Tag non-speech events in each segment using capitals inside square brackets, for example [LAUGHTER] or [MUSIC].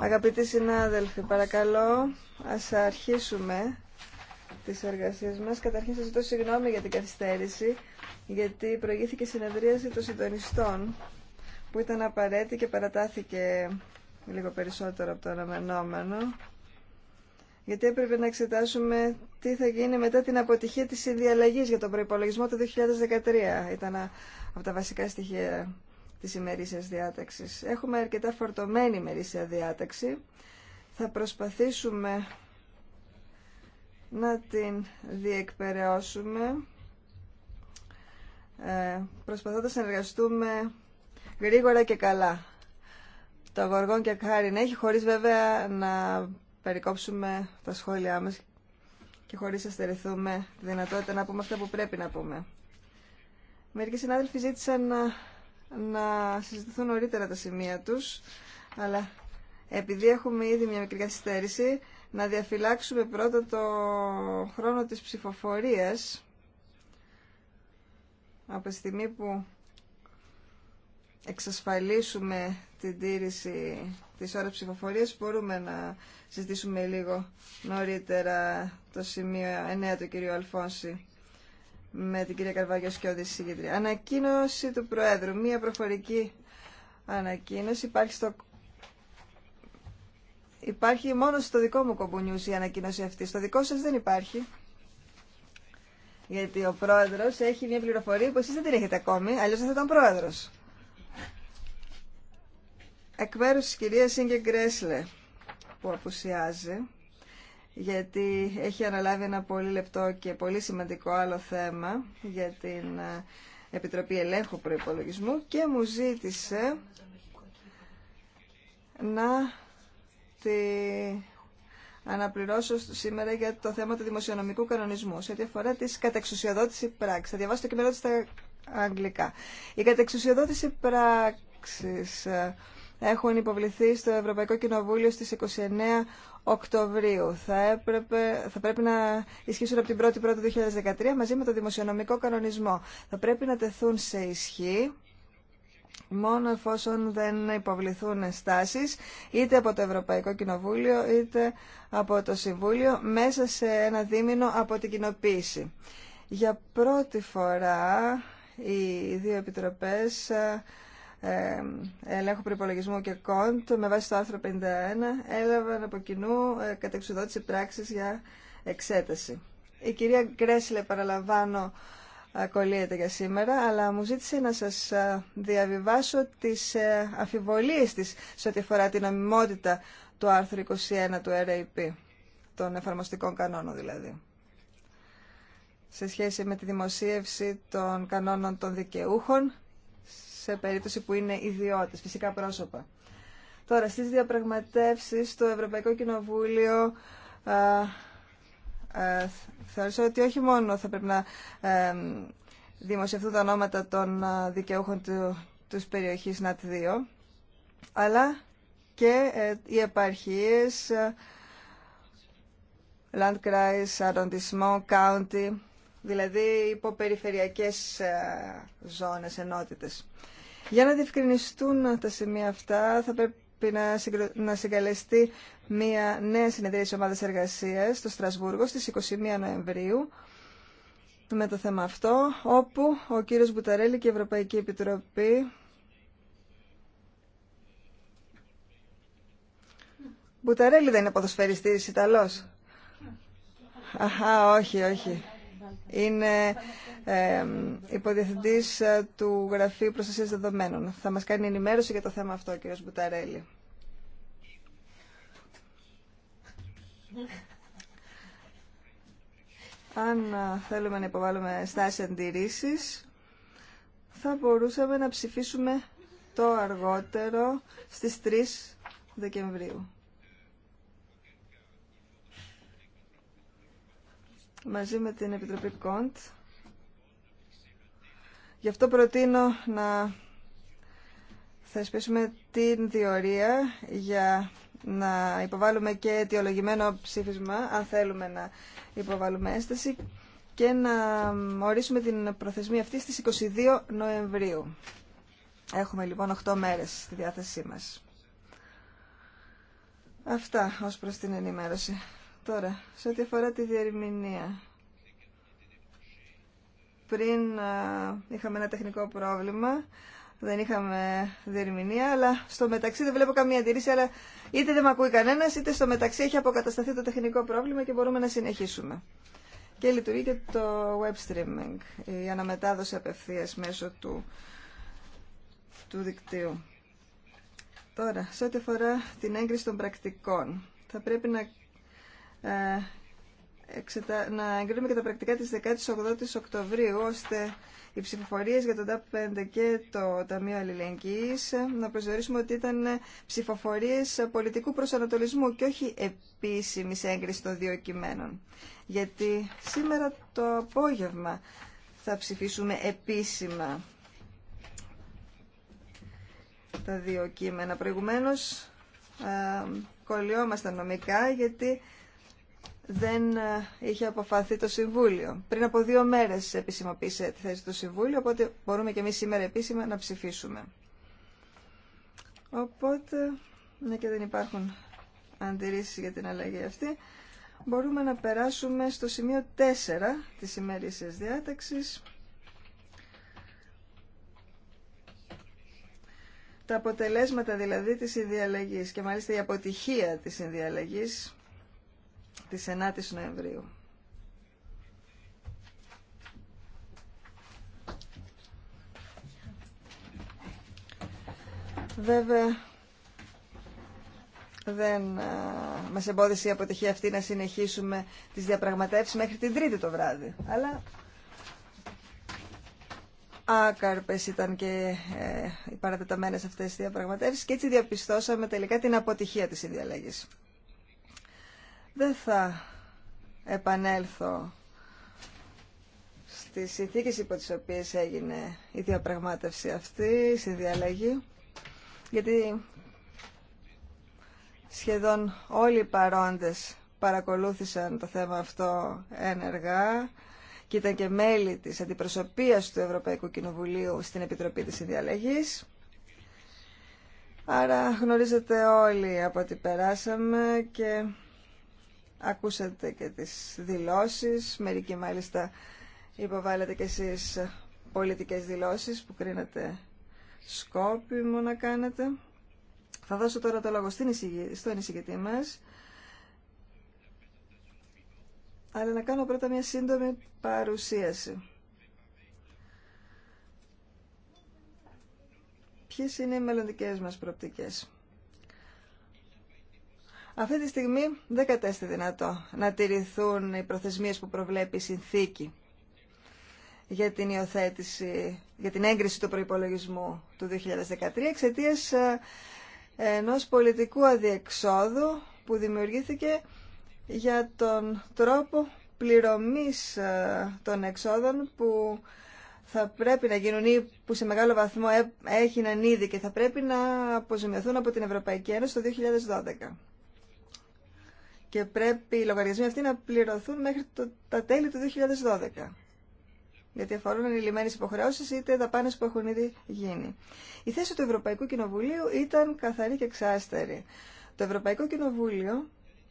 Αγαπητοί συνάδελφοι, παρακαλώ, ας αρχίσουμε τις εργασίες μας. Καταρχήν σας ζητώ συγγνώμη για την καθυστέρηση, γιατί προηγήθηκε η συνεδρίαση των συντονιστών, που ήταν απαραίτητη και παρατάθηκε λίγο περισσότερο από το αναμενόμενο, γιατί έπρεπε να εξετάσουμε τι θα γίνει μετά την αποτυχία της συνδιαλλαγής για τον προϋπολογισμό το 2013. Ήταν από τα βασικά στοιχεία της ημερήσιας διάταξης. Έχουμε αρκετά φορτωμένη ημερήσια διάταξη. Θα προσπαθήσουμε να την διεκπαιρεώσουμε ε, προσπαθώντας να εργαστούμε γρήγορα και καλά. Το γοργόν και χάρη έχει, χωρίς βέβαια να περικόψουμε τα σχόλιά μας και χωρίς να στερηθούμε τη δυνατότητα να πούμε αυτά που πρέπει να πούμε. Μερικοί συνάδελφοι ζήτησαν να να συζητηθούν νωρίτερα τα σημεία τους, αλλά επειδή έχουμε ήδη μια μικρή καθυστέρηση, να διαφυλάξουμε πρώτα το χρόνο της ψηφοφορίας από τη στιγμή που εξασφαλίσουμε την τήρηση της ώρας ψηφοφορίας μπορούμε να συζητήσουμε λίγο νωρίτερα το σημείο 9 του κυρίου Αλφόνση με την κυρία Καρβάγιο Σκιώδη Συγκεντρία. Ανακοίνωση του Προέδρου. Μία προφορική ανακοίνωση. Υπάρχει, στο... υπάρχει μόνο στο δικό μου κομπονιούς η ανακοίνωση αυτή. Στο δικό σας δεν υπάρχει. Γιατί ο Πρόεδρος έχει μια πληροφορία που εσείς δεν την έχετε ακόμη, αλλιώς δεν θα ήταν Πρόεδρος. Εκ μέρους της κυρίας Σίγκε Γκρέσλε που απουσιάζει γιατί έχει αναλάβει ένα πολύ λεπτό και πολύ σημαντικό άλλο θέμα για την ε, Επιτροπή Ελέγχου Προϋπολογισμού και μου ζήτησε να τη αναπληρώσω σήμερα για το θέμα του δημοσιονομικού κανονισμού σε ό,τι αφορά τη κατεξουσιοδότηση πράξη. Θα διαβάσω το κείμενο της στα αγγλικά. Η κατεξουσιοδότηση πράξης ε, έχουν υποβληθεί στο Ευρωπαϊκό Κοινοβούλιο στις 29 Οκτωβρίου. Θα, έπρεπε, θα πρέπει να ισχύσουν από την 1η η 2013 μαζί με το δημοσιονομικό κανονισμό. Θα πρέπει να τεθούν σε ισχύ μόνο εφόσον δεν υποβληθούν στάσεις, είτε από το Ευρωπαϊκό Κοινοβούλιο είτε από το Συμβούλιο μέσα σε ένα δίμηνο από την κοινοποίηση. Για πρώτη φορά οι δύο επιτροπές ελέγχου προπολογισμού και κόντ με βάση το άρθρο 51 έλαβαν από κοινού ε, κατεξουδότηση πράξης για εξέταση. Η κυρία Γκρέσλε παραλαμβάνω ακολύεται για σήμερα, αλλά μου ζήτησε να σας ε, διαβιβάσω τις ε, αφιβολίες της σε ό,τι αφορά την ομιμότητα του άρθρου 21 του RAP, των εφαρμοστικών κανόνων δηλαδή, σε σχέση με τη δημοσίευση των κανόνων των δικαιούχων σε περίπτωση που είναι ιδιώτες, φυσικά πρόσωπα. Τώρα, στις διαπραγματεύσεις το Ευρωπαϊκό Κοινοβούλιο θεωρήσω ότι όχι μόνο θα πρέπει να ε, δημοσιευτούν τα ονόματα των δικαιούχων του, τους περιοχής ΝΑΤ2, αλλά και ε, οι επαρχίες ε, Land Landkreis, Arrondissement, County, δηλαδή υποπεριφερειακές ε, ζώνες, ενότητες. Για να διευκρινιστούν τα σημεία αυτά, θα πρέπει να, να συγκαλεστεί μια νέα συνεδρία της ομάδας εργασίας στο Στρασβούργο στις 21 Νοεμβρίου με το θέμα αυτό, όπου ο κύριος Μπουταρέλη και η Ευρωπαϊκή Επιτροπή Μπουταρέλη δεν είναι ποδοσφαιριστής Ιταλός. Αχα, όχι, όχι είναι ε, υποδιευθυντής του Γραφείου Προστασίας Δεδομένων. Θα μας κάνει ενημέρωση για το θέμα αυτό ο Μπουταρέλη. Αν ε, θέλουμε να υποβάλουμε στάσεις αντιρρήσεις, θα μπορούσαμε να ψηφίσουμε το αργότερο στις 3 Δεκεμβρίου. μαζί με την Επιτροπή Κοντ. Γι' αυτό προτείνω να θεσπίσουμε την διορία για να υποβάλουμε και αιτιολογημένο ψήφισμα, αν θέλουμε να υποβάλουμε έσταση, και να ορίσουμε την προθεσμία αυτή στις 22 Νοεμβρίου. Έχουμε λοιπόν 8 μέρες στη διάθεσή μας. Αυτά ως προς την ενημέρωση. Τώρα, σε ό,τι αφορά τη διερμηνία. Πριν είχαμε ένα τεχνικό πρόβλημα, δεν είχαμε διερμηνία, αλλά στο μεταξύ δεν βλέπω καμία αντιρρήση, αλλά είτε δεν με ακούει κανένας, είτε στο μεταξύ έχει αποκατασταθεί το τεχνικό πρόβλημα και μπορούμε να συνεχίσουμε. Και λειτουργεί και το web streaming, η αναμετάδοση απευθείας μέσω του, του δικτύου. Τώρα, σε ό,τι αφορά την έγκριση των πρακτικών, θα πρέπει να ε, να εγκρίνουμε και τα πρακτικά της 18ης Οκτωβρίου, ώστε οι ψηφοφορίες για το ΤΑΠ 5 και το Ταμείο Αλληλεγγύης να προσδιορίσουμε ότι ήταν ψηφοφορίες πολιτικού προσανατολισμού και όχι επίσημης έγκριση των δύο κειμένων. Γιατί σήμερα το απόγευμα θα ψηφίσουμε επίσημα τα δύο κείμενα. Προηγουμένως ε, κολλιόμασταν νομικά γιατί δεν ε, είχε αποφαθεί το Συμβούλιο. Πριν από δύο μέρες επισημοποίησε τη θέση του Συμβούλιο, οπότε μπορούμε και εμείς σήμερα επίσημα να ψηφίσουμε. Οπότε, ναι και δεν υπάρχουν αντιρρήσεις για την αλλαγή αυτή, μπορούμε να περάσουμε στο σημείο 4 της ημέρησης διάταξης. Τα αποτελέσματα δηλαδή της συνδιαλλαγής και μάλιστα η αποτυχία της συνδιαλλαγής της 9ης Νοεμβρίου. Βέβαια, δεν α, μας εμπόδισε η αποτυχία αυτή να συνεχίσουμε τις διαπραγματεύσεις μέχρι την Τρίτη το βράδυ. Αλλά άκαρπες ήταν και ε, οι παρατεταμένες αυτές τις διαπραγματεύσεις και έτσι διαπιστώσαμε τελικά την αποτυχία της συνδιαλέγησης. Δεν θα επανέλθω στις συνθήκες υπό τις οποίες έγινε η διαπραγμάτευση αυτή, η συνδιαλέγη, γιατί σχεδόν όλοι οι παρόντες παρακολούθησαν το θέμα αυτό ένεργα και ήταν και μέλη της αντιπροσωπείας του Ευρωπαϊκού Κοινοβουλίου στην Επιτροπή της Συνδιαλέγης. Άρα γνωρίζετε όλοι από ό,τι περάσαμε και Ακούσατε και τις δηλώσεις, μερικοί μάλιστα υποβάλλατε και εσείς πολιτικές δηλώσεις που κρίνατε σκόπιμο να κάνετε. Θα δώσω τώρα το λόγο στον εισηγητή μας, αλλά να κάνω πρώτα μια σύντομη παρουσίαση. Ποιες είναι οι μελλοντικές μας προοπτικές. Αυτή τη στιγμή δεν κατέστη δυνατό να τηρηθούν οι προθεσμίες που προβλέπει η συνθήκη για την υιοθέτηση, για την έγκριση του προϋπολογισμού του 2013 εξαιτία ε, ενός πολιτικού αδιεξόδου που δημιουργήθηκε για τον τρόπο πληρωμής ε, των εξόδων που θα πρέπει να γίνουν ή που σε μεγάλο βαθμό έγιναν ήδη και θα πρέπει να αποζημιωθούν από την Ευρωπαϊκή Ένωση το 2012 και πρέπει οι λογαριασμοί αυτοί να πληρωθούν μέχρι το, τα τέλη του 2012 γιατί αφορούν ελλημένες υποχρεώσεις είτε δαπάνες που έχουν ήδη γίνει. Η θέση του Ευρωπαϊκού Κοινοβουλίου ήταν καθαρή και εξάστερη. Το Ευρωπαϊκό Κοινοβούλιο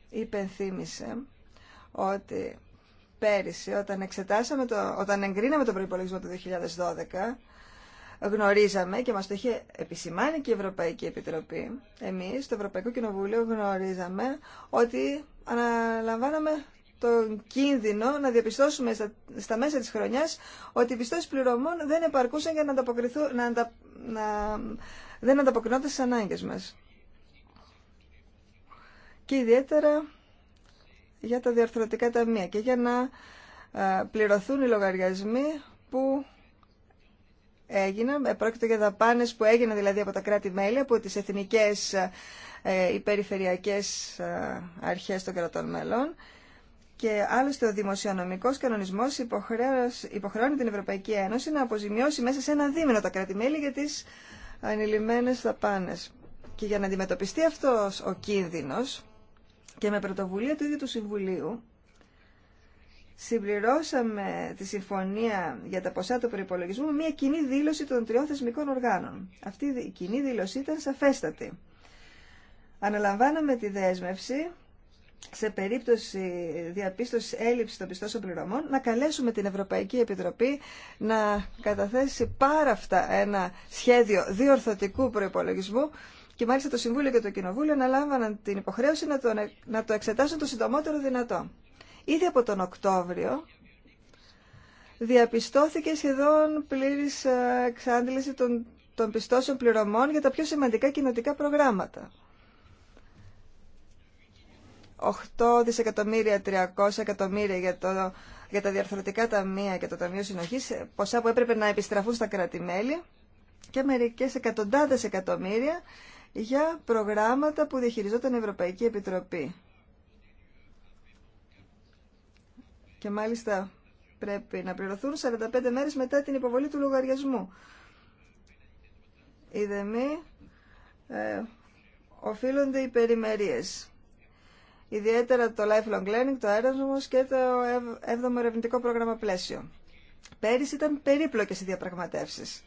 υπενθύμησε ότι πέρυσι όταν, εξετάσαμε το, όταν εγκρίναμε τον προϋπολογισμό του 2012 γνωρίζαμε και μας το είχε επισημάνει και η Ευρωπαϊκή Επιτροπή, εμείς στο Ευρωπαϊκό Κοινοβούλιο γνωρίζαμε ότι αναλαμβάναμε τον κίνδυνο να διαπιστώσουμε στα, μέσα της χρονιάς ότι οι πιστώσεις πληρωμών δεν επαρκούσαν για να, ανταποκριθούν, να, να δεν ανταποκρινόταν στις ανάγκες μας. Και ιδιαίτερα για τα διαρθρωτικά ταμεία και για να ε, πληρωθούν οι λογαριασμοί που έγιναν. Ε, πρόκειται για δαπάνες που έγιναν δηλαδή από τα κράτη-μέλη, από τις εθνικές ή ε, περιφερειακές ε, αρχές των κρατών μέλων. Και άλλωστε ο δημοσιονομικός κανονισμός υποχρεώνει την Ευρωπαϊκή Ένωση να αποζημιώσει μέσα σε ένα δίμηνο τα κράτη-μέλη για τις ανηλυμένες δαπάνες. Και για να αντιμετωπιστεί αυτός ο κίνδυνος και με πρωτοβουλία του ίδιου του Συμβουλίου, συμπληρώσαμε τη συμφωνία για τα ποσά του προπολογισμού με μια κοινή δήλωση των τριών θεσμικών οργάνων. Αυτή η κοινή δήλωση ήταν σαφέστατη. Αναλαμβάναμε τη δέσμευση σε περίπτωση διαπίστωση έλλειψη των πιστώσεων πληρωμών, να καλέσουμε την Ευρωπαϊκή Επιτροπή να καταθέσει πάρα ένα σχέδιο διορθωτικού προϋπολογισμού και μάλιστα το Συμβούλιο και το Κοινοβούλιο αναλάμβαναν την υποχρέωση να το, να το εξετάσουν το συντομότερο δυνατό. Ήδη από τον Οκτώβριο διαπιστώθηκε σχεδόν πλήρης ε, εξάντληση των, των πιστώσεων πληρωμών για τα πιο σημαντικά κοινοτικά προγράμματα. 8 δισεκατομμύρια, 300 εκατομμύρια για, το, για τα διαρθρωτικά ταμεία και το Ταμείο Συνοχής, ποσά που έπρεπε να επιστραφούν στα κράτη-μέλη και μερικές εκατοντάδες εκατομμύρια για προγράμματα που διαχειριζόταν η Ευρωπαϊκή Επιτροπή. και μάλιστα πρέπει να πληρωθούν 45 μέρες μετά την υποβολή του λογαριασμού. Οι δεμή ε, οφείλονται οι περιμερίες. Ιδιαίτερα το lifelong learning, το έρασμό και το 7ο ερευνητικό πρόγραμμα πλαίσιο. Πέρυσι ήταν περίπλοκες οι διαπραγματεύσεις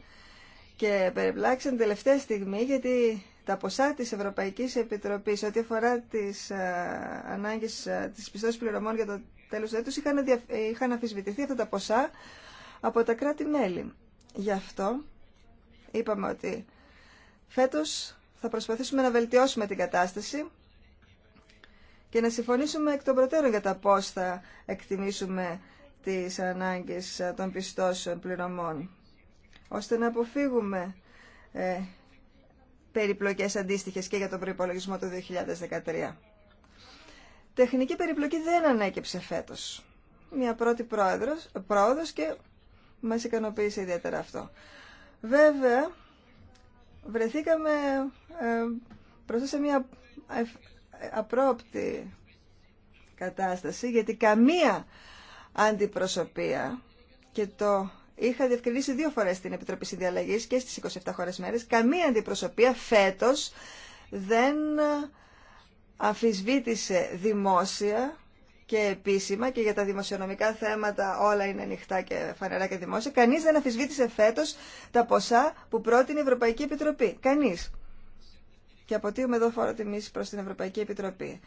και περιπλάξαν τελευταία στιγμή γιατί τα ποσά της Ευρωπαϊκής Επιτροπής ό,τι αφορά τις ε, ανάγκες ε, της πιστώσης πληρωμών για το Τέλο του είχαν, δια... είχαν αφισβητηθεί αυτά τα ποσά από τα κράτη-μέλη. Γι' αυτό είπαμε ότι φέτος θα προσπαθήσουμε να βελτιώσουμε την κατάσταση και να συμφωνήσουμε εκ των προτέρων για τα πώ θα εκτιμήσουμε τις ανάγκες των πιστώσεων πληρωμών, ώστε να αποφύγουμε ε, περιπλοκές αντίστοιχες και για τον προϋπολογισμό του 2013 τεχνική περιπλοκή δεν ανέκυψε φέτος. Μια πρώτη πρόεδρος, πρόοδος και μας ικανοποίησε ιδιαίτερα αυτό. Βέβαια, βρεθήκαμε ε, μπροστά σε μια απρόπτη κατάσταση, γιατί καμία αντιπροσωπεία και το είχα διευκρινίσει δύο φορές στην Επιτροπή Συνδιαλλαγής και στις 27 χώρες μέρες, καμία αντιπροσωπεία φέτος δεν αφισβήτησε δημόσια και επίσημα και για τα δημοσιονομικά θέματα όλα είναι ανοιχτά και φανερά και δημόσια. Κανείς δεν αφισβήτησε φέτος τα ποσά που πρότεινε η Ευρωπαϊκή Επιτροπή. Κανείς. Και αποτείουμε εδώ φόρο τιμής προς την Ευρωπαϊκή Επιτροπή.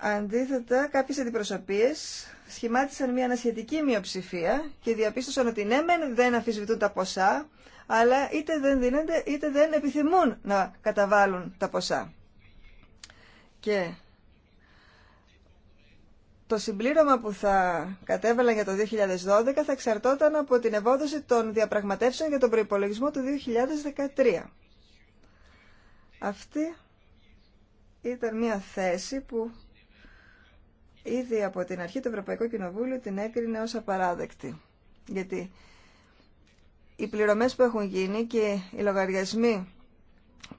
Αντίθετα, κάποιες αντιπροσωπείες σχημάτισαν μια ανασχετική μειοψηφία και διαπίστωσαν ότι ναι, δεν αμφισβητούν τα ποσά, αλλά είτε δεν δίνονται είτε δεν επιθυμούν να καταβάλουν τα ποσά. Και το συμπλήρωμα που θα κατέβαλαν για το 2012 θα εξαρτόταν από την ευόδοση των διαπραγματεύσεων για τον προϋπολογισμό του 2013. Αυτή ήταν μια θέση που ήδη από την αρχή το Ευρωπαϊκό Κοινοβούλιο την έκρινε ως απαράδεκτη. Γιατί οι πληρωμές που έχουν γίνει και οι λογαριασμοί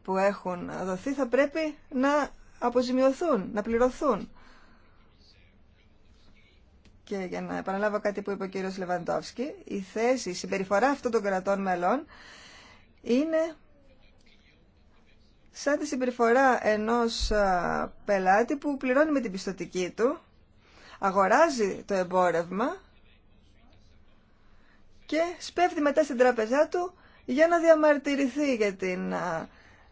που έχουν δοθεί θα πρέπει να αποζημιωθούν, να πληρωθούν. Και για να επαναλάβω κάτι που είπε ο κύριος Λεβαντόφσκι, η θέση, η συμπεριφορά αυτών των κρατών μελών είναι σαν τη συμπεριφορά ενός πελάτη που πληρώνει με την πιστοτική του, αγοράζει το εμπόρευμα και σπέφτει μετά στην τραπεζά του για να διαμαρτυρηθεί για την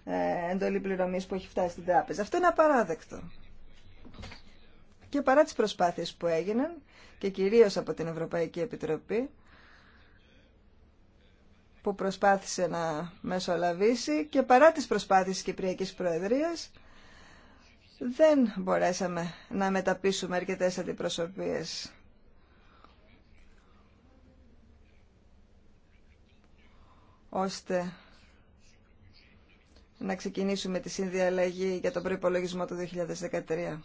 ε, εντολή πληρωμής που έχει φτάσει στην τράπεζα. Αυτό είναι απαράδεκτο. Και παρά τις προσπάθειες που έγιναν και κυρίως από την Ευρωπαϊκή Επιτροπή που προσπάθησε να μεσολαβήσει και παρά τις προσπάθειες της Κυπριακής Προεδρίας δεν μπορέσαμε να μεταπίσουμε αρκετές αντιπροσωπείες. ώστε να ξεκινήσουμε τη συνδιαλλαγή για τον προϋπολογισμό του 2013.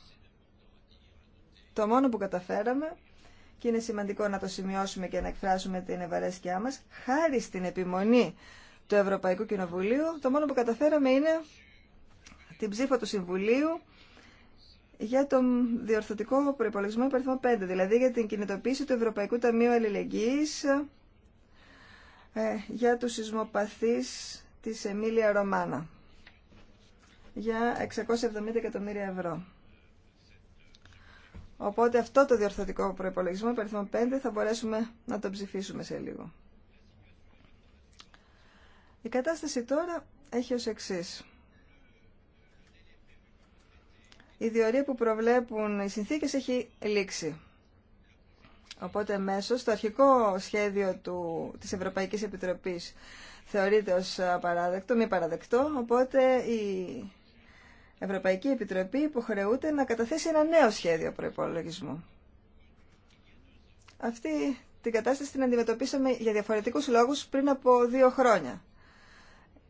Το μόνο που καταφέραμε, και είναι σημαντικό να το σημειώσουμε και να εκφράσουμε την ευαρέσκειά μας, χάρη στην επιμονή του Ευρωπαϊκού Κοινοβουλίου, το μόνο που καταφέραμε είναι την ψήφα του Συμβουλίου για τον διορθωτικό προϋπολογισμό υπαριθμό 5, δηλαδή για την κινητοποίηση του Ευρωπαϊκού Ταμείου Αλληλεγγύης ε, για τους σεισμοπαθείς της Εμίλια Ρωμάνα για 670 εκατομμύρια ευρώ. Οπότε αυτό το διορθωτικό προϋπολογισμό, υπαριθμό 5, θα μπορέσουμε να το ψηφίσουμε σε λίγο. Η κατάσταση τώρα έχει ως εξής. Η διορία που προβλέπουν οι συνθήκες έχει λήξει. Οπότε μέσω στο αρχικό σχέδιο του, της Ευρωπαϊκής Επιτροπής θεωρείται ως απαράδεκτο, μη παραδεκτό, οπότε η Ευρωπαϊκή Επιτροπή υποχρεούται να καταθέσει ένα νέο σχέδιο προϋπολογισμού. Αυτή την κατάσταση την αντιμετωπίσαμε για διαφορετικούς λόγους πριν από δύο χρόνια.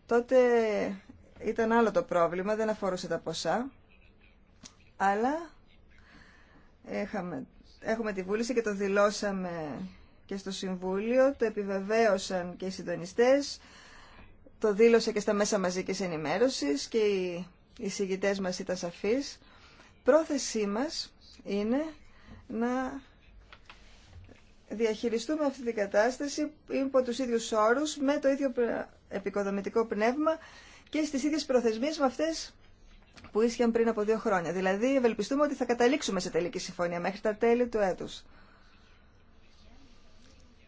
Τότε ήταν άλλο το πρόβλημα, δεν αφορούσε τα ποσά, αλλά έχαμε, έχουμε τη βούληση και το δηλώσαμε και στο Συμβούλιο, το επιβεβαίωσαν και οι συντονιστές, το δήλωσε και στα μέσα μαζικής ενημέρωσης και οι συγητές μας ήταν σαφείς. Πρόθεσή μας είναι να διαχειριστούμε αυτή την κατάσταση υπό τους ίδιους όρους, με το ίδιο επικοδομητικό πνεύμα και στις ίδιες προθεσμίες με αυτές που ίσχυαν πριν από δύο χρόνια. Δηλαδή, ευελπιστούμε ότι θα καταλήξουμε σε τελική συμφωνία μέχρι τα τέλη του έτους.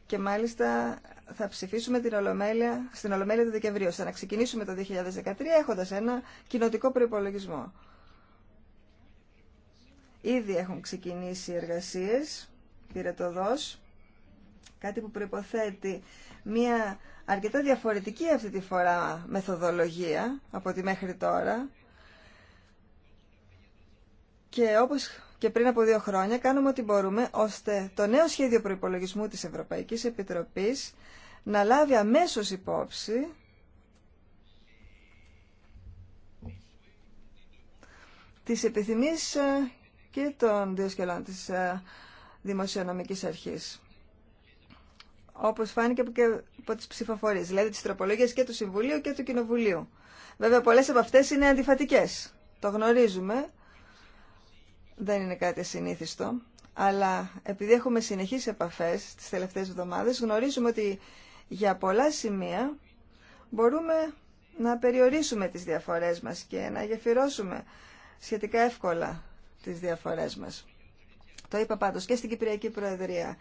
Και μάλιστα θα ψηφίσουμε την Ολομέλεια, στην Ολομέλεια του Δεκεμβρίου, ώστε να ξεκινήσουμε το 2013 έχοντας ένα κοινοτικό προϋπολογισμό. Ήδη έχουν ξεκινήσει οι εργασίες δος, κάτι που προϋποθέτει μια αρκετά διαφορετική αυτή τη φορά μεθοδολογία από τη μέχρι τώρα και όπως και πριν από δύο χρόνια κάνουμε ό,τι μπορούμε ώστε το νέο σχέδιο προϋπολογισμού της Ευρωπαϊκής Επιτροπής να λάβει αμέσως υπόψη τις επιθυμίες ε, και των δύο σκελών της ε, Δημοσιονομικής Αρχής. Όπως φάνηκε και από τις ψηφοφορίες, δηλαδή τις τροπολογίες και του Συμβουλίου και του Κοινοβουλίου. Βέβαια, πολλές από αυτές είναι αντιφατικές. Το γνωρίζουμε, δεν είναι κάτι συνήθιστο, αλλά επειδή έχουμε συνεχείς επαφές τις τελευταίες εβδομάδες, γνωρίζουμε ότι για πολλά σημεία μπορούμε να περιορίσουμε τις διαφορές μας και να γεφυρώσουμε σχετικά εύκολα τις διαφορές μας. Το είπα πάντως και στην Κυπριακή Προεδρία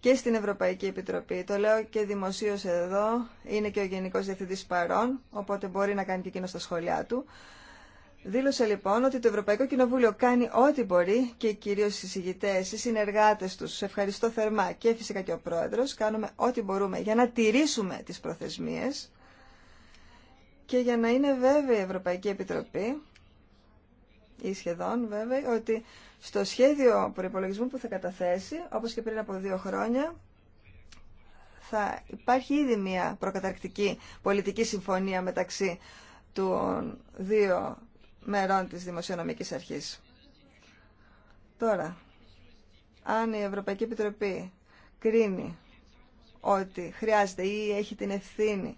και στην Ευρωπαϊκή Επιτροπή. Το λέω και δημοσίως εδώ. Είναι και ο Γενικός Διευθυντής παρών, οπότε μπορεί να κάνει και εκείνο τα σχόλιά του. Δήλωσε λοιπόν ότι το Ευρωπαϊκό Κοινοβούλιο κάνει ό,τι μπορεί και κυρίω οι συζητητέ, οι συνεργάτε του, ευχαριστώ θερμά και φυσικά και ο πρόεδρο, κάνουμε ό,τι μπορούμε για να τηρήσουμε τι προθεσμίε και για να είναι βέβαιη η Ευρωπαϊκή Επιτροπή ή σχεδόν βέβαιη ότι στο σχέδιο προπολογισμού που θα καταθέσει, όπω και πριν από δύο χρόνια, θα υπάρχει ήδη μια προκαταρκτική πολιτική συμφωνία μεταξύ των δύο μερών της Δημοσιονομικής Αρχής. Τώρα, αν η Ευρωπαϊκή Επιτροπή κρίνει ότι χρειάζεται ή έχει την ευθύνη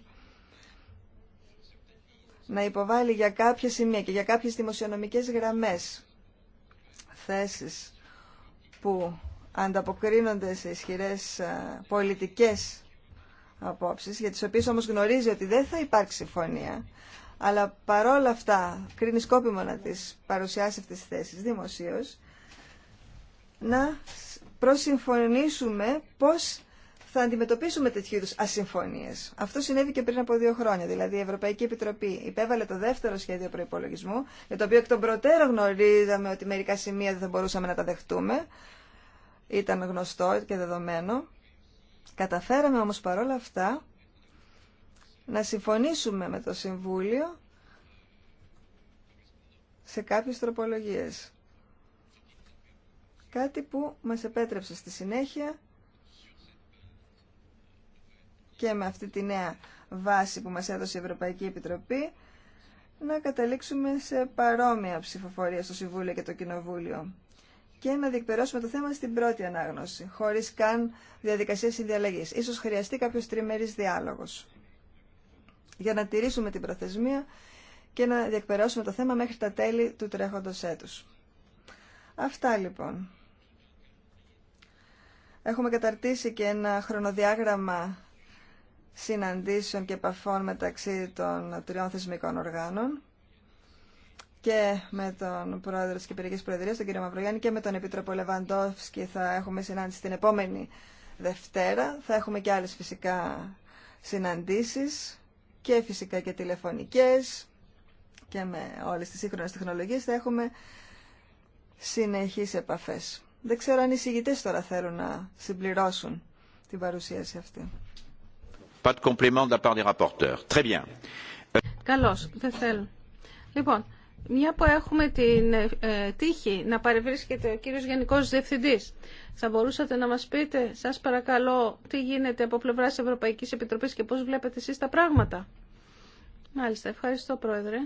να υποβάλει για κάποια σημεία και για κάποιες δημοσιονομικές γραμμές θέσεις που ανταποκρίνονται σε ισχυρές ε, πολιτικές απόψεις, για τις οποίες όμως γνωρίζει ότι δεν θα υπάρξει συμφωνία, αλλά παρόλα αυτά κρίνει σκόπιμο να τις παρουσιάσει αυτές τις θέσεις δημοσίως, να προσυμφωνήσουμε πώς θα αντιμετωπίσουμε τέτοιου είδου ασυμφωνίε. Αυτό συνέβη και πριν από δύο χρόνια. Δηλαδή, η Ευρωπαϊκή Επιτροπή υπέβαλε το δεύτερο σχέδιο προπολογισμού, για το οποίο εκ των προτέρων γνωρίζαμε ότι μερικά σημεία δεν θα μπορούσαμε να τα δεχτούμε. Ήταν γνωστό και δεδομένο. Καταφέραμε όμω παρόλα αυτά να συμφωνήσουμε με το Συμβούλιο σε κάποιες τροπολογίες. Κάτι που μας επέτρεψε στη συνέχεια και με αυτή τη νέα βάση που μας έδωσε η Ευρωπαϊκή Επιτροπή να καταλήξουμε σε παρόμοια ψηφοφορία στο Συμβούλιο και το Κοινοβούλιο και να διεκπαιρώσουμε το θέμα στην πρώτη ανάγνωση, χωρίς καν διαδικασία συνδιαλλαγής. Ίσως χρειαστεί κάποιος τριμερής διάλογος για να τηρήσουμε την προθεσμία και να διακπεραιώσουμε το θέμα μέχρι τα τέλη του τρέχοντος έτους. Αυτά λοιπόν. Έχουμε καταρτήσει και ένα χρονοδιάγραμμα συναντήσεων και επαφών μεταξύ των τριών θεσμικών οργάνων και με τον πρόεδρο της Κυπριακής Προεδρίας, τον κύριο Μαυρογιάννη, και με τον Επίτροπο Λεβαντόφσκι θα έχουμε συνάντηση την επόμενη Δευτέρα. Θα έχουμε και άλλες φυσικά συναντήσεις και φυσικά και τηλεφωνικές και με όλες τις σύγχρονες τεχνολογίες θα έχουμε συνεχείς επαφές. Δεν ξέρω αν οι συγητές τώρα θέλουν να συμπληρώσουν την παρουσίαση αυτή. Pas Καλώς, δεν θέλω. Λοιπόν, μια που έχουμε την ε, ε, τύχη να παρευρίσκεται ο κύριος Γενικός Διευθυντής, θα μπορούσατε να μας πείτε, σας παρακαλώ, τι γίνεται από πλευράς Ευρωπαϊκής Επιτροπής και πώς βλέπετε εσείς τα πράγματα. Μάλιστα, ευχαριστώ Πρόεδρε.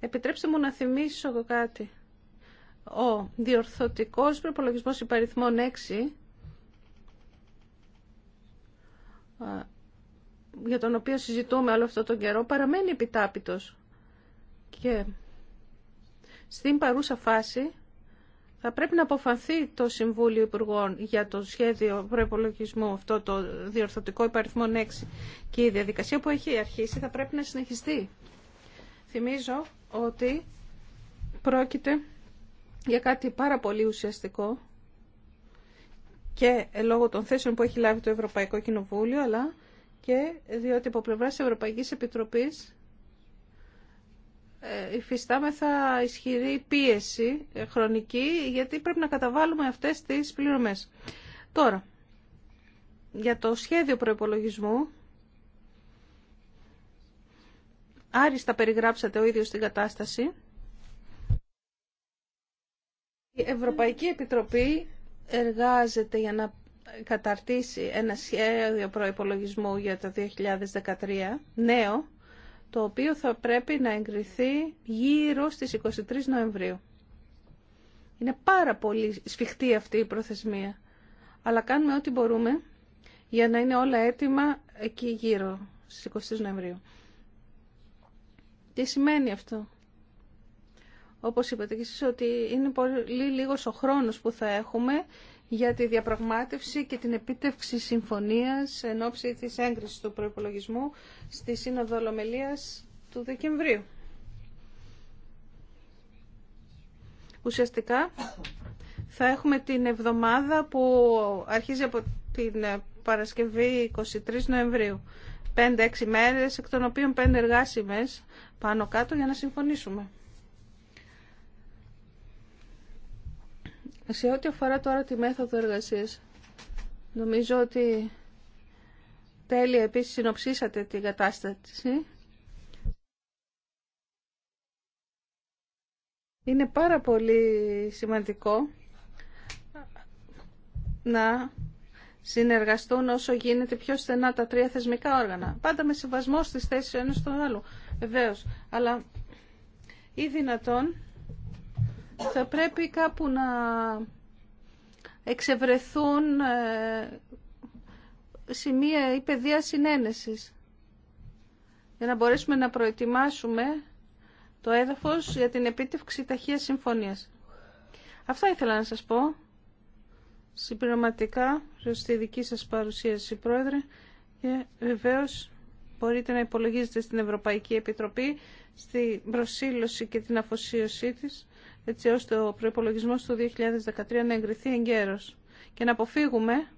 Επιτρέψτε μου να θυμίσω κάτι. Ο διορθωτικός προπολογισμός υπαριθμών 6 ε, για τον οποίο συζητούμε όλο αυτό τον καιρό, παραμένει επιτάπητος. Και στην παρούσα φάση θα πρέπει να αποφανθεί το Συμβούλιο Υπουργών για το σχέδιο προπολογισμού, αυτό το διορθωτικό υπαριθμό 6 και η διαδικασία που έχει αρχίσει θα πρέπει να συνεχιστεί. Θυμίζω ότι πρόκειται για κάτι πάρα πολύ ουσιαστικό και λόγω των θέσεων που έχει λάβει το Ευρωπαϊκό Κοινοβούλιο, αλλά και διότι από πλευρά Ευρωπαϊκής Επιτροπής ε, υφιστάμεθα ισχυρή πίεση ε, χρονική γιατί πρέπει να καταβάλουμε αυτές τις πληρωμές. Τώρα, για το σχέδιο προϋπολογισμού, άριστα περιγράψατε ο ίδιος την κατάσταση. Η Ευρωπαϊκή Επιτροπή εργάζεται για να καταρτήσει ένα σχέδιο προϋπολογισμού για το 2013, νέο, το οποίο θα πρέπει να εγκριθεί γύρω στις 23 Νοεμβρίου. Είναι πάρα πολύ σφιχτή αυτή η προθεσμία, αλλά κάνουμε ό,τι μπορούμε για να είναι όλα έτοιμα εκεί γύρω στις 23 Νοεμβρίου. Τι σημαίνει αυτό. Όπως είπατε και εσείς ότι είναι πολύ λίγος ο χρόνος που θα έχουμε για τη διαπραγμάτευση και την επίτευξη συμφωνίας εν ώψη της έγκρισης του προϋπολογισμού στη Σύνοδο Ολομελίας του Δεκεμβρίου. Ουσιαστικά θα έχουμε την εβδομάδα που αρχίζει από την ε, Παρασκευή 23 νοεμβριου πεντε 5-6 μέρες, εκ των οποίων 5 εργάσιμες πάνω κάτω για να συμφωνήσουμε. Σε ό,τι αφορά τώρα τη μέθοδο εργασία. νομίζω ότι τέλεια επίσης συνοψίσατε την κατάσταση. Είναι πάρα πολύ σημαντικό να συνεργαστούν όσο γίνεται πιο στενά τα τρία θεσμικά όργανα. Πάντα με συμβασμό στις θέσεις ο ένας άλλο, βεβαίω. Αλλά ή δυνατόν θα πρέπει κάπου να εξευρεθούν ε, σημεία ή παιδεία συνένεσης για να μπορέσουμε να προετοιμάσουμε το έδαφος για την επίτευξη ταχείας συμφωνίας. Αυτά ήθελα να σας πω. Συμπληρωματικά, στη δική σας παρουσίαση, Πρόεδρε, και βεβαίως μπορείτε να υπολογίζετε στην Ευρωπαϊκή Επιτροπή στην προσήλωση και την αφοσίωσή της έτσι ώστε ο προπολογισμό του 2013 να εγκριθεί εγκαίρω και να αποφύγουμε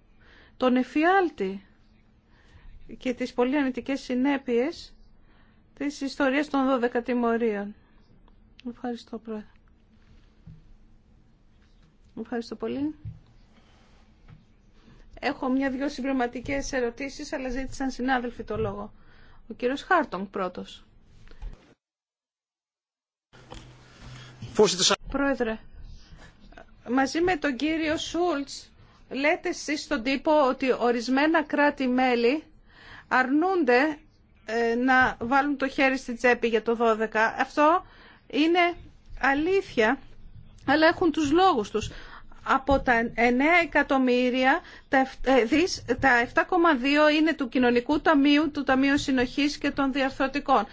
τον εφιάλτη και τις πολύ ανητικές συνέπειες της ιστορίας των 12 τιμωρίων. Ευχαριστώ, Πρόεδρε. Ευχαριστώ πολύ. Έχω μια-δυο συμπληρωματικέ ερωτήσεις, αλλά ζήτησαν συνάδελφοι το λόγο. Ο κύριος Χάρτονγκ πρώτος. Πρόεδρε, μαζί με τον κύριο Σούλτς λέτε εσείς στον τύπο ότι ορισμένα κράτη-μέλη αρνούνται ε, να βάλουν το χέρι στη τσέπη για το 12. Αυτό είναι αλήθεια, αλλά έχουν τους λόγους τους από τα 9 εκατομμύρια, τα 7,2 ε, είναι του Κοινωνικού Ταμείου, του Ταμείου Συνοχής και των Διαρθρωτικών.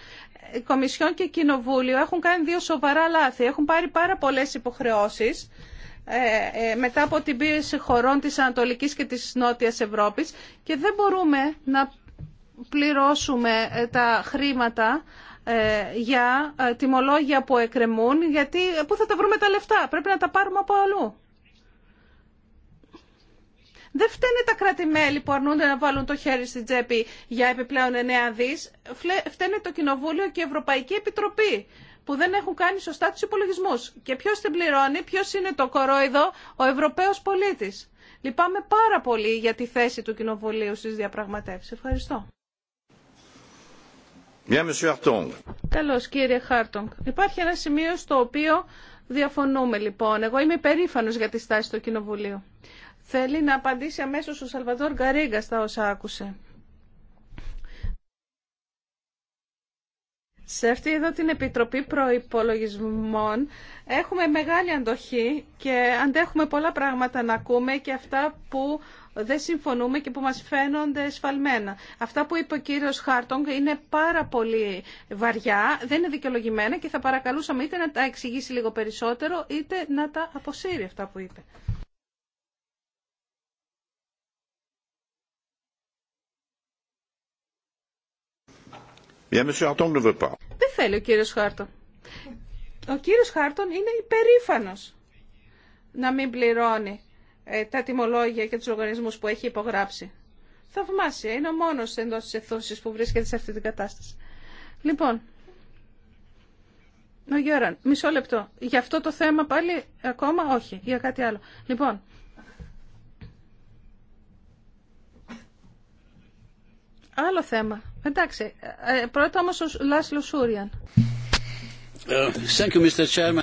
Ε, Κομισιόν και Κοινοβούλιο έχουν κάνει δύο σοβαρά λάθη. Έχουν πάρει πάρα πολλές υποχρεώσεις ε, μετά από την πίεση χωρών της Ανατολικής και της Νότιας Ευρώπης και δεν μπορούμε να πληρώσουμε τα χρήματα για τιμολόγια που εκκρεμούν, γιατί πού θα τα βρούμε τα λεφτά, πρέπει να τα πάρουμε από αλλού. Δεν φταίνε τα κράτη-μέλη που αρνούνται να βάλουν το χέρι στην τσέπη για επιπλέον 9 δι. Φταίνε το Κοινοβούλιο και η Ευρωπαϊκή Επιτροπή που δεν έχουν κάνει σωστά του υπολογισμού. Και ποιο την πληρώνει, ποιο είναι το κορόιδο, ο Ευρωπαίο πολίτη. Λυπάμαι πάρα πολύ για τη θέση του Κοινοβουλίου στι διαπραγματεύσει. Ευχαριστώ. Καλώ κύριε Χάρτονγκ. Υπάρχει ένα σημείο στο οποίο διαφωνούμε λοιπόν. Εγώ είμαι υπερήφανο για τη στάση του Κοινοβουλίου. Θέλει να απαντήσει αμέσως ο Σαλβαδόρ Γκαρίγκα στα όσα άκουσε. Σε αυτή εδώ την Επιτροπή Προϋπολογισμών έχουμε μεγάλη αντοχή και αντέχουμε πολλά πράγματα να ακούμε και αυτά που δεν συμφωνούμε και που μας φαίνονται σφαλμένα. Αυτά που είπε ο κύριος Χάρτονγκ είναι πάρα πολύ βαριά, δεν είναι δικαιολογημένα και θα παρακαλούσαμε είτε να τα εξηγήσει λίγο περισσότερο είτε να τα αποσύρει αυτά που είπε. Δεν θέλει ο κύριος Χάρτον. Ο κύριος Χάρτον είναι υπερήφανο να μην πληρώνει ε, τα τιμολόγια και τους οργανισμούς που έχει υπογράψει. Θαυμάσια. Είναι ο μόνος εντός της αιθούση που βρίσκεται σε αυτή την κατάσταση. Λοιπόν, ο Γιώραν, μισό λεπτό. Για αυτό το θέμα πάλι ακόμα όχι. Για κάτι άλλο. Λοιπόν, Άλλο θέμα. Εντάξει. Ε, ε, πρώτα όμω ο Λάσλο Σούριαν. Ε,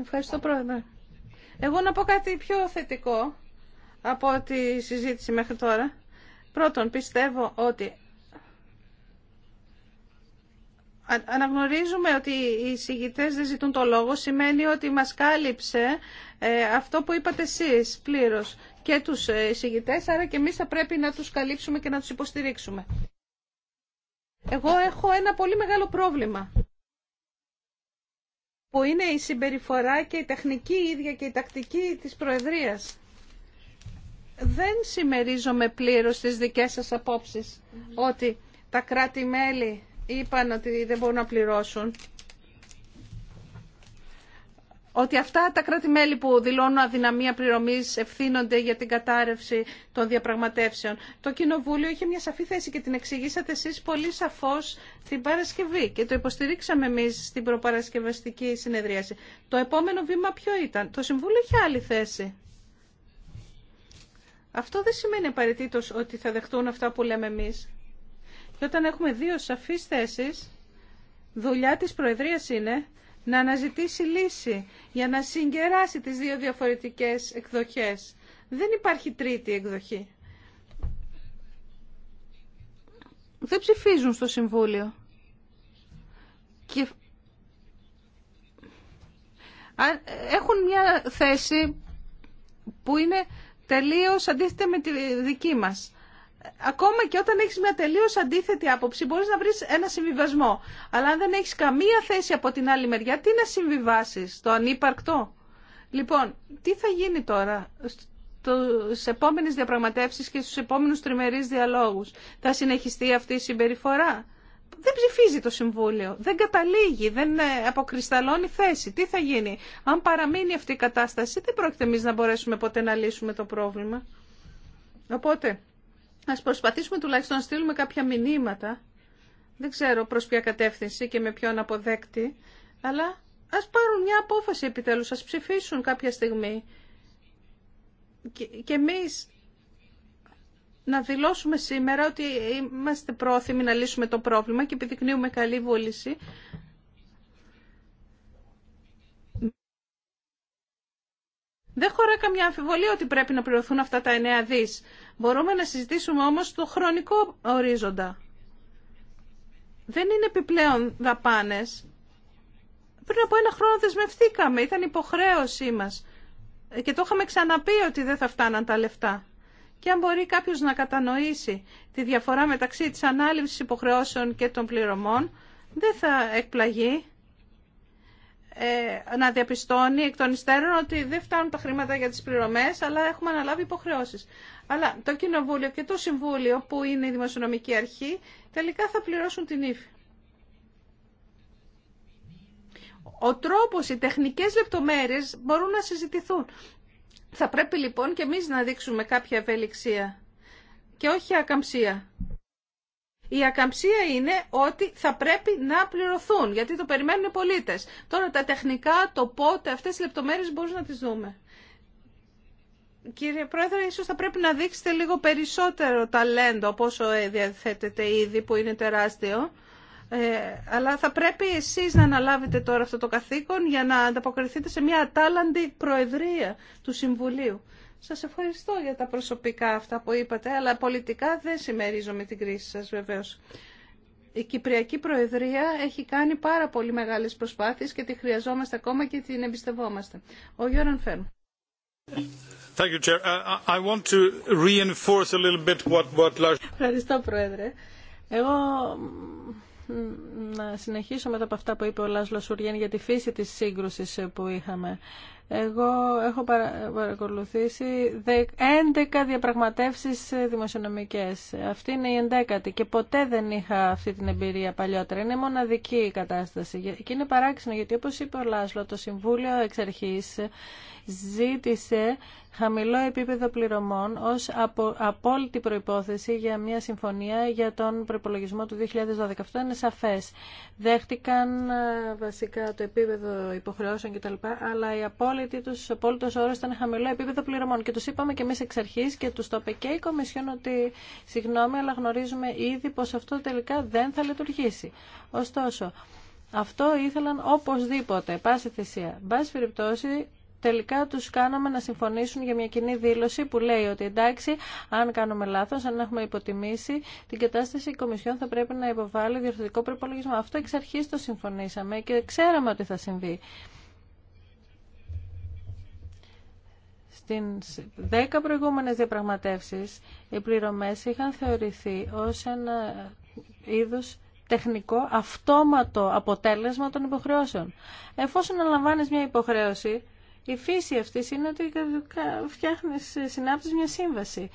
Ευχαριστώ πρόεδρε. Εγώ να πω κάτι πιο θετικό από τη συζήτηση μέχρι τώρα. Πρώτον, πιστεύω ότι αναγνωρίζουμε ότι οι συγητές δεν ζητούν το λόγο. Σημαίνει ότι μας κάλυψε αυτό που είπατε εσείς πλήρως και τους ε, εισηγητές, άρα και εμείς θα πρέπει να τους καλύψουμε και να τους υποστηρίξουμε. Εγώ έχω ένα πολύ μεγάλο πρόβλημα που είναι η συμπεριφορά και η τεχνική ίδια και η τακτική της Προεδρίας. Δεν συμμερίζομαι πλήρως στις δικές σας απόψεις ότι τα κράτη-μέλη είπαν ότι δεν μπορούν να πληρώσουν ότι αυτά τα κράτη-μέλη που δηλώνουν αδυναμία πληρωμή ευθύνονται για την κατάρρευση των διαπραγματεύσεων. Το Κοινοβούλιο είχε μια σαφή θέση και την εξηγήσατε εσεί πολύ σαφώ την Παρασκευή και το υποστηρίξαμε εμεί στην προπαρασκευαστική συνεδρίαση. Το επόμενο βήμα ποιο ήταν. Το Συμβούλιο είχε άλλη θέση. Αυτό δεν σημαίνει απαραίτητο ότι θα δεχτούν αυτά που λέμε εμεί. Και όταν έχουμε δύο σαφείς θέσει, δουλειά τη προεδρία είναι να αναζητήσει λύση για να συγκεράσει τις δύο διαφορετικές εκδοχές. Δεν υπάρχει τρίτη εκδοχή. Δεν ψηφίζουν στο Συμβούλιο. Και έχουν μια θέση που είναι τελείως αντίθετη με τη δική μας ακόμα και όταν έχεις μια τελείως αντίθετη άποψη μπορείς να βρεις ένα συμβιβασμό. Αλλά αν δεν έχεις καμία θέση από την άλλη μεριά, τι να συμβιβάσεις, το ανύπαρκτο. Λοιπόν, τι θα γίνει τώρα στις επόμενες διαπραγματεύσεις και στους επόμενους τριμερείς διαλόγους. Θα συνεχιστεί αυτή η συμπεριφορά. Δεν ψηφίζει το Συμβούλιο, δεν καταλήγει, δεν ε, αποκρισταλώνει θέση. Τι θα γίνει. Αν παραμείνει αυτή η κατάσταση, δεν πρόκειται εμεί να μπορέσουμε ποτέ να λύσουμε το πρόβλημα. Οπότε, Ας προσπαθήσουμε τουλάχιστον να στείλουμε κάποια μηνύματα. Δεν ξέρω προς ποια κατεύθυνση και με ποιον αποδέκτη, αλλά ας πάρουν μια απόφαση επιτέλους, ας ψηφίσουν κάποια στιγμή. Και, και εμείς να δηλώσουμε σήμερα ότι είμαστε πρόθυμοι να λύσουμε το πρόβλημα και επιδεικνύουμε καλή βούληση, Δεν χωρά καμιά αμφιβολία ότι πρέπει να πληρωθούν αυτά τα 9 δι. Μπορούμε να συζητήσουμε όμως το χρονικό ορίζοντα. Δεν είναι επιπλέον δαπάνες. Πριν από ένα χρόνο δεσμευτήκαμε, ήταν υποχρέωσή μας. Και το είχαμε ξαναπεί ότι δεν θα φτάναν τα λεφτά. Και αν μπορεί κάποιο να κατανοήσει τη διαφορά μεταξύ τη ανάληψη υποχρεώσεων και των πληρωμών, δεν θα εκπλαγεί ε, να διαπιστώνει εκ των υστέρων ότι δεν φτάνουν τα χρήματα για τις πληρωμές, αλλά έχουμε αναλάβει υποχρεώσεις. Αλλά το Κοινοβούλιο και το Συμβούλιο, που είναι η Δημοσιονομική Αρχή, τελικά θα πληρώσουν την ύφη. Ο τρόπος, οι τεχνικές λεπτομέρειες μπορούν να συζητηθούν. Θα πρέπει λοιπόν και εμείς να δείξουμε κάποια ευελιξία και όχι ακαμψία. Η ακαμψία είναι ότι θα πρέπει να πληρωθούν, γιατί το περιμένουν οι πολίτες. Τώρα τα τεχνικά, το πότε, αυτές οι λεπτομέρειες μπορούμε να τις δούμε. Κύριε Πρόεδρε, ίσως θα πρέπει να δείξετε λίγο περισσότερο ταλέντο από όσο ε, διαθέτεται ήδη που είναι τεράστιο. Ε, αλλά θα πρέπει εσείς να αναλάβετε τώρα αυτό το καθήκον για να ανταποκριθείτε σε μια ατάλλαντη προεδρία του Συμβουλίου. Σας ευχαριστώ για τα προσωπικά αυτά που είπατε, αλλά πολιτικά δεν συμμερίζομαι την κρίση σας βεβαίως. Η Κυπριακή Προεδρία έχει κάνει πάρα πολύ μεγάλες προσπάθειες και τη χρειαζόμαστε ακόμα και την εμπιστευόμαστε. Ο Γιώραν Φέρνου. Uh, ευχαριστώ, Πρόεδρε. Εγώ να συνεχίσω μετά από αυτά που είπε ο Λάσλο Σουριέν για τη φύση της σύγκρουσης που είχαμε. Εγώ έχω παρακολουθήσει 11 διαπραγματεύσεις ε, δημοσιονομικές. Αυτή είναι η 11η και ποτέ δεν είχα αυτή την εμπειρία παλιότερα. Είναι μοναδική η κατάσταση και είναι παράξενο γιατί όπως είπε ο Λάσλο το Συμβούλιο εξ αρχής ζήτησε χαμηλό επίπεδο πληρωμών ως απο, απόλυτη προϋπόθεση για μια συμφωνία για τον προπολογισμό του 2012. Αυτό είναι σαφές. Δέχτηκαν ε, βασικά το επίπεδο υποχρεώσεων κτλ. Αλλά η απόλυτη τους, ο απόλυτος όρος ήταν χαμηλό επίπεδο πληρωμών. Και τους είπαμε και εμείς εξ αρχής και τους το είπε και η Κομισιόν ότι συγγνώμη αλλά γνωρίζουμε ήδη πως αυτό τελικά δεν θα λειτουργήσει. Ωστόσο, αυτό ήθελαν οπωσδήποτε, πάση θυσία. Μπάς τελικά τους κάναμε να συμφωνήσουν για μια κοινή δήλωση που λέει ότι εντάξει, αν κάνουμε λάθος, αν έχουμε υποτιμήσει την κατάσταση, η Κομισιόν θα πρέπει να υποβάλει διορθωτικό προπολογισμό. Αυτό εξ αρχής το συμφωνήσαμε και ξέραμε ότι θα συμβεί. Στις 10 προηγούμενες διαπραγματεύσεις οι πληρωμές είχαν θεωρηθεί ως ένα είδος τεχνικό αυτόματο αποτέλεσμα των υποχρεώσεων. Εφόσον αναλαμβάνεις μια υποχρέωση, η φύση αυτή είναι ότι φτιάχνεις, συνάπτεις μια σύμβαση.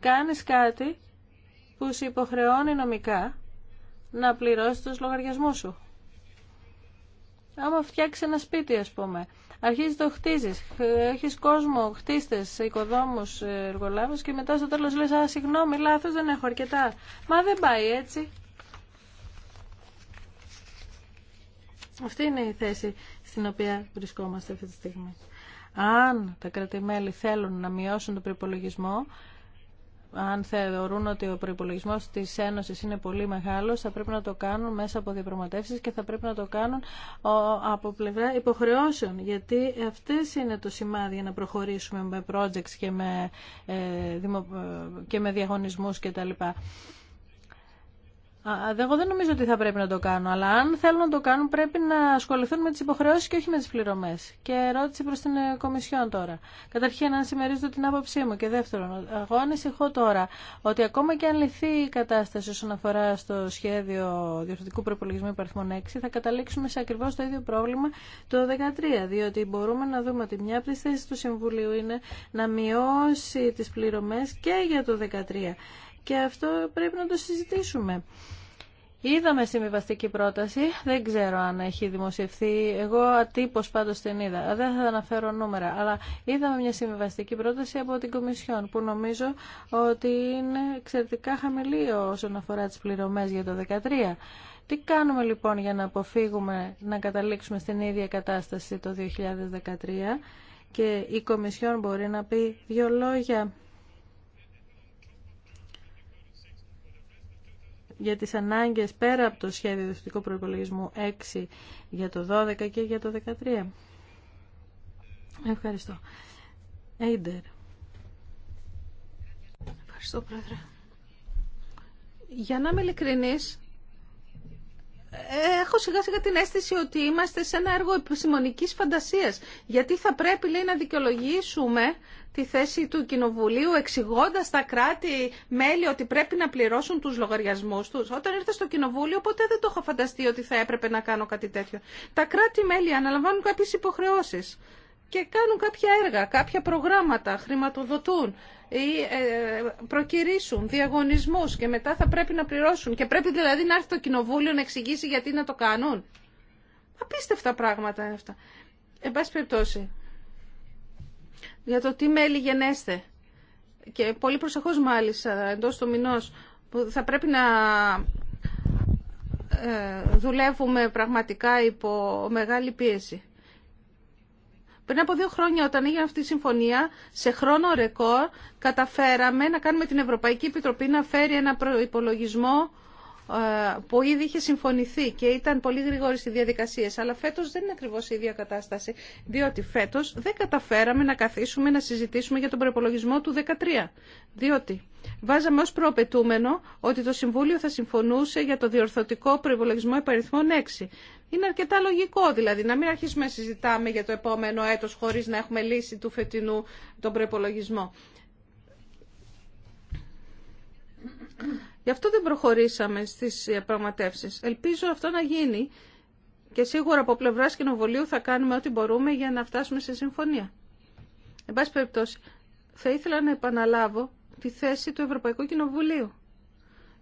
Κάνεις κάτι που σε υποχρεώνει νομικά να πληρώσει του λογαριασμού σου. Άμα φτιάξει ένα σπίτι, ας πούμε, αρχίζει το χτίζει. έχεις κόσμο, χτίστες, οικοδόμου ε, εργολάβου και μετά στο τέλο λες, α, συγγνώμη, λάθος, δεν έχω αρκετά. Μα δεν πάει έτσι. Αυτή είναι η θέση στην οποία βρισκόμαστε αυτή τη στιγμή. Αν τα κρατημέλη θέλουν να μειώσουν τον προπολογισμό, αν θεωρούν ότι ο προπολογισμό τη Ένωση είναι πολύ μεγάλο, θα πρέπει να το κάνουν μέσα από διαπραγματεύσει και θα πρέπει να το κάνουν από πλευρά υποχρεώσεων. Γιατί αυτέ είναι το σημάδι για να προχωρήσουμε με projects και με, ε, ε, και με διαγωνισμού κτλ. Εγώ δεν νομίζω ότι θα πρέπει να το κάνω, αλλά αν θέλουν να το κάνουν πρέπει να ασχοληθούν με τις υποχρεώσεις και όχι με τις πληρωμές. Και ερώτηση προς την ε, Κομισιόν τώρα. Καταρχήν, αν συμμερίζω την άποψή μου. Και δεύτερον, εγώ ανησυχώ τώρα ότι ακόμα και αν λυθεί η κατάσταση όσον αφορά στο σχέδιο διορθωτικού προπολογισμού υπαριθμών 6, θα καταλήξουμε σε ακριβώς το ίδιο πρόβλημα το 2013. Διότι μπορούμε να δούμε ότι μια από τις θέσεις του Συμβουλίου είναι να μειώσει τις πληρωμές και για το 2013. Και αυτό πρέπει να το συζητήσουμε. Είδαμε συμβιβαστική πρόταση, δεν ξέρω αν έχει δημοσιευθεί, εγώ ατύπως πάντως την είδα, δεν θα αναφέρω νούμερα, αλλά είδαμε μια συμβιβαστική πρόταση από την Κομισιόν που νομίζω ότι είναι εξαιρετικά χαμηλή όσον αφορά τις πληρωμές για το 2013. Τι κάνουμε λοιπόν για να αποφύγουμε να καταλήξουμε στην ίδια κατάσταση το 2013 και η Κομισιόν μπορεί να πει δύο λόγια για τις ανάγκες πέρα από το σχέδιο διευθυντικού προϋπολογισμού 6 για το 12 και για το 13. Ευχαριστώ. Έιντερ. Ευχαριστώ, Πρόεδρε. Για να είμαι ειλικρινής, έχω σιγά σιγά την αίσθηση ότι είμαστε σε ένα έργο επιστημονικής φαντασίας. Γιατί θα πρέπει λέει, να δικαιολογήσουμε τη θέση του Κοινοβουλίου εξηγώντα τα κράτη μέλη ότι πρέπει να πληρώσουν τους λογαριασμούς τους. Όταν ήρθα στο Κοινοβούλιο ποτέ δεν το είχα φανταστεί ότι θα έπρεπε να κάνω κάτι τέτοιο. Τα κράτη μέλη αναλαμβάνουν κάποιε υποχρεώσεις και κάνουν κάποια έργα, κάποια προγράμματα, χρηματοδοτούν ή ε, προκυρήσουν διαγωνισμούς και μετά θα πρέπει να πληρώσουν και πρέπει δηλαδή να έρθει το κοινοβούλιο να εξηγήσει γιατί να το κάνουν. Απίστευτα πράγματα είναι αυτά. Εν πάση περιπτώσει, για το τι μέλη γενέστε και πολύ προσεχώς μάλιστα εντός του μηνός που θα πρέπει να ε, δουλεύουμε πραγματικά υπό μεγάλη πίεση. Πριν από δύο χρόνια όταν έγινε αυτή η συμφωνία, σε χρόνο ρεκόρ καταφέραμε να κάνουμε την Ευρωπαϊκή Επιτροπή να φέρει ένα προπολογισμό. Ε, που ήδη είχε συμφωνηθεί και ήταν πολύ γρήγορε οι διαδικασίε. Αλλά φέτο δεν είναι ακριβώ η ίδια κατάσταση, διότι φέτο δεν καταφέραμε να καθίσουμε να συζητήσουμε για τον προπολογισμό του 2013. Διότι βάζαμε ω προοπαιτούμενο ότι το Συμβούλιο θα συμφωνούσε για το διορθωτικό προπολογισμό υπαριθμών 6. Είναι αρκετά λογικό δηλαδή να μην αρχίσουμε να συζητάμε για το επόμενο έτος χωρίς να έχουμε λύσει του φετινού τον προπολογισμό. Γι' αυτό δεν προχωρήσαμε στις πραγματεύσεις. Ελπίζω αυτό να γίνει και σίγουρα από πλευρά κοινοβουλίου θα κάνουμε ό,τι μπορούμε για να φτάσουμε σε συμφωνία. Εν πάση περιπτώσει, θα ήθελα να επαναλάβω τη θέση του Ευρωπαϊκού Κοινοβουλίου.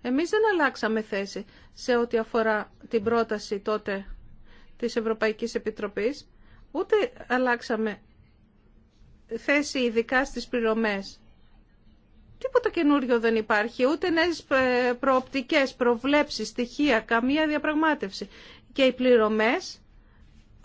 Εμείς δεν αλλάξαμε θέση σε ό,τι αφορά την πρόταση τότε της Ευρωπαϊκής Επιτροπής, ούτε αλλάξαμε θέση ειδικά στις πληρωμές Τίποτα καινούριο δεν υπάρχει, ούτε νέες ε, προοπτικές, προβλέψεις, στοιχεία, καμία διαπραγμάτευση. Και οι πληρωμές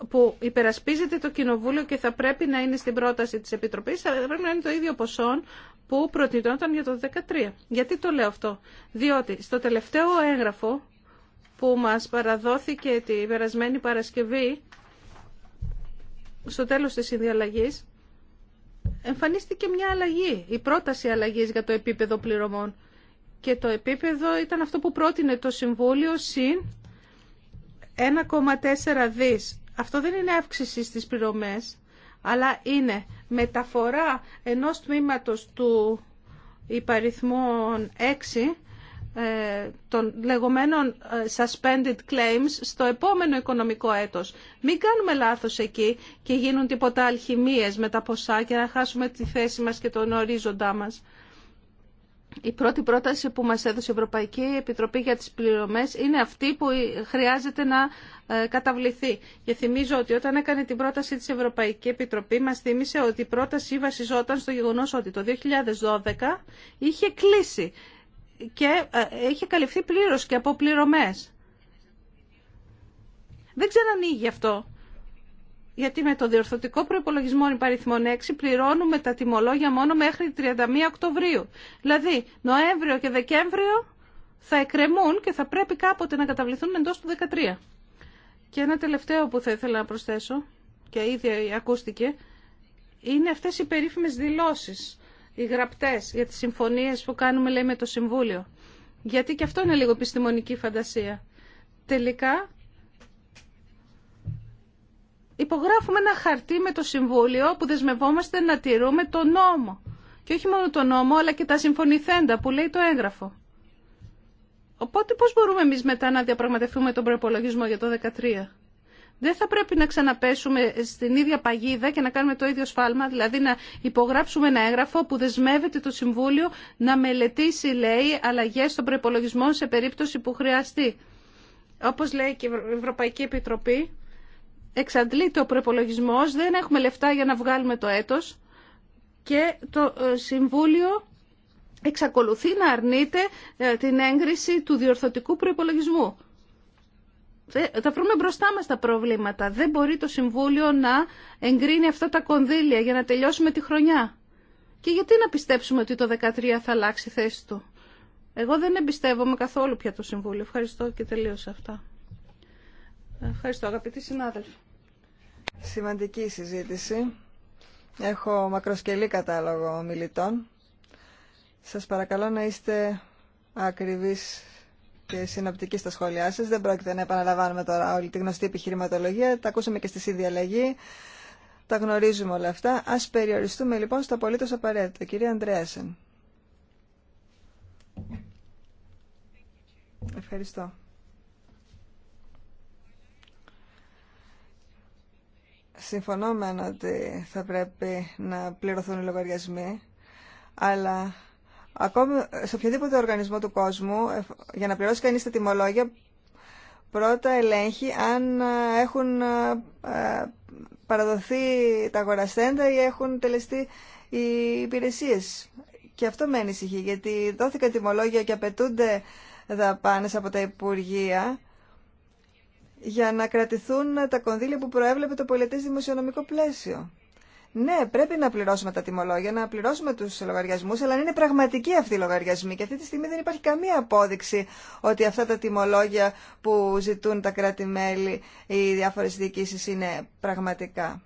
που υπερασπίζεται το Κοινοβούλιο και θα πρέπει να είναι στην πρόταση της Επιτροπής, θα πρέπει να είναι το ίδιο ποσό που προτινόταν για το 2013. Γιατί το λέω αυτό. Διότι στο τελευταίο έγγραφο που μας παραδόθηκε την περασμένη Παρασκευή, στο τέλος της συνδιαλλαγής, εμφανίστηκε μια αλλαγή, η πρόταση αλλαγή για το επίπεδο πληρωμών. Και το επίπεδο ήταν αυτό που πρότεινε το Συμβούλιο συν 1,4 δις. Αυτό δεν είναι αύξηση στις πληρωμές, αλλά είναι μεταφορά ενός τμήματος του υπαριθμών 6 ε, των λεγόμενων ε, suspended claims στο επόμενο οικονομικό έτος. Μην κάνουμε λάθος εκεί και γίνουν τίποτα αλχημίες με τα ποσά και να χάσουμε τη θέση μας και τον ορίζοντά μας. Η πρώτη πρόταση που μας έδωσε η Ευρωπαϊκή Επιτροπή για τις πληρωμές είναι αυτή που χρειάζεται να ε, καταβληθεί. Και θυμίζω ότι όταν έκανε την πρόταση της Ευρωπαϊκή Επιτροπή μας θύμισε ότι η πρόταση βασιζόταν στο γεγονός ότι το 2012 είχε κλείσει και ε, είχε καλυφθεί πλήρω και από πληρωμέ. Δεν ξανανοίγει αυτό. Γιατί με το διορθωτικό προπολογισμό υπαριθμών 6 πληρώνουμε τα τιμολόγια μόνο μέχρι 31 Οκτωβρίου. Δηλαδή, Νοέμβριο και Δεκέμβριο θα εκκρεμούν και θα πρέπει κάποτε να καταβληθούν εντός του 13. Και ένα τελευταίο που θα ήθελα να προσθέσω, και ήδη ακούστηκε, είναι αυτές οι περίφημες δηλώσεις οι γραπτές για τις συμφωνίες που κάνουμε λέει με το Συμβούλιο. Γιατί και αυτό είναι λίγο επιστημονική φαντασία. Τελικά υπογράφουμε ένα χαρτί με το Συμβούλιο που δεσμευόμαστε να τηρούμε το νόμο. Και όχι μόνο το νόμο, αλλά και τα συμφωνηθέντα που λέει το έγγραφο. Οπότε πώς μπορούμε εμείς μετά να διαπραγματευτούμε τον προπολογισμό για το 2013 δεν θα πρέπει να ξαναπέσουμε στην ίδια παγίδα και να κάνουμε το ίδιο σφάλμα, δηλαδή να υπογράψουμε ένα έγγραφο που δεσμεύεται το Συμβούλιο να μελετήσει, λέει, αλλαγέ στον προπολογισμό σε περίπτωση που χρειαστεί. Όπω λέει και η Ευρωπαϊκή Επιτροπή, εξαντλείται ο προπολογισμό, δεν έχουμε λεφτά για να βγάλουμε το έτο και το ε, Συμβούλιο εξακολουθεί να αρνείται ε, την έγκριση του διορθωτικού προπολογισμού θα βρούμε μπροστά μας τα προβλήματα. Δεν μπορεί το Συμβούλιο να εγκρίνει αυτά τα κονδύλια για να τελειώσουμε τη χρονιά. Και γιατί να πιστέψουμε ότι το 13 θα αλλάξει θέση του. Εγώ δεν εμπιστεύομαι καθόλου πια το Συμβούλιο. Ευχαριστώ και τελείωσα αυτά. Ευχαριστώ αγαπητοί συνάδελφοι. Σημαντική συζήτηση. Έχω μακροσκελή κατάλογο μιλητών. Σας παρακαλώ να είστε ακριβείς και συνοπτική στα σχόλιά σα. Δεν πρόκειται να επαναλαμβάνουμε τώρα όλη τη γνωστή επιχειρηματολογία. Τα ακούσαμε και στη συνδιαλλαγή. Τα γνωρίζουμε όλα αυτά. Α περιοριστούμε λοιπόν στο απολύτω απαραίτητο. Κυρία Αντρέασεν. Ευχαριστώ. Συμφωνώ με ότι θα πρέπει να πληρωθούν οι λογαριασμοί, αλλά Ακόμη σε οποιοδήποτε οργανισμό του κόσμου, για να πληρώσει κανείς τα τιμολόγια, πρώτα ελέγχει αν ε, έχουν ε, ε, παραδοθεί τα αγοραστέντα ή έχουν τελεστεί οι υπηρεσίες. Και αυτό με ανησυχεί, γιατί δόθηκαν τιμολόγια και απαιτούνται δαπάνες από τα Υπουργεία για να κρατηθούν τα κονδύλια που προέβλεπε το πολιτής δημοσιονομικό πλαίσιο. Ναι, πρέπει να πληρώσουμε τα τιμολόγια, να πληρώσουμε του λογαριασμού, αλλά είναι πραγματικοί αυτοί οι λογαριασμοί. Και αυτή τη στιγμή δεν υπάρχει καμία απόδειξη ότι αυτά τα τιμολόγια που ζητούν τα κράτη-μέλη, οι διάφορε διοικήσει είναι πραγματικά.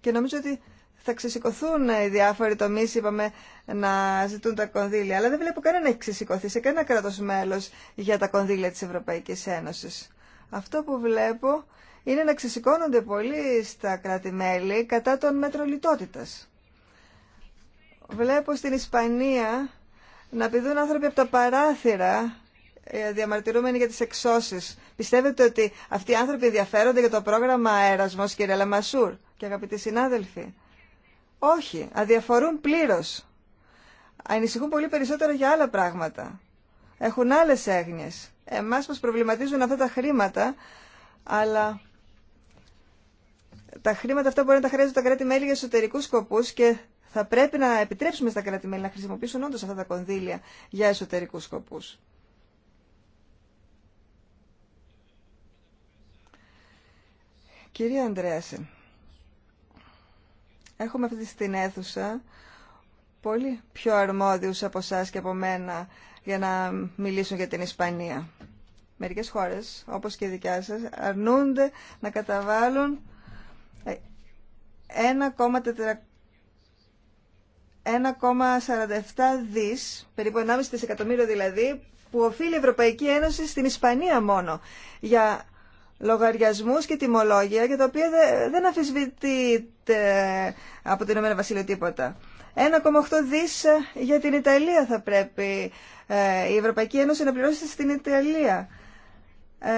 Και νομίζω ότι θα ξεσηκωθούν οι διάφοροι τομεί, είπαμε, να ζητούν τα κονδύλια. Αλλά δεν βλέπω κανένα να έχει ξεσηκωθεί σε κανένα κράτο μέλο για τα κονδύλια τη Ευρωπαϊκή Ένωση. Αυτό που βλέπω είναι να ξεσηκώνονται πολύ στα κράτη-μέλη κατά των μέτρων λιτότητας. Βλέπω στην Ισπανία να πηδούν άνθρωποι από τα παράθυρα ε, διαμαρτυρούμενοι για τις εξώσεις. Πιστεύετε ότι αυτοί οι άνθρωποι ενδιαφέρονται για το πρόγραμμα Αέρασμος, κύριε Λαμασούρ και αγαπητοί συνάδελφοι. Όχι, αδιαφορούν πλήρως. Ανησυχούν πολύ περισσότερο για άλλα πράγματα. Έχουν άλλες έγνοιες. Εμάς μας προβληματίζουν αυτά τα χρήματα, αλλά τα χρήματα αυτά μπορεί να τα χρειάζονται τα κράτη-μέλη για εσωτερικού σκοπού και θα πρέπει να επιτρέψουμε στα κράτη-μέλη να χρησιμοποιήσουν όντω αυτά τα κονδύλια για εσωτερικού σκοπού. Κυρία Ανδρέασε, έχουμε αυτή την αίθουσα πολύ πιο αρμόδιους από εσά και από μένα για να μιλήσουν για την Ισπανία. Μερικές χώρες, όπως και η δικιά σας, αρνούνται να καταβάλουν 1,47 δις, περίπου 1,5 δισεκατομμύριο δηλαδή, που οφείλει η Ευρωπαϊκή Ένωση στην Ισπανία μόνο για λογαριασμούς και τιμολόγια για τα οποία δεν αφισβητείται από την Ηνωμένα Βασίλειο τίποτα. 1,8 δις ε, για την Ιταλία θα πρέπει ε, η Ευρωπαϊκή Ένωση να πληρώσει στην Ιταλία. 1,5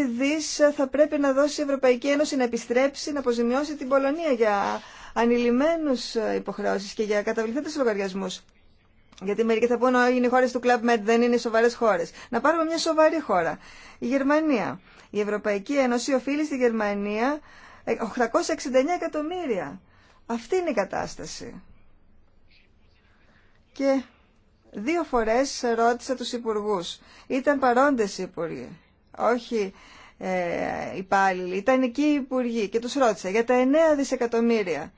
ε, δις θα πρέπει να δώσει η Ευρωπαϊκή Ένωση να επιστρέψει, να αποζημιώσει την Πολωνία για ανηλυμένους ε, υποχρεώσεις και για καταβληθέντες λογαριασμούς. Γιατί μερικοί θα πούνε ότι είναι οι χώρε του Club Med, δεν είναι σοβαρέ χώρε. Να πάρουμε μια σοβαρή χώρα. Η Γερμανία. Η Ευρωπαϊκή Ένωση οφείλει στη Γερμανία 869 ε, εκατομμύρια. Αυτή είναι η κατάσταση. Και Δύο φορές ρώτησα τους υπουργούς. Ήταν παρόντες οι υπουργοί, όχι ε, υπάλληλοι. Ήταν εκεί οι υπουργοί και τους ρώτησα για τα 9 δισεκατομμύρια.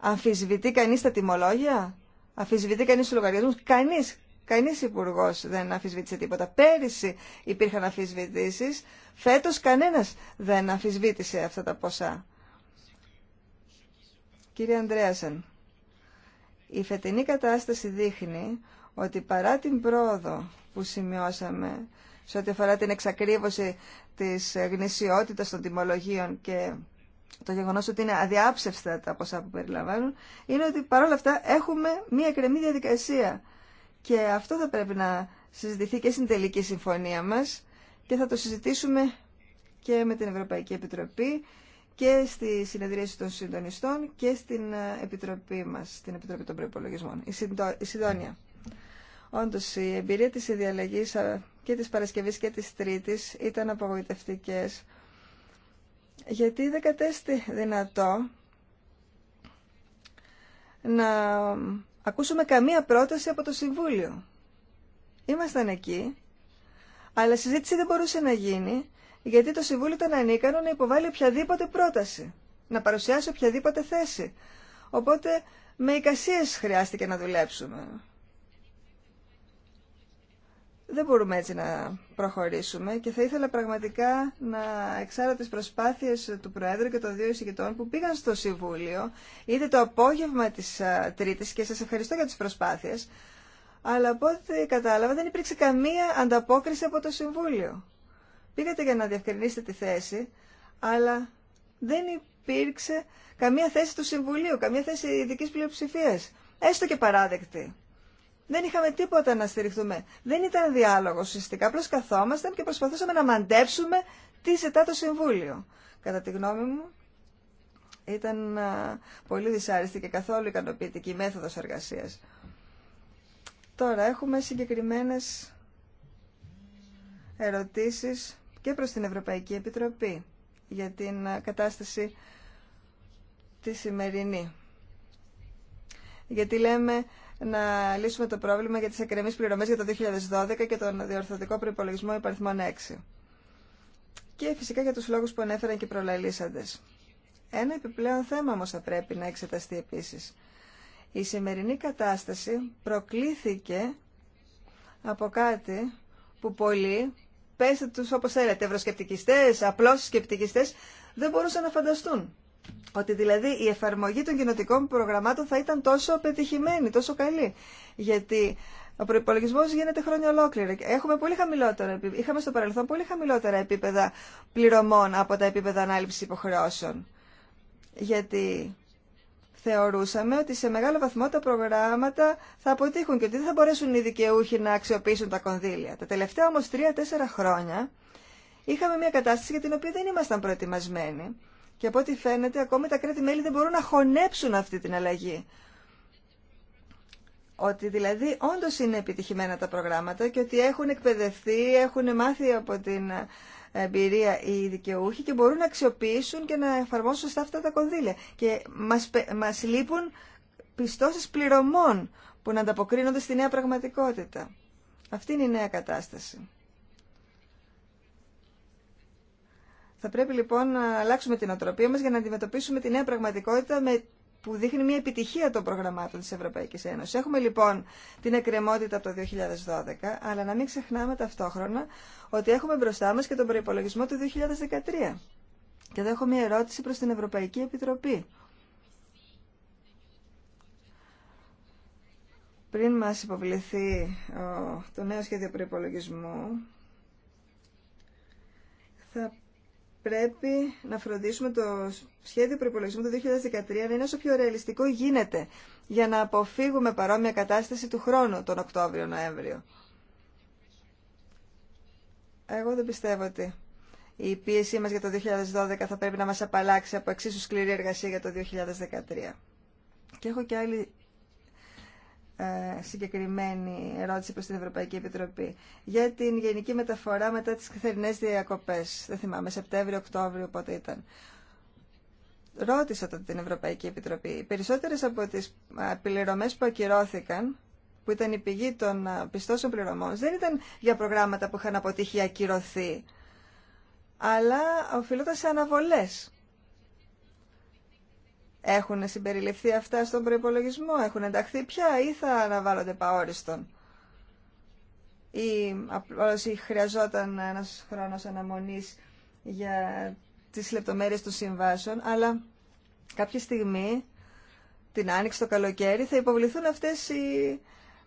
Αμφισβητεί κανείς τα τιμολόγια, αμφισβητεί κανείς τους λογαριασμούς, κανείς. Κανεί υπουργό δεν αμφισβήτησε τίποτα. Πέρυσι υπήρχαν αμφισβητήσει. Φέτο κανένα δεν αμφισβήτησε αυτά τα ποσά. Κύριε Ανδρέασεν, η φετινή κατάσταση δείχνει ότι παρά την πρόοδο που σημειώσαμε σε ό,τι αφορά την εξακρίβωση της γνησιότητας των τιμολογίων και το γεγονός ότι είναι αδιάψευστα τα ποσά που περιλαμβάνουν, είναι ότι παρόλα αυτά έχουμε μία κρεμή διαδικασία. Και αυτό θα πρέπει να συζητηθεί και στην τελική συμφωνία μας και θα το συζητήσουμε και με την Ευρωπαϊκή Επιτροπή και στη συνεδρίαση των συντονιστών και στην ε, Επιτροπή μας, στην Επιτροπή των Προϋπολογισμών, η, Συντο... η Συντόνια. Όντως, η εμπειρία τη διαλλαγής ε, και της παρασκευή και τη Τρίτη ήταν απογοητευτικέ, γιατί δεν κατέστη δυνατό να ακούσουμε καμία πρόταση από το Συμβούλιο. Ήμασταν εκεί, αλλά συζήτηση δεν μπορούσε να γίνει, γιατί το Συμβούλιο ήταν ανίκανο να υποβάλει οποιαδήποτε πρόταση, να παρουσιάσει οποιαδήποτε θέση. Οπότε με εικασίες χρειάστηκε να δουλέψουμε. Δεν μπορούμε έτσι να προχωρήσουμε και θα ήθελα πραγματικά να εξάρω τις προσπάθειες του Προέδρου και των δύο εισηγητών που πήγαν στο Συμβούλιο είτε το απόγευμα της Τρίτης και σας ευχαριστώ για τις προσπάθειες αλλά από ό,τι κατάλαβα δεν υπήρξε καμία ανταπόκριση από το Συμβούλιο. Πήγατε για να διευκρινίσετε τη θέση, αλλά δεν υπήρξε καμία θέση του Συμβουλίου, καμία θέση ειδική πλειοψηφία. Έστω και παράδεκτη. Δεν είχαμε τίποτα να στηριχθούμε. Δεν ήταν διάλογο ουσιαστικά. Απλώ καθόμασταν και προσπαθούσαμε να μαντέψουμε τι ζητά το Συμβούλιο. Κατά τη γνώμη μου, ήταν πολύ δυσάρεστη και καθόλου ικανοποιητική η μέθοδος εργασίας. Τώρα έχουμε συγκεκριμένες ερωτήσεις και προς την Ευρωπαϊκή Επιτροπή για την ε, κατάσταση τη σημερινή. Γιατί λέμε να λύσουμε το πρόβλημα για τις ακρεμείς πληρωμές για το 2012 και τον διορθωτικό προϋπολογισμό υπαριθμών 6. Και φυσικά για τους λόγους που ανέφεραν και οι προλαλήσαντες. Ένα επιπλέον θέμα όμως θα πρέπει να εξεταστεί επίσης. Η σημερινή κατάσταση προκλήθηκε από κάτι που πολλοί πέστε του όπως θέλετε, ευρωσκεπτικιστέ, απλώ σκεπτικιστές, δεν μπορούσαν να φανταστούν. Ότι δηλαδή η εφαρμογή των κοινοτικών προγραμμάτων θα ήταν τόσο πετυχημένη, τόσο καλή. Γιατί ο προπολογισμό γίνεται χρόνια ολόκληρα. Έχουμε πολύ χαμηλότερα, είχαμε στο παρελθόν πολύ χαμηλότερα επίπεδα πληρωμών από τα επίπεδα ανάληψη υποχρεώσεων. Γιατί θεωρούσαμε ότι σε μεγάλο βαθμό τα προγράμματα θα αποτύχουν και ότι δεν θα μπορέσουν οι δικαιούχοι να αξιοποιήσουν τα κονδύλια. Τα τελευταία όμως τρία-τέσσερα χρόνια είχαμε μια κατάσταση για την οποία δεν ήμασταν προετοιμασμένοι και από ό,τι φαίνεται ακόμη τα κράτη-μέλη δεν μπορούν να χωνέψουν αυτή την αλλαγή. Ότι δηλαδή όντως είναι επιτυχημένα τα προγράμματα και ότι έχουν εκπαιδευτεί, έχουν μάθει από την εμπειρία οι δικαιούχοι και μπορούν να αξιοποιήσουν και να εφαρμόσουν αυτά τα κονδύλια. Και μας, μας λείπουν πιστώσεις πληρωμών που να ανταποκρίνονται στη νέα πραγματικότητα. Αυτή είναι η νέα κατάσταση. Θα πρέπει λοιπόν να αλλάξουμε την οτροπία μας για να αντιμετωπίσουμε τη νέα πραγματικότητα με που δείχνει μια επιτυχία των προγραμμάτων της Ευρωπαϊκής Ένωσης. Έχουμε λοιπόν την εκκρεμότητα από το 2012, αλλά να μην ξεχνάμε ταυτόχρονα ότι έχουμε μπροστά μας και τον προϋπολογισμό του 2013. Και εδώ έχω μια ερώτηση προς την Ευρωπαϊκή Επιτροπή. Πριν μας υποβληθεί το νέο σχέδιο προϋπολογισμού, θα πρέπει να φροντίσουμε το σχέδιο προπολογισμού του 2013 να είναι όσο πιο ρεαλιστικό γίνεται για να αποφύγουμε παρόμοια κατάσταση του χρόνου τον Οκτώβριο-Νοέμβριο. Εγώ δεν πιστεύω ότι η πίεσή μας για το 2012 θα πρέπει να μας απαλλάξει από εξίσου σκληρή εργασία για το 2013. Και έχω και άλλη ε, συγκεκριμένη ερώτηση προς την Ευρωπαϊκή Επιτροπή για την γενική μεταφορά μετά τις καθερινές διακοπές. Δεν θυμάμαι, Σεπτέμβριο, Οκτώβριο, πότε ήταν. Ρώτησα τότε την Ευρωπαϊκή Επιτροπή. Οι περισσότερες από τις πληρωμές που ακυρώθηκαν, που ήταν η πηγή των πιστώσεων πληρωμών, δεν ήταν για προγράμματα που είχαν αποτύχει ακυρωθεί, αλλά οφειλόταν σε αναβολές. Έχουν συμπεριληφθεί αυτά στον προϋπολογισμό, έχουν ενταχθεί πια ή θα αναβάλλονται παόριστον. Ή χρειαζόταν ένας χρόνος αναμονής για τις λεπτομέρειες των συμβάσεων, αλλά κάποια στιγμή, την άνοιξη το καλοκαίρι, θα υποβληθούν αυτές οι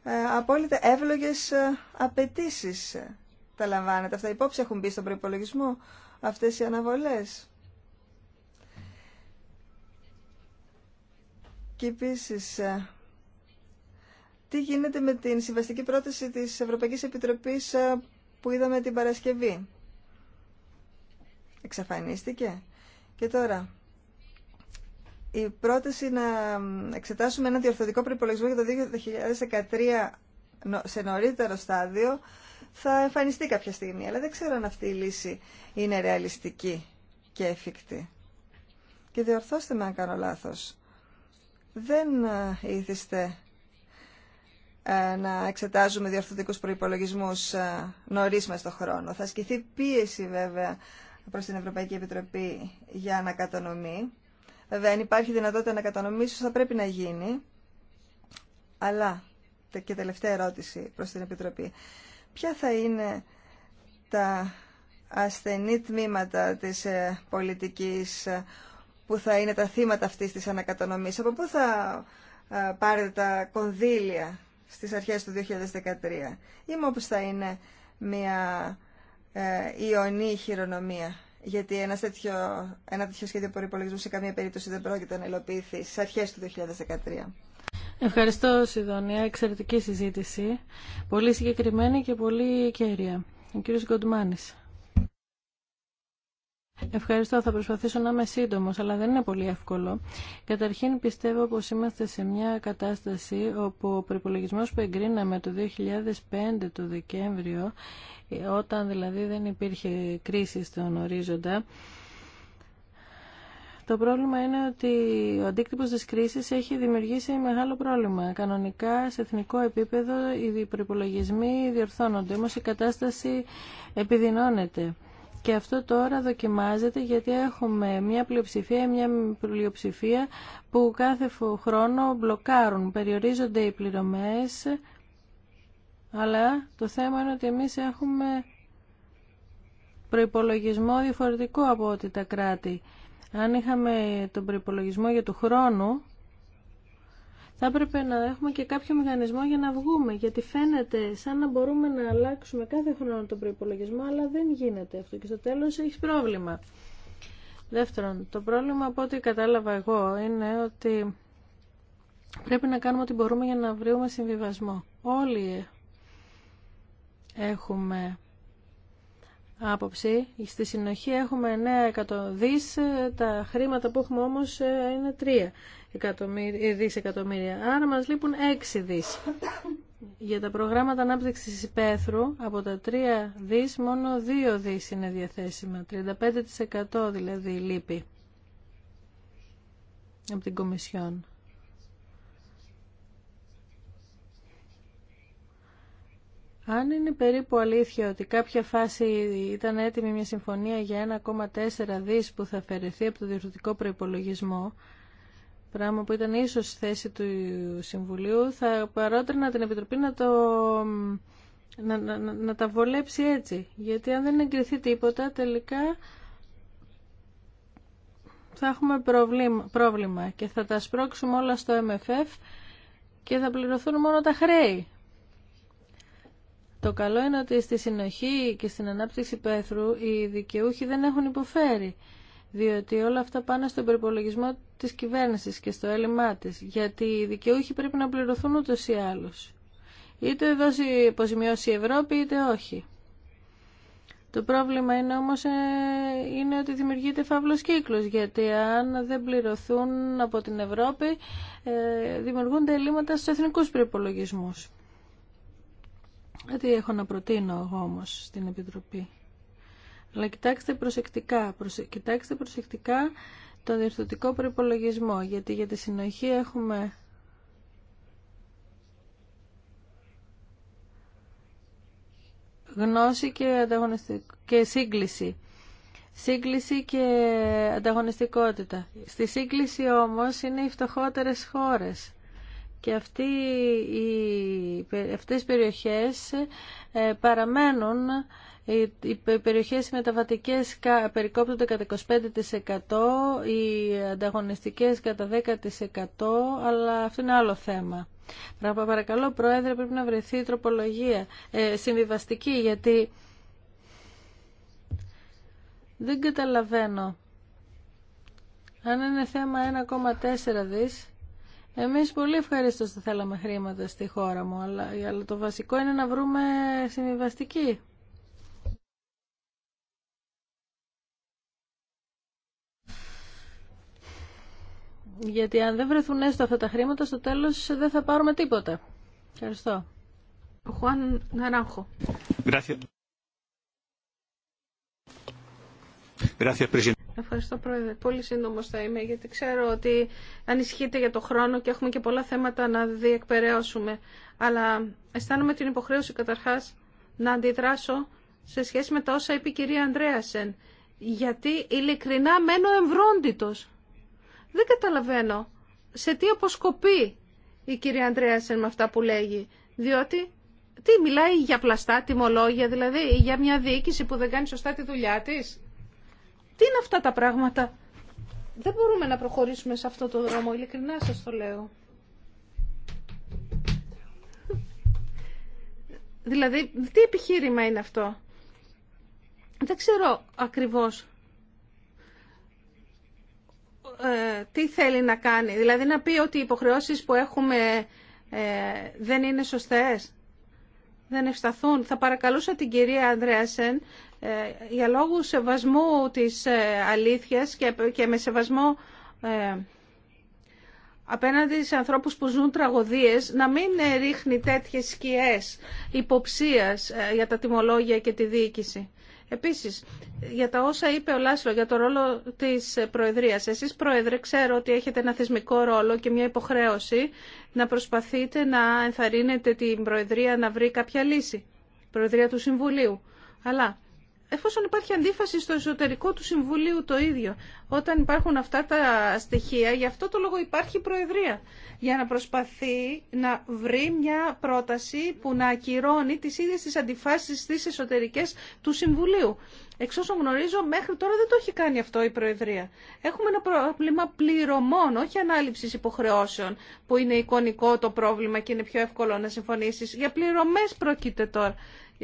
ε, απόλυτα εύλογες ε, απαιτήσει. Τα λαμβάνετε αυτά υπόψη, έχουν μπει στον προπολογισμό αυτές οι αναβολές. Και επίση, ε, τι γίνεται με την συμβαστική πρόταση της Ευρωπαϊκής Επιτροπής ε, που είδαμε την Παρασκευή. Εξαφανίστηκε. Και τώρα, η πρόταση να εξετάσουμε ένα διορθωτικό προπολογισμό για το 2013 σε νωρίτερο στάδιο θα εμφανιστεί κάποια στιγμή. Αλλά δεν ξέρω αν αυτή η λύση είναι ρεαλιστική και εφικτή. Και διορθώστε με αν κάνω λάθος δεν ε, ήθιστε ε, να εξετάζουμε διορθωτικούς προϋπολογισμούς ε, νωρίς μας τον χρόνο. Θα ασκηθεί πίεση βέβαια προς την Ευρωπαϊκή Επιτροπή για ανακατανομή. Βέβαια, αν υπάρχει δυνατότητα ανακατανομή, θα πρέπει να γίνει. Αλλά, και τελευταία ερώτηση προς την Επιτροπή. Ποια θα είναι τα ασθενή τμήματα της πολιτικής που θα είναι τα θύματα αυτής της ανακατανομής. Από πού θα πάρετε τα κονδύλια στις αρχές του 2013 ή μόπως θα είναι μια ε, ιονή χειρονομία. Γιατί ενα τέτοιο, ένα τέτοιο σχέδιο προπολογισμού σε καμία περίπτωση δεν πρόκειται να υλοποιηθεί στις αρχές του 2013. Ευχαριστώ Σιδωνία, εξαιρετική συζήτηση. Πολύ συγκεκριμένη και πολύ κέρια. Ο κύριος Γκοντμάνης. Ευχαριστώ. Θα προσπαθήσω να είμαι σύντομο, αλλά δεν είναι πολύ εύκολο. Καταρχήν πιστεύω πως είμαστε σε μια κατάσταση όπου ο προπολογισμό που εγκρίναμε το 2005 το Δεκέμβριο, όταν δηλαδή δεν υπήρχε κρίση στον ορίζοντα, το πρόβλημα είναι ότι ο αντίκτυπος της κρίσης έχει δημιουργήσει μεγάλο πρόβλημα. Κανονικά, σε εθνικό επίπεδο, οι προπολογισμοί διορθώνονται, όμως η κατάσταση επιδεινώνεται. Και αυτό τώρα δοκιμάζεται γιατί έχουμε μια πλειοψηφία, μια πλειοψηφία που κάθε χρόνο μπλοκάρουν, περιορίζονται οι πληρωμές, αλλά το θέμα είναι ότι εμείς έχουμε προϋπολογισμό διαφορετικό από ό,τι τα κράτη. Αν είχαμε τον προϋπολογισμό για του χρόνου, θα έπρεπε να έχουμε και κάποιο μηχανισμό για να βγούμε, γιατί φαίνεται σαν να μπορούμε να αλλάξουμε κάθε χρόνο τον προϋπολογισμό, αλλά δεν γίνεται αυτό και στο τέλος έχει πρόβλημα. Δεύτερον, το πρόβλημα από ό,τι κατάλαβα εγώ είναι ότι πρέπει να κάνουμε ό,τι μπορούμε για να βρούμε συμβιβασμό. Όλοι έχουμε άποψη. Στη συνοχή έχουμε 9 εκατοδείς, τα χρήματα που έχουμε όμως ε, είναι 3 ε, εκατομμύρια. Άρα μας λείπουν 6 δις. Για τα προγράμματα ανάπτυξης υπαίθρου, από τα 3 δις, μόνο 2 δις είναι διαθέσιμα. 35% δηλαδή λείπει από την Κομισιόν. Αν είναι περίπου αλήθεια ότι κάποια φάση ήταν έτοιμη μια συμφωνία για 1,4 δις που θα αφαιρεθεί από το διευθυντικό προϋπολογισμό, πράγμα που ήταν ίσως θέση του Συμβουλίου, θα παρότρινα την Επιτροπή να, το, να, να, να τα βολέψει έτσι. Γιατί αν δεν εγκριθεί τίποτα, τελικά θα έχουμε προβλήμα, πρόβλημα και θα τα σπρώξουμε όλα στο MFF και θα πληρωθούν μόνο τα χρέη. Το καλό είναι ότι στη συνοχή και στην ανάπτυξη πέθρου οι δικαιούχοι δεν έχουν υποφέρει, διότι όλα αυτά πάνε στον προπολογισμό της κυβέρνησης και στο έλλειμμά τη γιατί οι δικαιούχοι πρέπει να πληρωθούν ούτως ή άλλως. Είτε δώσει αποζημιώσει η Ευρώπη είτε όχι. Το πρόβλημα είναι όμως ε, είναι ότι δημιουργείται φαύλο κύκλος, γιατί αν δεν πληρωθούν από την Ευρώπη ε, δημιουργούνται ελλείμματα στους εθνικούς προπολογισμού. Τι έχω να προτείνω εγώ όμως στην Επιτροπή. Αλλά κοιτάξτε προσεκτικά, κοιτάξτε προσεκτικά τον διορθωτικό προπολογισμό. γιατί για τη συνοχή έχουμε γνώση και, ανταγωνιστικ... και σύγκληση. Σύγκληση και ανταγωνιστικότητα. Στη σύγκληση όμως είναι οι φτωχότερες χώρες και αυτή οι, αυτές οι περιοχές ε, παραμένουν οι περιοχές μεταβατικές περικόπτονται κατά 25%, οι ανταγωνιστικές κατά 10%, αλλά αυτό είναι άλλο θέμα. Παρακαλώ, Πρόεδρε, πρέπει να βρεθεί η τροπολογία ε, συμβιβαστική, γιατί δεν καταλαβαίνω. Αν είναι θέμα 1,4 δις, εμείς πολύ ευχαριστώ θα θέλαμε χρήματα στη χώρα μου, αλλά, αλλά το βασικό είναι να βρούμε συμβιβαστική. Γιατί αν δεν βρεθούν έστω αυτά τα χρήματα, στο τέλος δεν θα πάρουμε τίποτα. Ευχαριστώ. Ευχαριστώ, Πρόεδρε. Πολύ σύντομο θα είμαι, γιατί ξέρω ότι ανησυχείτε για το χρόνο και έχουμε και πολλά θέματα να διεκπαιρεώσουμε. Αλλά αισθάνομαι την υποχρέωση καταρχά να αντιδράσω σε σχέση με τα όσα είπε η κυρία Ανδρέασεν. Γιατί ειλικρινά μένω εμβρόντιτος. Δεν καταλαβαίνω σε τι αποσκοπεί η κυρία Ανδρέασεν με αυτά που λέγει. Διότι τι μιλάει για πλαστά τιμολόγια, δηλαδή για μια διοίκηση που δεν κάνει σωστά τη δουλειά της. Τι είναι αυτά τα πράγματα. Δεν μπορούμε να προχωρήσουμε σε αυτό το δρόμο, ειλικρινά σας το λέω. Δηλαδή, τι επιχείρημα είναι αυτό. Δεν ξέρω ακριβώς ε, τι θέλει να κάνει. Δηλαδή, να πει ότι οι υποχρεώσεις που έχουμε ε, δεν είναι σωστές, δεν ευσταθούν. Θα παρακαλούσα την κυρία Ανδρέασεν ε, για λόγους σεβασμού της ε, αλήθειας και με σεβασμό ε, απέναντι σε ανθρώπους που ζουν τραγωδίες να μην ρίχνει τέτοιες σκιές υποψίας για τα τιμολόγια και τη διοίκηση. Επίσης, για τα όσα είπε ο Λάσλο για το ρόλο της Προεδρίας. Εσείς, Πρόεδρε, ξέρω ότι έχετε ένα θεσμικό ρόλο και μια υποχρέωση να προσπαθείτε να ενθαρρύνετε την Προεδρία να βρει κάποια λύση. Προεδρία του Συμβουλίου. Αλλά εφόσον υπάρχει αντίφαση στο εσωτερικό του Συμβουλίου το ίδιο, όταν υπάρχουν αυτά τα στοιχεία, γι' αυτό το λόγο υπάρχει Προεδρία, για να προσπαθεί να βρει μια πρόταση που να ακυρώνει τις ίδιες τις αντιφάσεις στις εσωτερικές του Συμβουλίου. Εξ όσων γνωρίζω, μέχρι τώρα δεν το έχει κάνει αυτό η Προεδρία. Έχουμε ένα πρόβλημα πληρωμών, όχι ανάληψη υποχρεώσεων, που είναι εικονικό το πρόβλημα και είναι πιο εύκολο να συμφωνήσει. Για πληρωμέ πρόκειται τώρα.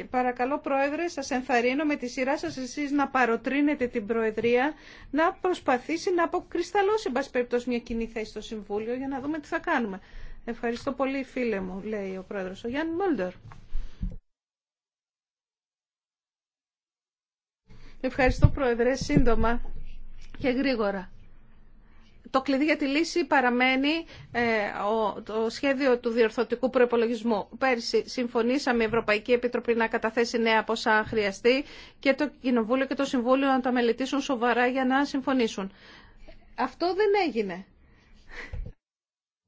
Παρακαλώ Πρόεδρε, σας ενθαρρύνω με τη σειρά σας εσείς να παροτρύνετε την Προεδρία να προσπαθήσει να αποκρισταλώσει μπας περιπτώσει μια κοινή θέση στο Συμβούλιο για να δούμε τι θα κάνουμε. Ευχαριστώ πολύ φίλε μου, λέει ο Πρόεδρος, ο Γιάννη Μόλντορ. Ευχαριστώ Πρόεδρε, σύντομα και γρήγορα το κλειδί για τη λύση παραμένει ε, το σχέδιο του διορθωτικού προπολογισμού. Πέρσι συμφωνήσαμε η Ευρωπαϊκή Επιτροπή να καταθέσει νέα ποσά χρειαστεί και το Κοινοβούλιο και το Συμβούλιο να τα μελετήσουν σοβαρά για να συμφωνήσουν. Αυτό δεν έγινε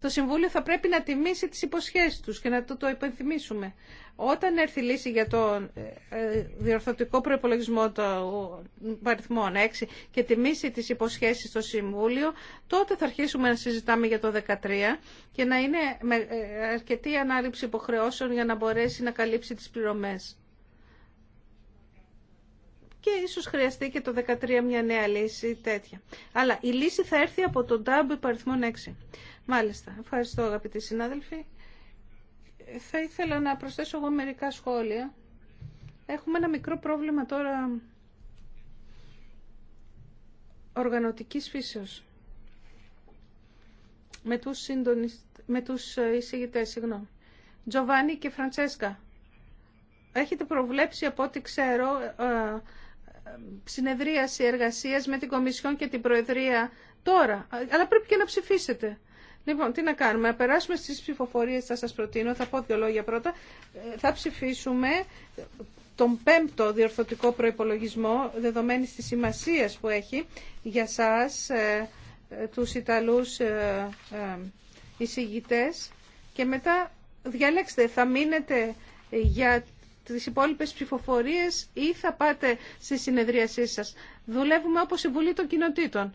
το Συμβούλιο θα πρέπει να τιμήσει τις υποσχέσεις τους και να το, το υπενθυμίσουμε. Όταν έρθει η λύση για τον ε, ε, διορθωτικό προπολογισμό των παριθμών 6 και τιμήσει τις υποσχέσεις στο Συμβούλιο, τότε θα αρχίσουμε να συζητάμε για το 13 και να είναι με ε, αρκετή ανάληψη υποχρεώσεων για να μπορέσει να καλύψει τις πληρωμές και ίσως χρειαστεί και το 13 μια νέα λύση τέτοια. Αλλά η λύση θα έρθει από τον τάμπ υπαριθμών 6. Μάλιστα. Ευχαριστώ αγαπητοί συνάδελφοι. Θα ήθελα να προσθέσω εγώ μερικά σχόλια. Έχουμε ένα μικρό πρόβλημα τώρα οργανωτικής φύσεως. Με τους, σύντονις με τους ε, εισηγητές, συγγνώμη. Τζοβάνι και Φραντσέσκα. Έχετε προβλέψει από ό,τι ξέρω ε, συνεδρίαση εργασίας με την Κομισιόν και την Προεδρία τώρα. Αλλά πρέπει και να ψηφίσετε. Λοιπόν, τι να κάνουμε, να περάσουμε στι ψηφοφορίε, θα σα προτείνω, θα πω δύο λόγια πρώτα. Ε, θα ψηφίσουμε τον πέμπτο διορθωτικό προπολογισμό δεδομένη τη σημασία που έχει για σας, ε, ε, του Ιταλούς εισηγητέ. Και μετά διαλέξτε, θα μείνετε για τις υπόλοιπες ψηφοφορίες ή θα πάτε στη συνεδρίασή σας. Δουλεύουμε όπως η Βουλή των Κοινοτήτων.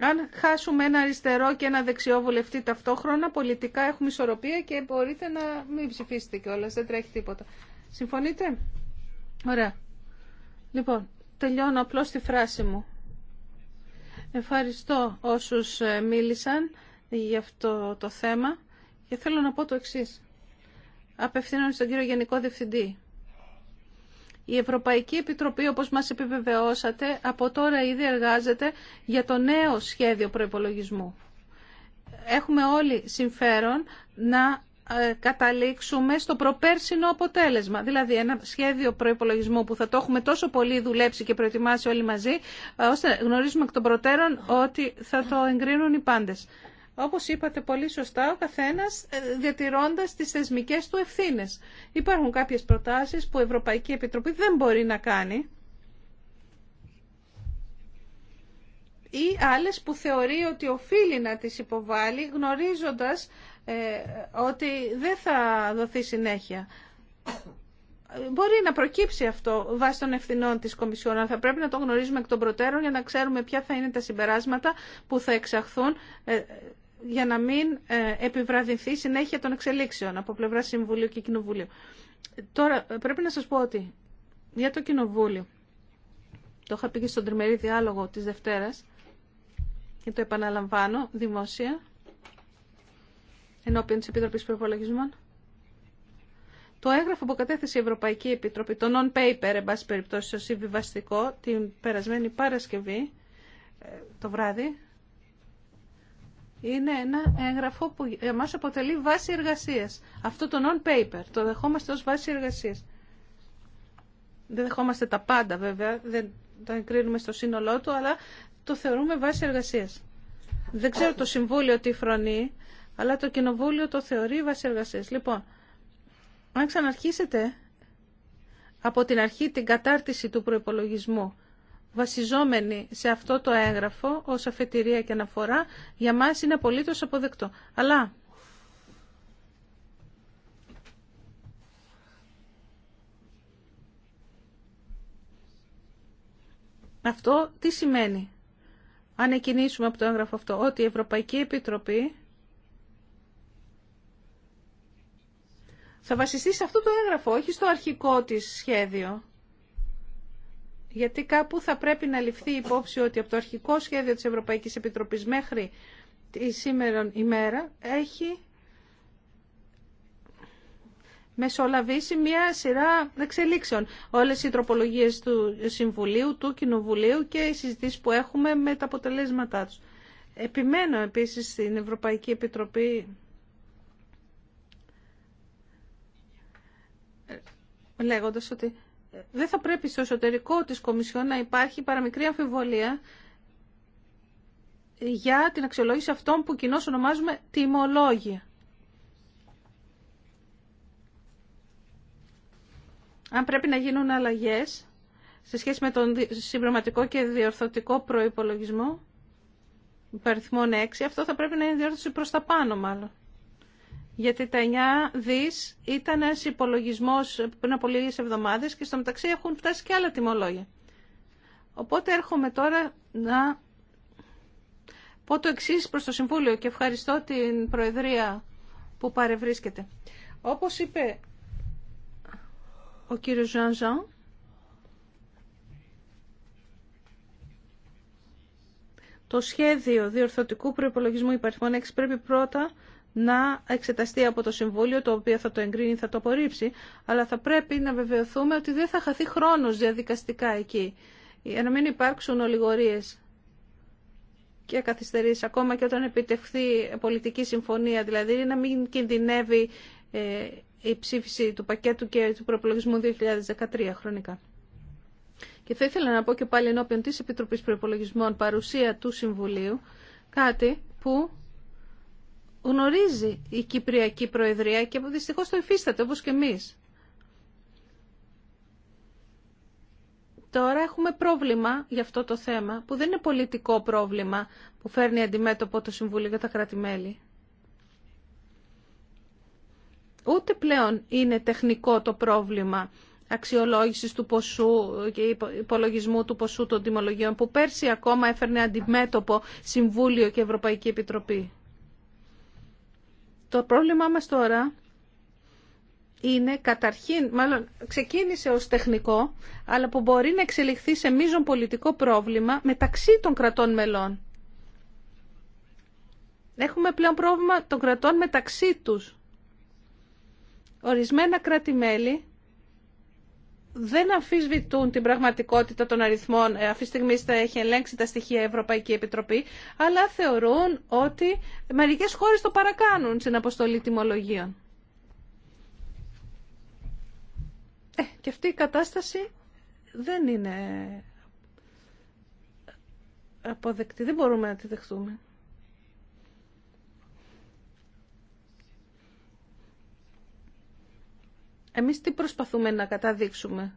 Αν χάσουμε ένα αριστερό και ένα δεξιό βουλευτή ταυτόχρονα, πολιτικά έχουμε ισορροπία και μπορείτε να μην ψηφίσετε κιόλα. Δεν τρέχει τίποτα. Συμφωνείτε? Ωραία. Λοιπόν, τελειώνω απλώς τη φράση μου. Ευχαριστώ όσους ε, μίλησαν για αυτό το θέμα και θέλω να πω το εξής. Απευθύνω στον κύριο Γενικό Διευθυντή. Η Ευρωπαϊκή Επιτροπή, όπως μας επιβεβαιώσατε, από τώρα ήδη εργάζεται για το νέο σχέδιο προϋπολογισμού. Έχουμε όλοι συμφέρον να ε, καταλήξουμε στο προπέρσινο αποτέλεσμα. Δηλαδή ένα σχέδιο προϋπολογισμού που θα το έχουμε τόσο πολύ δουλέψει και προετοιμάσει όλοι μαζί, ε, ώστε γνωρίζουμε εκ των προτέρων ότι θα το εγκρίνουν οι πάντες όπως είπατε πολύ σωστά, ο καθένας ε, διατηρώντας τις θεσμικές του ευθύνες. Υπάρχουν κάποιες προτάσεις που η Ευρωπαϊκή Επιτροπή δεν μπορεί να κάνει ή άλλες που θεωρεί ότι οφείλει να τις υποβάλει γνωρίζοντας ε, ότι δεν θα δοθεί συνέχεια. Μπορεί να προκύψει αυτό βάσει των ευθυνών της Κομισιόν, αλλά θα πρέπει να το γνωρίζουμε εκ των προτέρων για να ξέρουμε ποια θα είναι τα συμπεράσματα που θα εξαχθούν ε, για να μην ε, επιβραδυνθεί συνέχεια των εξελίξεων από πλευρά Συμβουλίου και Κοινοβουλίου. Τώρα πρέπει να σας πω ότι για το Κοινοβούλιο, το είχα πει και στον τριμερή διάλογο της Δευτέρας και το επαναλαμβάνω δημόσια ενώπιον της Επιτροπής Προπολογισμών. Το έγγραφο που κατέθεσε η Ευρωπαϊκή Επιτροπή, το non-paper, εν πάση περιπτώσει, το συμβιβαστικό, την περασμένη Παρασκευή, ε, το βράδυ, είναι ένα έγγραφο που μας αποτελεί βάση εργασίας. Αυτό το non-paper το δεχόμαστε ως βάση εργασίας. Δεν δεχόμαστε τα πάντα βέβαια, δεν τα εγκρίνουμε στο σύνολό του, αλλά το θεωρούμε βάση εργασίας. Δεν ξέρω το Συμβούλιο τι φρονεί, αλλά το Κοινοβούλιο το θεωρεί βάση εργασίας. Λοιπόν, αν ξαναρχίσετε από την αρχή την κατάρτιση του προϋπολογισμού, βασιζόμενοι σε αυτό το έγγραφο ως αφετηρία και αναφορά για μας είναι απολύτως αποδεκτό. Αλλά αυτό τι σημαίνει αν εκινήσουμε από το έγγραφο αυτό ότι η Ευρωπαϊκή Επιτροπή θα βασιστεί σε αυτό το έγγραφο, όχι στο αρχικό της σχέδιο. Γιατί κάπου θα πρέπει να ληφθεί υπόψη ότι από το αρχικό σχέδιο της Ευρωπαϊκής Επιτροπής μέχρι τη σήμερα ημέρα έχει μεσολαβήσει μια σειρά εξελίξεων. Όλες οι τροπολογίες του Συμβουλίου, του Κοινοβουλίου και οι συζητήσεις που έχουμε με τα αποτελέσματά τους. Επιμένω επίσης στην Ευρωπαϊκή Επιτροπή λέγοντας ότι δεν θα πρέπει στο εσωτερικό της Κομισιόν να υπάρχει παραμικρή αμφιβολία για την αξιολόγηση αυτών που κοινώς ονομάζουμε τιμολόγια. Αν πρέπει να γίνουν αλλαγές σε σχέση με τον συμπληρωματικό και διορθωτικό προϋπολογισμό, υπαριθμών 6, αυτό θα πρέπει να είναι διόρθωση προς τα πάνω μάλλον γιατί τα 9 δις ήταν ένα υπολογισμό πριν από λίγε εβδομάδες και στο μεταξύ έχουν φτάσει και άλλα τιμολόγια. Οπότε έρχομαι τώρα να πω το εξή προς το Συμβούλιο και ευχαριστώ την Προεδρία που παρευρίσκεται. Όπως είπε ο κύριος Ζαν Ζαν, το σχέδιο διορθωτικού προϋπολογισμού υπαριθμών 6 πρέπει πρώτα να εξεταστεί από το Συμβούλιο, το οποίο θα το εγκρίνει, θα το απορρίψει, αλλά θα πρέπει να βεβαιωθούμε ότι δεν θα χαθεί χρόνος διαδικαστικά εκεί, για να μην υπάρξουν ολιγορίες και καθυστερήσει, ακόμα και όταν επιτευχθεί πολιτική συμφωνία, δηλαδή να μην κινδυνεύει ε, η ψήφιση του πακέτου και του προπολογισμού 2013 χρονικά. Και θα ήθελα να πω και πάλι ενώπιον της Επιτροπής Προπολογισμών παρουσία του Συμβουλίου, κάτι που γνωρίζει η Κυπριακή Προεδρία και δυστυχώς το υφίσταται όπως και εμείς. Τώρα έχουμε πρόβλημα για αυτό το θέμα που δεν είναι πολιτικό πρόβλημα που φέρνει αντιμέτωπο το Συμβούλιο για τα κράτη-μέλη. Ούτε πλέον είναι τεχνικό το πρόβλημα αξιολόγησης του ποσού και υπολογισμού του ποσού των τιμολογίων που πέρσι ακόμα έφερνε αντιμέτωπο Συμβούλιο και Ευρωπαϊκή Επιτροπή. Το πρόβλημά μας τώρα είναι καταρχήν, μάλλον ξεκίνησε ως τεχνικό, αλλά που μπορεί να εξελιχθεί σε μείζον πολιτικό πρόβλημα μεταξύ των κρατών μελών. Έχουμε πλέον πρόβλημα των κρατών μεταξύ τους. Ορισμένα δεν αμφισβητούν την πραγματικότητα των αριθμών, ε, αυτή τη στιγμή έχει ελέγξει τα στοιχεία η Ευρωπαϊκή Επιτροπή, αλλά θεωρούν ότι μερικέ χώρες το παρακάνουν στην αποστολή τιμολογίων. Ε, και αυτή η κατάσταση δεν είναι αποδεκτή, δεν μπορούμε να τη δεχτούμε. Εμείς τι προσπαθούμε να καταδείξουμε.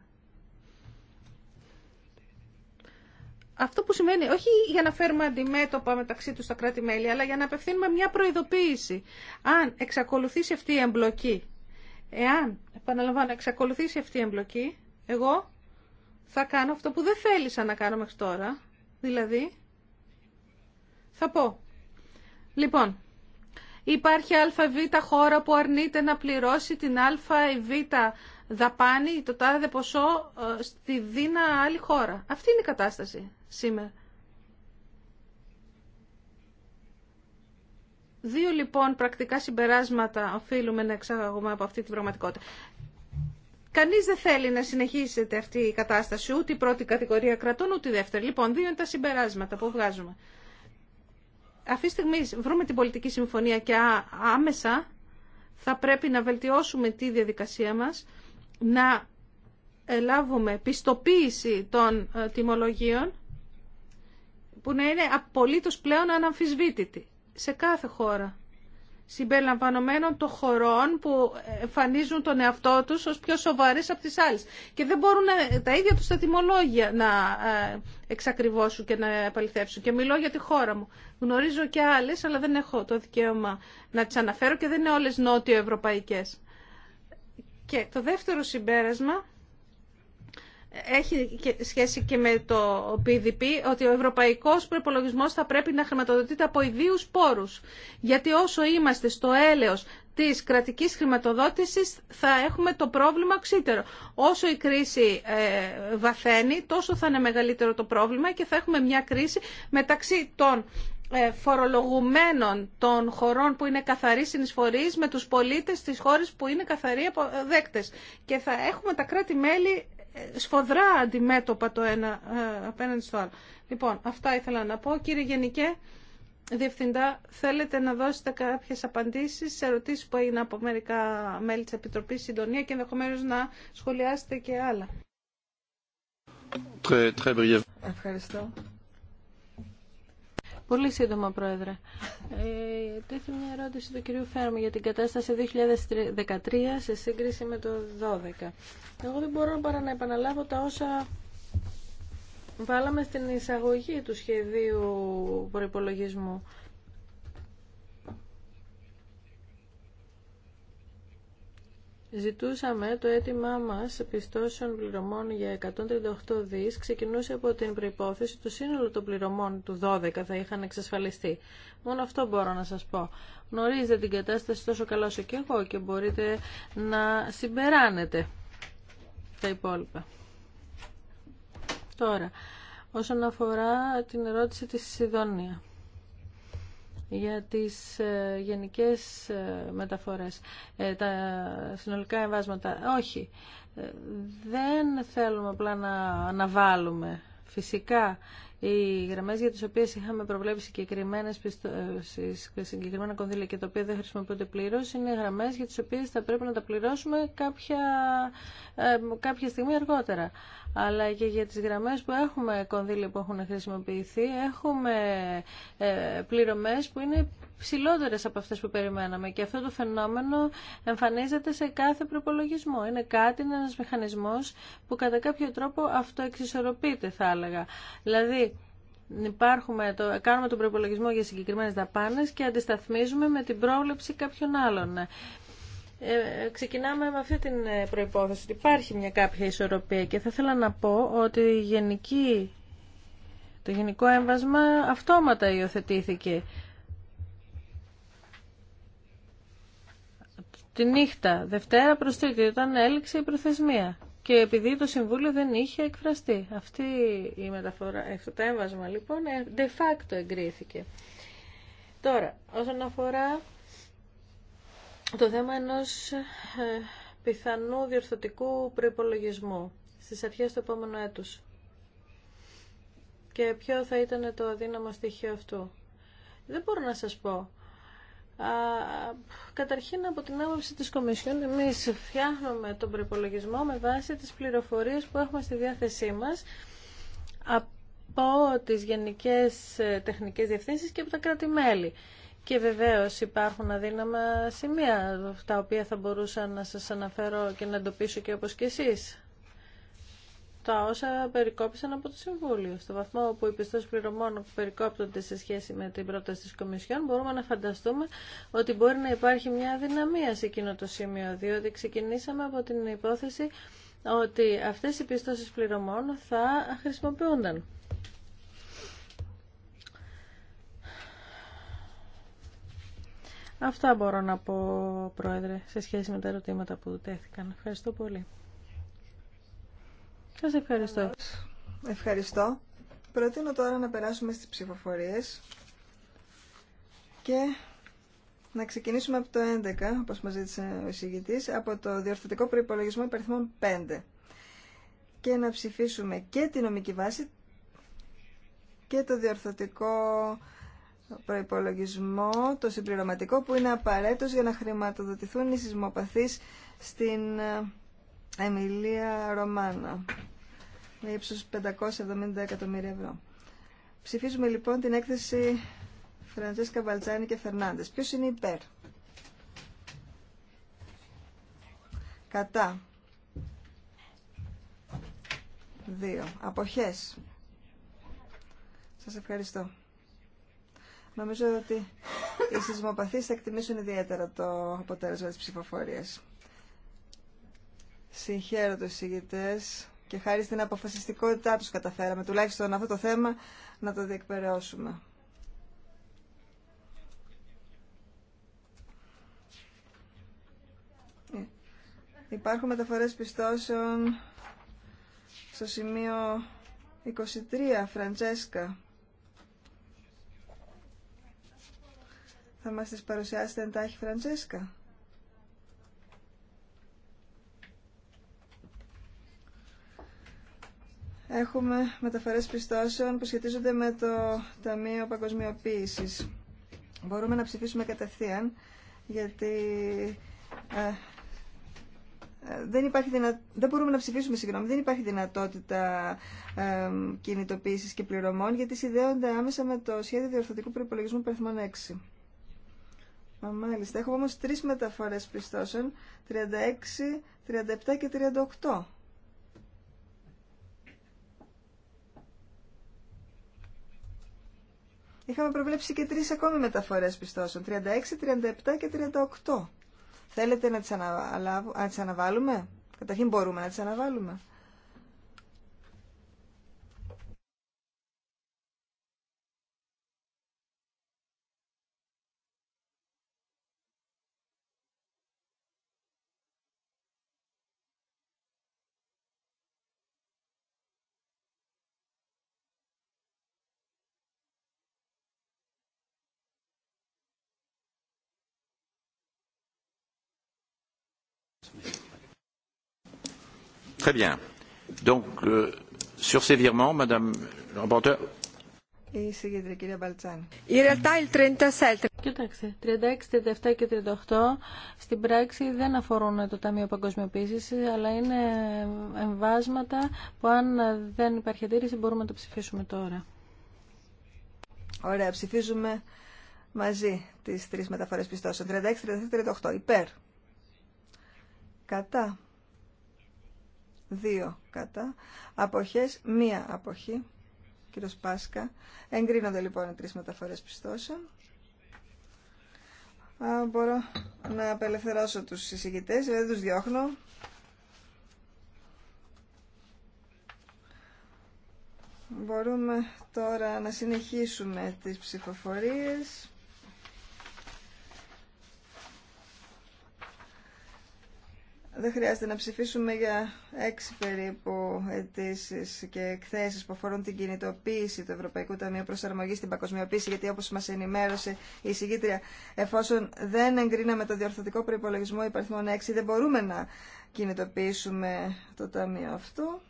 Αυτό που σημαίνει, όχι για να φέρουμε αντιμέτωπα μεταξύ τους τα κράτη-μέλη, αλλά για να απευθύνουμε μια προειδοποίηση. Αν εξακολουθήσει αυτή η εμπλοκή, εάν, επαναλαμβάνω, εξακολουθήσει αυτή η εμπλοκή, εγώ θα κάνω αυτό που δεν θέλησα να κάνω μέχρι τώρα. Δηλαδή, θα πω. Λοιπόν, Υπάρχει ΑΒ χώρα που αρνείται να πληρώσει την ΑΒ δαπάνη, το τάδε ποσό, ε, στη δίνα άλλη χώρα. Αυτή είναι η κατάσταση σήμερα. Δύο λοιπόν πρακτικά συμπεράσματα οφείλουμε να εξαγαγούμε από αυτή την πραγματικότητα. Κανεί δεν θέλει να συνεχίσετε αυτή η κατάσταση, ούτε η πρώτη κατηγορία κρατών, ούτε η δεύτερη. Λοιπόν, δύο είναι τα συμπεράσματα που βγάζουμε αυτή τη στιγμή βρούμε την πολιτική συμφωνία και άμεσα θα πρέπει να βελτιώσουμε τη διαδικασία μας, να ελάβουμε πιστοποίηση των ε, τιμολογίων που να είναι απολύτως πλέον αναμφισβήτητη σε κάθε χώρα συμπεριλαμβανομένων των χωρών που εμφανίζουν τον εαυτό τους ως πιο σοβαρές από τις άλλες. Και δεν μπορούν ε, τα ίδια τους τα τιμολόγια να ε, εξακριβώσουν και να επαληθεύσουν. Και μιλώ για τη χώρα μου. Γνωρίζω και άλλες, αλλά δεν έχω το δικαίωμα να τις αναφέρω και δεν είναι όλες νότιο-ευρωπαϊκές. Και το δεύτερο συμπέρασμα έχει σχέση και με το PDP ότι ο ευρωπαϊκός προπολογισμό θα πρέπει να χρηματοδοτείται από ιδίου πόρους. Γιατί όσο είμαστε στο έλεος της κρατικής χρηματοδότησης θα έχουμε το πρόβλημα οξύτερο. Όσο η κρίση ε, βαθαίνει τόσο θα είναι μεγαλύτερο το πρόβλημα και θα έχουμε μια κρίση μεταξύ των ε, φορολογουμένων των χωρών που είναι καθαροί συνεισφορείς με τους πολίτες της χώρες που είναι καθαροί αποδέκτες. Και θα έχουμε τα κράτη-μέλη σφοδρά αντιμέτωπα το ένα ε, απέναντι στο άλλο. Λοιπόν, αυτά ήθελα να πω. Κύριε Γενικέ, Διευθυντά, θέλετε να δώσετε κάποιες απαντήσεις σε ερωτήσεις που έγιναν από μερικά μέλη της Επιτροπής Συντονία και ενδεχομένως να σχολιάσετε και άλλα. Ευχαριστώ. Πολύ σύντομα, Πρόεδρε. Ε, Τέθη μια ερώτηση του κυρίου Φέρμου για την κατάσταση 2013 σε σύγκριση με το 2012. Εγώ δεν μπορώ παρά να επαναλάβω τα όσα βάλαμε στην εισαγωγή του σχεδίου προπολογισμού. Ζητούσαμε το αίτημά μας πιστώσεων πληρωμών για 138 δις ξεκινούσε από την προπόθεση του σύνολου των πληρωμών του 12 θα είχαν εξασφαλιστεί. Μόνο αυτό μπορώ να σας πω. Γνωρίζετε την κατάσταση τόσο καλά όσο και εγώ και μπορείτε να συμπεράνετε τα υπόλοιπα. Τώρα, όσον αφορά την ερώτηση της Σιδόνια για τις ε, γενικές ε, μεταφορές, ε, τα συνολικά εμβάσματα. Όχι, δεν θέλουμε απλά να αναβάλουμε. Φυσικά οι γραμμές για τις οποίες είχαμε προβλέψει ε, συγκεκριμένα κονδύλια και τα οποία δεν χρησιμοποιούνται πλήρω, είναι γραμμές για τις οποίες θα πρέπει να τα πληρώσουμε κάποια, ε, κάποια στιγμή αργότερα. Αλλά και για τις γραμμές που έχουμε κονδύλια που έχουν χρησιμοποιηθεί έχουμε ε, πληρωμές που είναι ψηλότερε από αυτές που περιμέναμε και αυτό το φαινόμενο εμφανίζεται σε κάθε προπολογισμό. Είναι κάτι, είναι ένας μηχανισμός που κατά κάποιο τρόπο αυτοεξισορροπείται, θα έλεγα. Δηλαδή υπάρχουμε, το, κάνουμε τον προπολογισμό για συγκεκριμένες δαπάνες και αντισταθμίζουμε με την πρόβλεψη κάποιων άλλων. Ε, ε ξεκινάμε με αυτή την ε, προϋπόθεση ότι υπάρχει μια κάποια ισορροπία και θα ήθελα να πω ότι το γενικό έμβασμα αυτόματα υιοθετήθηκε τη νύχτα, Δευτέρα προς Τρίτη, όταν έληξε η προθεσμία και επειδή το Συμβούλιο δεν είχε εκφραστεί. Αυτή η μεταφορά, αυτό το έμβασμα λοιπόν ε, de facto εγκρίθηκε. Τώρα, όσον αφορά το θέμα ενός ε, πιθανού διορθωτικού προϋπολογισμού στις αρχές του επόμενου έτους. Και ποιο θα ήταν το αδύναμο στοιχείο αυτού. Δεν μπορώ να σας πω καταρχήν από την άποψη της Κομισιόν εμείς φτιάχνουμε τον προπολογισμό με βάση τις πληροφορίες που έχουμε στη διάθεσή μας από τις γενικές ε, τεχνικές διευθύνσεις και από τα κράτη-μέλη. Και βεβαίως υπάρχουν αδύναμα σημεία, τα οποία θα μπορούσα να σας αναφέρω και να εντοπίσω και όπως και εσείς τα όσα περικόπησαν από το Συμβούλιο. Στο βαθμό που οι πιστώσει πληρωμών περικόπτονται σε σχέση με την πρόταση τη Κομισιόν, μπορούμε να φανταστούμε ότι μπορεί να υπάρχει μια αδυναμία σε εκείνο το σημείο, διότι ξεκινήσαμε από την υπόθεση ότι αυτές οι πιστώσεις πληρωμών θα χρησιμοποιούνταν. Αυτά μπορώ να πω, Πρόεδρε, σε σχέση με τα ερωτήματα που τέθηκαν. Ευχαριστώ πολύ. Σα ευχαριστώ. Ευχαριστώ. Προτείνω τώρα να περάσουμε στις ψηφοφορίες και να ξεκινήσουμε από το 11, όπως μας ζήτησε ο εισηγητής, από το διορθωτικό προϋπολογισμό υπαριθμών 5 και να ψηφίσουμε και τη νομική βάση και το διορθωτικό προϋπολογισμό, το συμπληρωματικό που είναι απαραίτητος για να χρηματοδοτηθούν οι σεισμοπαθείς στην ε, Εμιλία Ρωμάνα με ύψος 570 εκατομμύρια ευρώ. Ψηφίζουμε λοιπόν την έκθεση Φραντζέσκα Βαλτζάνη και Φερνάντες. Ποιος είναι υπέρ. Κατά. Δύο. Αποχές. Σας ευχαριστώ. Νομίζω ότι οι σεισμοπαθείς θα εκτιμήσουν ιδιαίτερα το αποτέλεσμα της ψηφοφορίας. Συγχαίρω τους ηγητές και χάρη στην αποφασιστικότητά τους καταφέραμε τουλάχιστον αυτό το θέμα να το διεκπαιρεώσουμε. Ε, υπάρχουν μεταφορές πιστώσεων στο σημείο 23, Φραντσέσκα. Θα μας τις παρουσιάσετε εντάχει, Φραντσέσκα. έχουμε μεταφορές πιστώσεων που σχετίζονται με το Ταμείο Παγκοσμιοποίησης. Μπορούμε να ψηφίσουμε κατευθείαν, γιατί ε, ε, δεν, υπάρχει δυνα... δεν μπορούμε να ψηφίσουμε, συγγνώμη, δεν υπάρχει δυνατότητα ε, κινητοποίησης και πληρωμών, γιατί συνδέονται άμεσα με το σχέδιο διορθωτικού προπολογισμού περιθμών 6. Μα, μάλιστα, έχουμε όμως τρεις μεταφορές πιστώσεων, 36, 37 και 38. Είχαμε προβλέψει και τρεις ακόμη μεταφορές πιστώσεων, 36, 37 και 38. Θέλετε να τις, αναβάλουμε, καταρχήν μπορούμε να τις αναβάλουμε. Très bien. Donc, euh, sur ces virements, Madame le rapporteur. Η ρελτά η 37. Κοιτάξτε, 36, 37 και 38 στην πράξη δεν αφορούν το Ταμείο Παγκοσμιοποίηση, αλλά είναι εμβάσματα που αν δεν υπάρχει αντίρρηση μπορούμε να το ψηφίσουμε τώρα. Ωραία, ψηφίζουμε μαζί τι τρει μεταφορέ πιστώσεων. 36, 37, 38. Υπέρ. Κατά δύο κατά. Αποχές, μία αποχή. Κύριο Πάσκα. Εγκρίνονται λοιπόν οι τρεις μεταφορές πιστώσεων. Α, μπορώ να απελευθερώσω τους συζητητές, δεν τους διώχνω. Μπορούμε τώρα να συνεχίσουμε τις ψηφοφορίες. Δεν χρειάζεται να ψηφίσουμε για έξι περίπου αιτήσει και εκθέσει που αφορούν την κινητοποίηση του Ευρωπαϊκού Ταμείου Προσαρμογή στην παγκοσμιοποίηση, γιατί όπω μα ενημέρωσε η συγκήτρια, εφόσον δεν εγκρίναμε το διορθωτικό προπολογισμό υπαριθμών 6, δεν μπορούμε να κινητοποιήσουμε το ταμείο αυτό.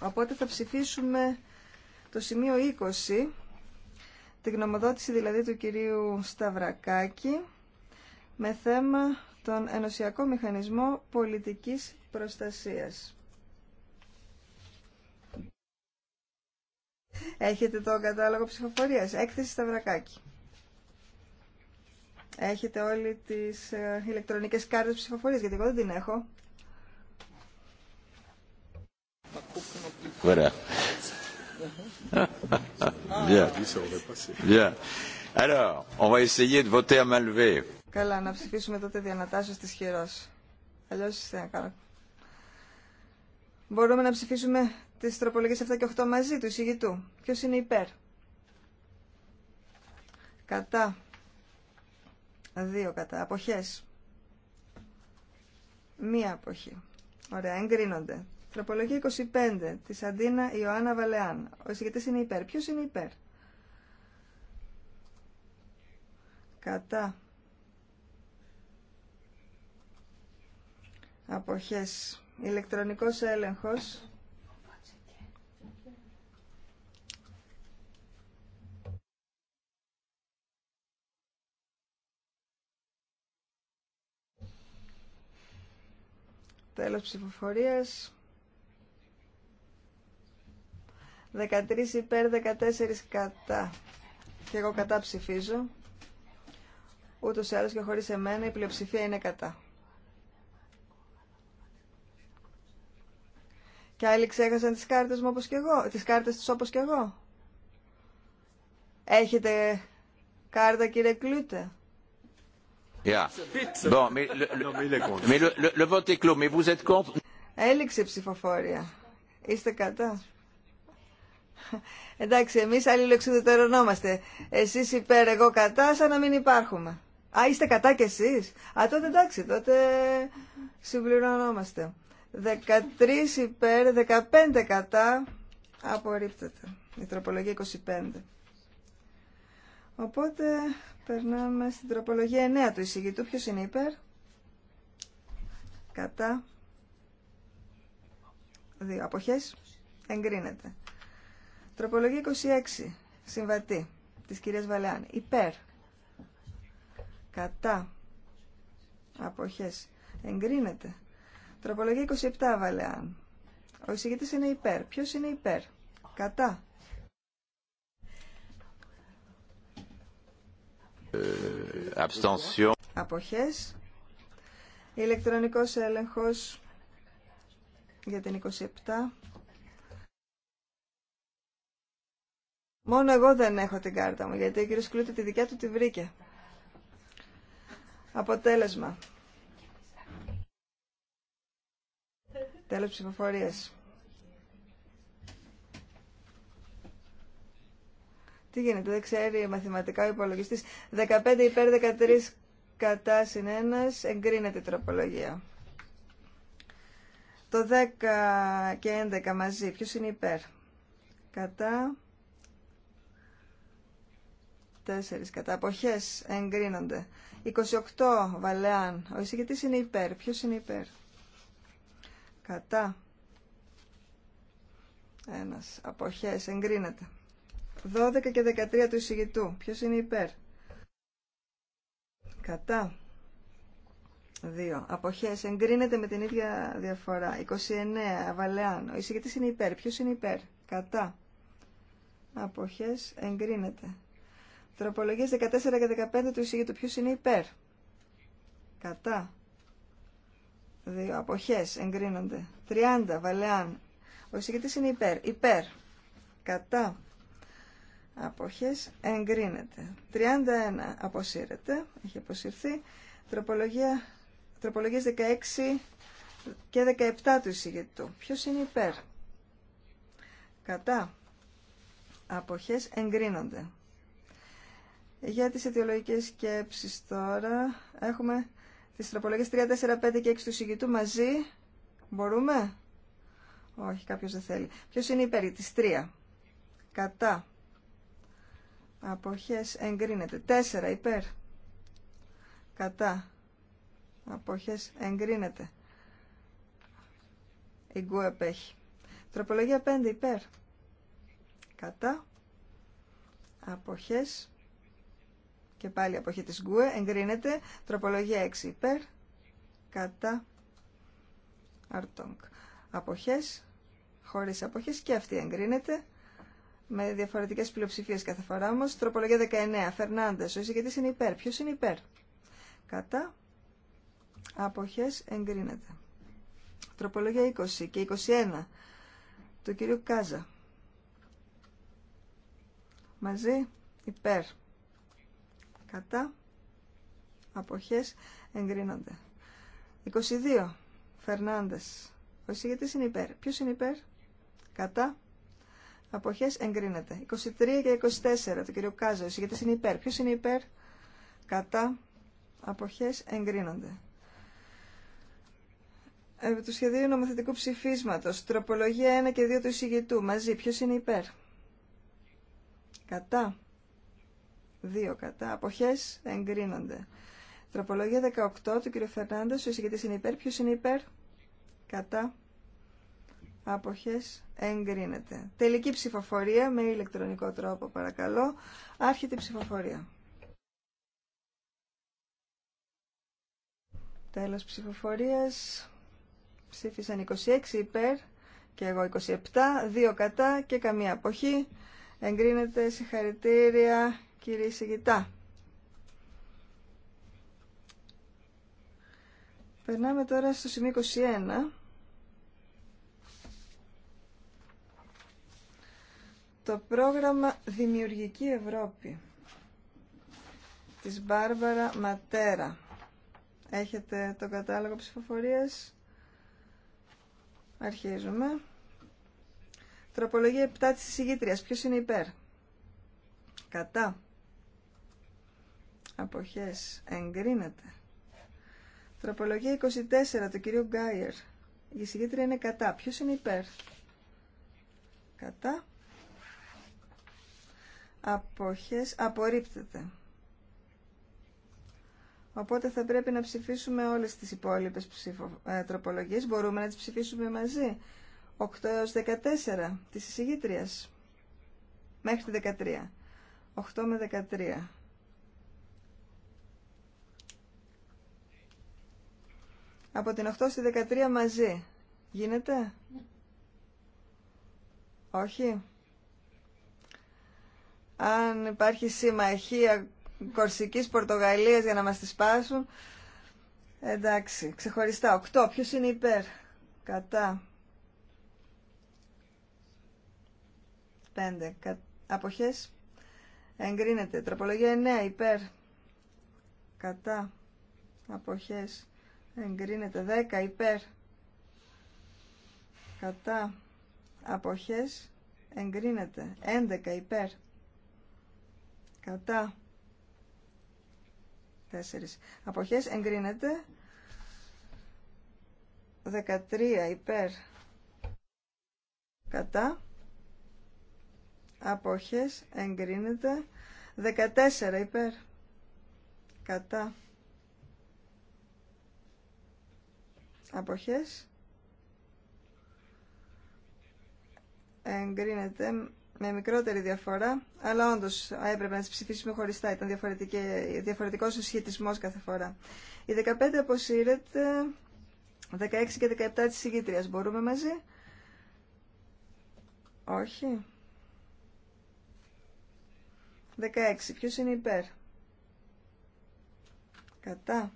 Οπότε θα ψηφίσουμε το σημείο 20, την γνωμοδότηση δηλαδή του κυρίου Σταυρακάκη, με θέμα τον Ενωσιακό Μηχανισμό Πολιτικής Προστασίας. Έχετε τον κατάλογο ψηφοφορίας. Έκθεση στα βρακάκι. Έχετε όλοι τις ε, ηλεκτρονικές κάρτες ψηφοφορίας, γιατί εγώ δεν την έχω. Voilà. [LAUGHS] Bien. Alors, on va essayer de voter à main levée. Καλά, να ψηφίσουμε τότε διανατάσσεως της χειρός. Αλλιώς θα κάνω. Μπορούμε να ψηφίσουμε τις τροπολογίες 7 και 8 μαζί του εισηγητού. Ποιος είναι υπέρ. Κατά. Δύο κατά. Αποχές. Μία αποχή. Ωραία, εγκρίνονται. Τροπολογία 25 της Αντίνα Ιωάννα Βαλεάν. Ο εισηγητής είναι υπέρ. Ποιος είναι υπέρ. Κατά. αποχές ηλεκτρονικός έλεγχος τέλος ψηφοφορίας 13 υπέρ 14 κατά και εγώ κατά ψηφίζω ούτως ή άλλως και χωρίς εμένα η πλειοψηφία είναι κατά Και άλλοι ξέχασαν τις κάρτες, μου όπως και εγώ, τις κάρτες τους όπως κι εγώ. Έχετε κάρτα κύριε Κλούτε. Έληξε ψηφοφόρια. Είστε κατά. [LAUGHS] Εντάξει, εμείς αλληλοεξουδετερωνόμαστε. Εσείς υπέρ, εγώ κατά, σαν να μην υπάρχουμε. Α, είστε κατά κι εσείς. Α, τότε εντάξει, τότε συμπληρωνόμαστε. 13 υπέρ, 15 κατά, απορρίπτεται. Η τροπολογία 25. Οπότε περνάμε στην τροπολογία 9 του εισηγητού. Ποιος είναι υπέρ? Κατά. Δύο αποχές. Εγκρίνεται. Τροπολογία 26. Συμβατή της κυρίας Βαλεάν. Υπέρ. Κατά. Αποχές. Εγκρίνεται. Τροπολογία 27 Βαλεάν. Ο εισηγητή είναι υπέρ. Ποιο είναι υπέρ. Κατά. Ε, Αποχές. Ηλεκτρονικός έλεγχος για την 27. Μόνο εγώ δεν έχω την κάρτα μου, γιατί ο κύριος Κλούτη τη δικιά του τη βρήκε. Αποτέλεσμα. Τέλος ψηφοφορίας. Τι γίνεται, δεν ξέρει μαθηματικά ο υπολογιστής. 15 υπέρ 13 κατά συνένας εγκρίνεται η τροπολογία. Το 10 και 11 μαζί, ποιος είναι υπέρ. Κατά. 4 κατά. Αποχές εγκρίνονται. 28 βαλεάν. Ο εισηγητής είναι υπέρ. Ποιος είναι υπέρ. Κατά. Ένας. Αποχές. Εγκρίνεται. 12 και 13 του εισηγητού. Ποιος είναι υπέρ. Κατά. 2. Αποχές. Εγκρίνεται με την ίδια διαφορά. 29. Βαλεάν. Ο εισηγητής είναι υπέρ. Ποιος είναι υπέρ. Κατά. Αποχές. Εγκρίνεται. Τροπολογίες 14 και 15 του εισηγητού. Ποιος είναι υπέρ. Κατά. Δύο αποχές εγκρίνονται. 30 βαλεάν. Ο εισηγητής είναι υπέρ. Υπέρ. Κατά. Αποχές εγκρίνεται. 31 αποσύρεται. Έχει αποσυρθεί. Τροπολογία, τροπολογίες 16 και 17 του εισηγητού. Ποιος είναι υπέρ. Κατά. Αποχές εγκρίνονται. Για τις αιτιολογικές σκέψεις τώρα έχουμε τις τροπολογίες 3, 4, 5 και 6 του συγγητού μαζί. Μπορούμε? Όχι, κάποιος δεν θέλει. Ποιος είναι υπέρ τη 3. Κατά. Αποχές εγκρίνεται. 4 υπέρ. Κατά. Αποχές εγκρίνεται. Η γκου επέχει. Τροπολογία 5 υπέρ. Κατά. Αποχές και πάλι αποχή της Γκουε. εγκρίνεται τροπολογία 6 υπέρ κατά Αρτόγκ. Αποχές, χωρίς αποχές και αυτή εγκρίνεται με διαφορετικές πλειοψηφίες κάθε φορά όμως. Τροπολογία 19, Φερνάντες, ο εισηγητής είναι υπέρ. Ποιος είναι υπέρ. Κατά αποχές εγκρίνεται. Τροπολογία 20 και 21 του κυρίου Κάζα. Μαζί υπέρ. Κατά. Αποχές εγκρίνονται. 22. Φερνάντες. Ο εισηγητής είναι υπέρ. Ποιος είναι υπέρ? Κατά. Αποχές εγκρίνεται. 23 και 24. Το κύριο Κάζο. Ο εισηγητής είναι υπέρ. Ποιος είναι υπέρ? Κατά. Αποχές εγκρίνονται. Επί του σχεδίου νομοθετικού ψηφίσματος, τροπολογία 1 και 2 του εισηγητού, μαζί, ποιος είναι υπέρ. Κατά. Δύο κατά. Αποχές εγκρίνονται. Τροπολογία 18 του κ. Φερνάντες. Ο εισηγητή είναι υπέρ. ποιο είναι υπέρ. Κατά. Αποχές εγκρίνεται. Τελική ψηφοφορία με ηλεκτρονικό τρόπο παρακαλώ. Άρχεται η ψηφοφορία. Τέλο ψηφοφορίας. Ψήφισαν 26 υπέρ και εγώ 27, Δύο κατά και καμία αποχή. Εγκρίνεται συγχαρητήρια κύριε Σιγητά. Περνάμε τώρα στο σημείο 21. Το πρόγραμμα Δημιουργική Ευρώπη της Μπάρβαρα Ματέρα. Έχετε το κατάλογο ψηφοφορίας. Αρχίζουμε. Τροπολογία 7 της εισηγήτριας. Ποιος είναι υπέρ. Κατά αποχές εγκρίνεται. Τροπολογία 24 του κυρίου Γκάιερ. Η εισηγήτρια είναι κατά. Ποιος είναι υπέρ. Κατά. Αποχές απορρίπτεται. Οπότε θα πρέπει να ψηφίσουμε όλες τις υπόλοιπες ψηφο, ε, τροπολογίες. Μπορούμε να τις ψηφίσουμε μαζί. 8 έως 14 της εισηγήτριας. Μέχρι τη 13. 8 με 13. από την 8 στη 13 μαζί. Γίνεται? Όχι. Αν υπάρχει συμμαχία Κορσικής Πορτογαλίας για να μας τη σπάσουν, εντάξει, ξεχωριστά. 8. Ποιος είναι υπέρ? Κατά. 5. Κα... Αποχές. Εγκρίνεται. Τροπολογία 9. Υπέρ. Κατά. Αποχές εγκρίνεται 10 υπέρ κατά αποχές εγκρίνεται 11 υπέρ κατά 4 αποχές εγκρίνεται 13 υπέρ κατά αποχές εγκρίνεται 14 υπέρ κατά αποχές εγκρίνεται με μικρότερη διαφορά, αλλά όντω έπρεπε να τι ψηφίσουμε χωριστά. Ήταν διαφορετικό ο σχετισμό κάθε φορά. Η 15 αποσύρεται, 16 και 17 τη ηγήτρια. Μπορούμε μαζί. Όχι. 16. Ποιο είναι υπέρ. Κατά.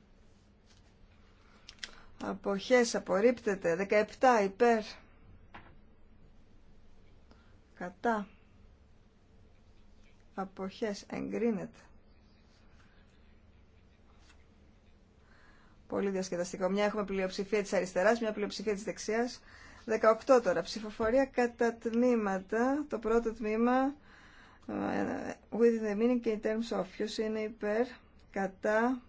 Αποχές απορρίπτεται. 17 υπέρ. Κατά. Αποχές εγκρίνεται. Πολύ διασκεδαστικό. Μια έχουμε πλειοψηφία της αριστεράς, μια πλειοψηφία της δεξιάς. 18 τώρα. Ψηφοφορία κατά τμήματα. Το πρώτο τμήμα ε, with the meaning in terms of. Ποιος είναι υπέρ, κατά,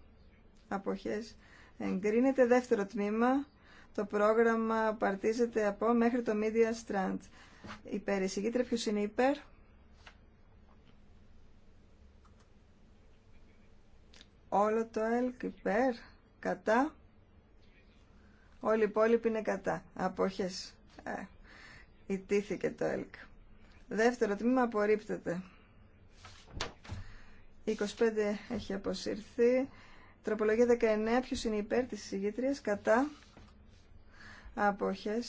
αποχές εγκρίνεται. Δεύτερο τμήμα, το πρόγραμμα παρτίζεται από μέχρι το Media Strand. Υπέρ εισηγήτρια, ποιος είναι υπέρ. Όλο το ΕΛΚ υπέρ, κατά. Όλοι οι υπόλοιποι είναι κατά. Απόχες. Ε, το ΕΛΚ. Δεύτερο τμήμα απορρίπτεται. 25 έχει αποσυρθεί. Τροπολογία 19. Ποιος είναι υπέρ της εισηγήτριας. Κατά. απόχέ.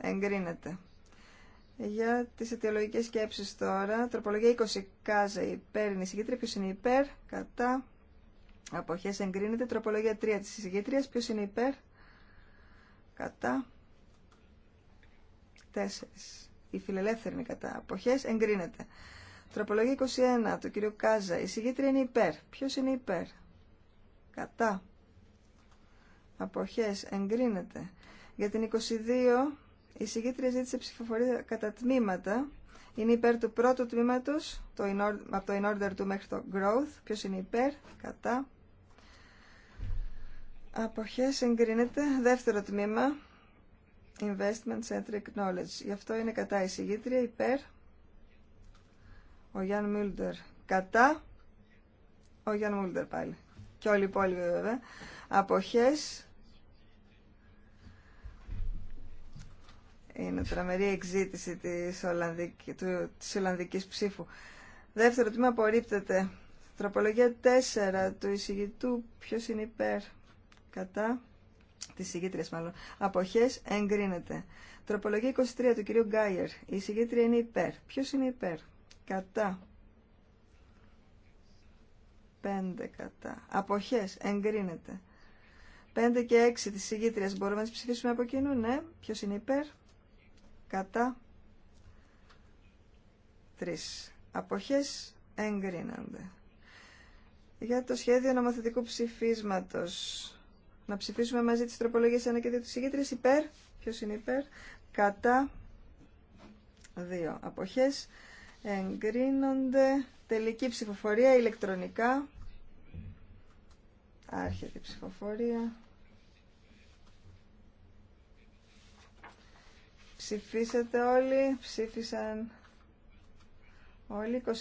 Εγκρίνεται. Για τις αιτιολογικές σκέψει τώρα. Τροπολογία 20. Κάζα υπέρ είναι η εισηγήτρια. Ποιος είναι υπέρ. Κατά. αποχέ, εγκρίνεται. Τροπολογία 3 της εισηγήτριας. ποιο είναι υπέρ. Κατά. 4. Η φιλελεύθερη είναι κατά. αποχέ, εγκρίνεται. Τροπολογία 21 Το κύριο Κάζα. Η είναι υπέρ. Ποιο είναι υπέρ κατά αποχές εγκρίνεται. Για την 22 η συγκήτρια ζήτησε ψηφοφορία κατά τμήματα. Είναι υπέρ του πρώτου τμήματος, το in από το in order του μέχρι το growth. Ποιος είναι υπέρ, κατά. Αποχές εγκρίνεται. Δεύτερο τμήμα, investment centric knowledge. Γι' αυτό είναι κατά η συγκήτρια, υπέρ. Ο Γιάνν Μούλτερ κατά. Ο Γιάνν Μούλτερ πάλι και όλοι οι υπόλοιποι βέβαια, αποχές είναι τραμερή εξήτηση της, Ολλανδική, της Ολλανδικής ψήφου. Δεύτερο τμήμα απορρίπτεται. Τροπολογία 4 του εισηγητού. Ποιος είναι υπέρ. Κατά. Τη εισηγήτρια μάλλον. Αποχές εγκρίνεται. Τροπολογία 23 του κυρίου Γκάιερ. Η εισηγήτρια είναι υπέρ. Ποιο είναι υπέρ. Κατά. 5 κατά. Αποχέ, Εγκρίνεται. 5 και 6 τη ηγήτριας. Μπορούμε να τι ψηφίσουμε από κοινού. Ναι. Ποιο είναι υπέρ. Κατά. 3. Αποχέ Εγκρίνονται. Για το σχέδιο νομοθετικού ψηφίσματος. Να ψηφίσουμε μαζί τι τροπολογίε 1 και 2 της ηγήτριας. Υπέρ. Ποιο είναι υπέρ. Κατά. 2. απόχέ. εγκρίνονται Τελική ψηφοφορία ηλεκτρονικά. Άρχεται η ψηφοφορία. Ψηφίσατε όλοι, ψήφισαν όλοι, 22-23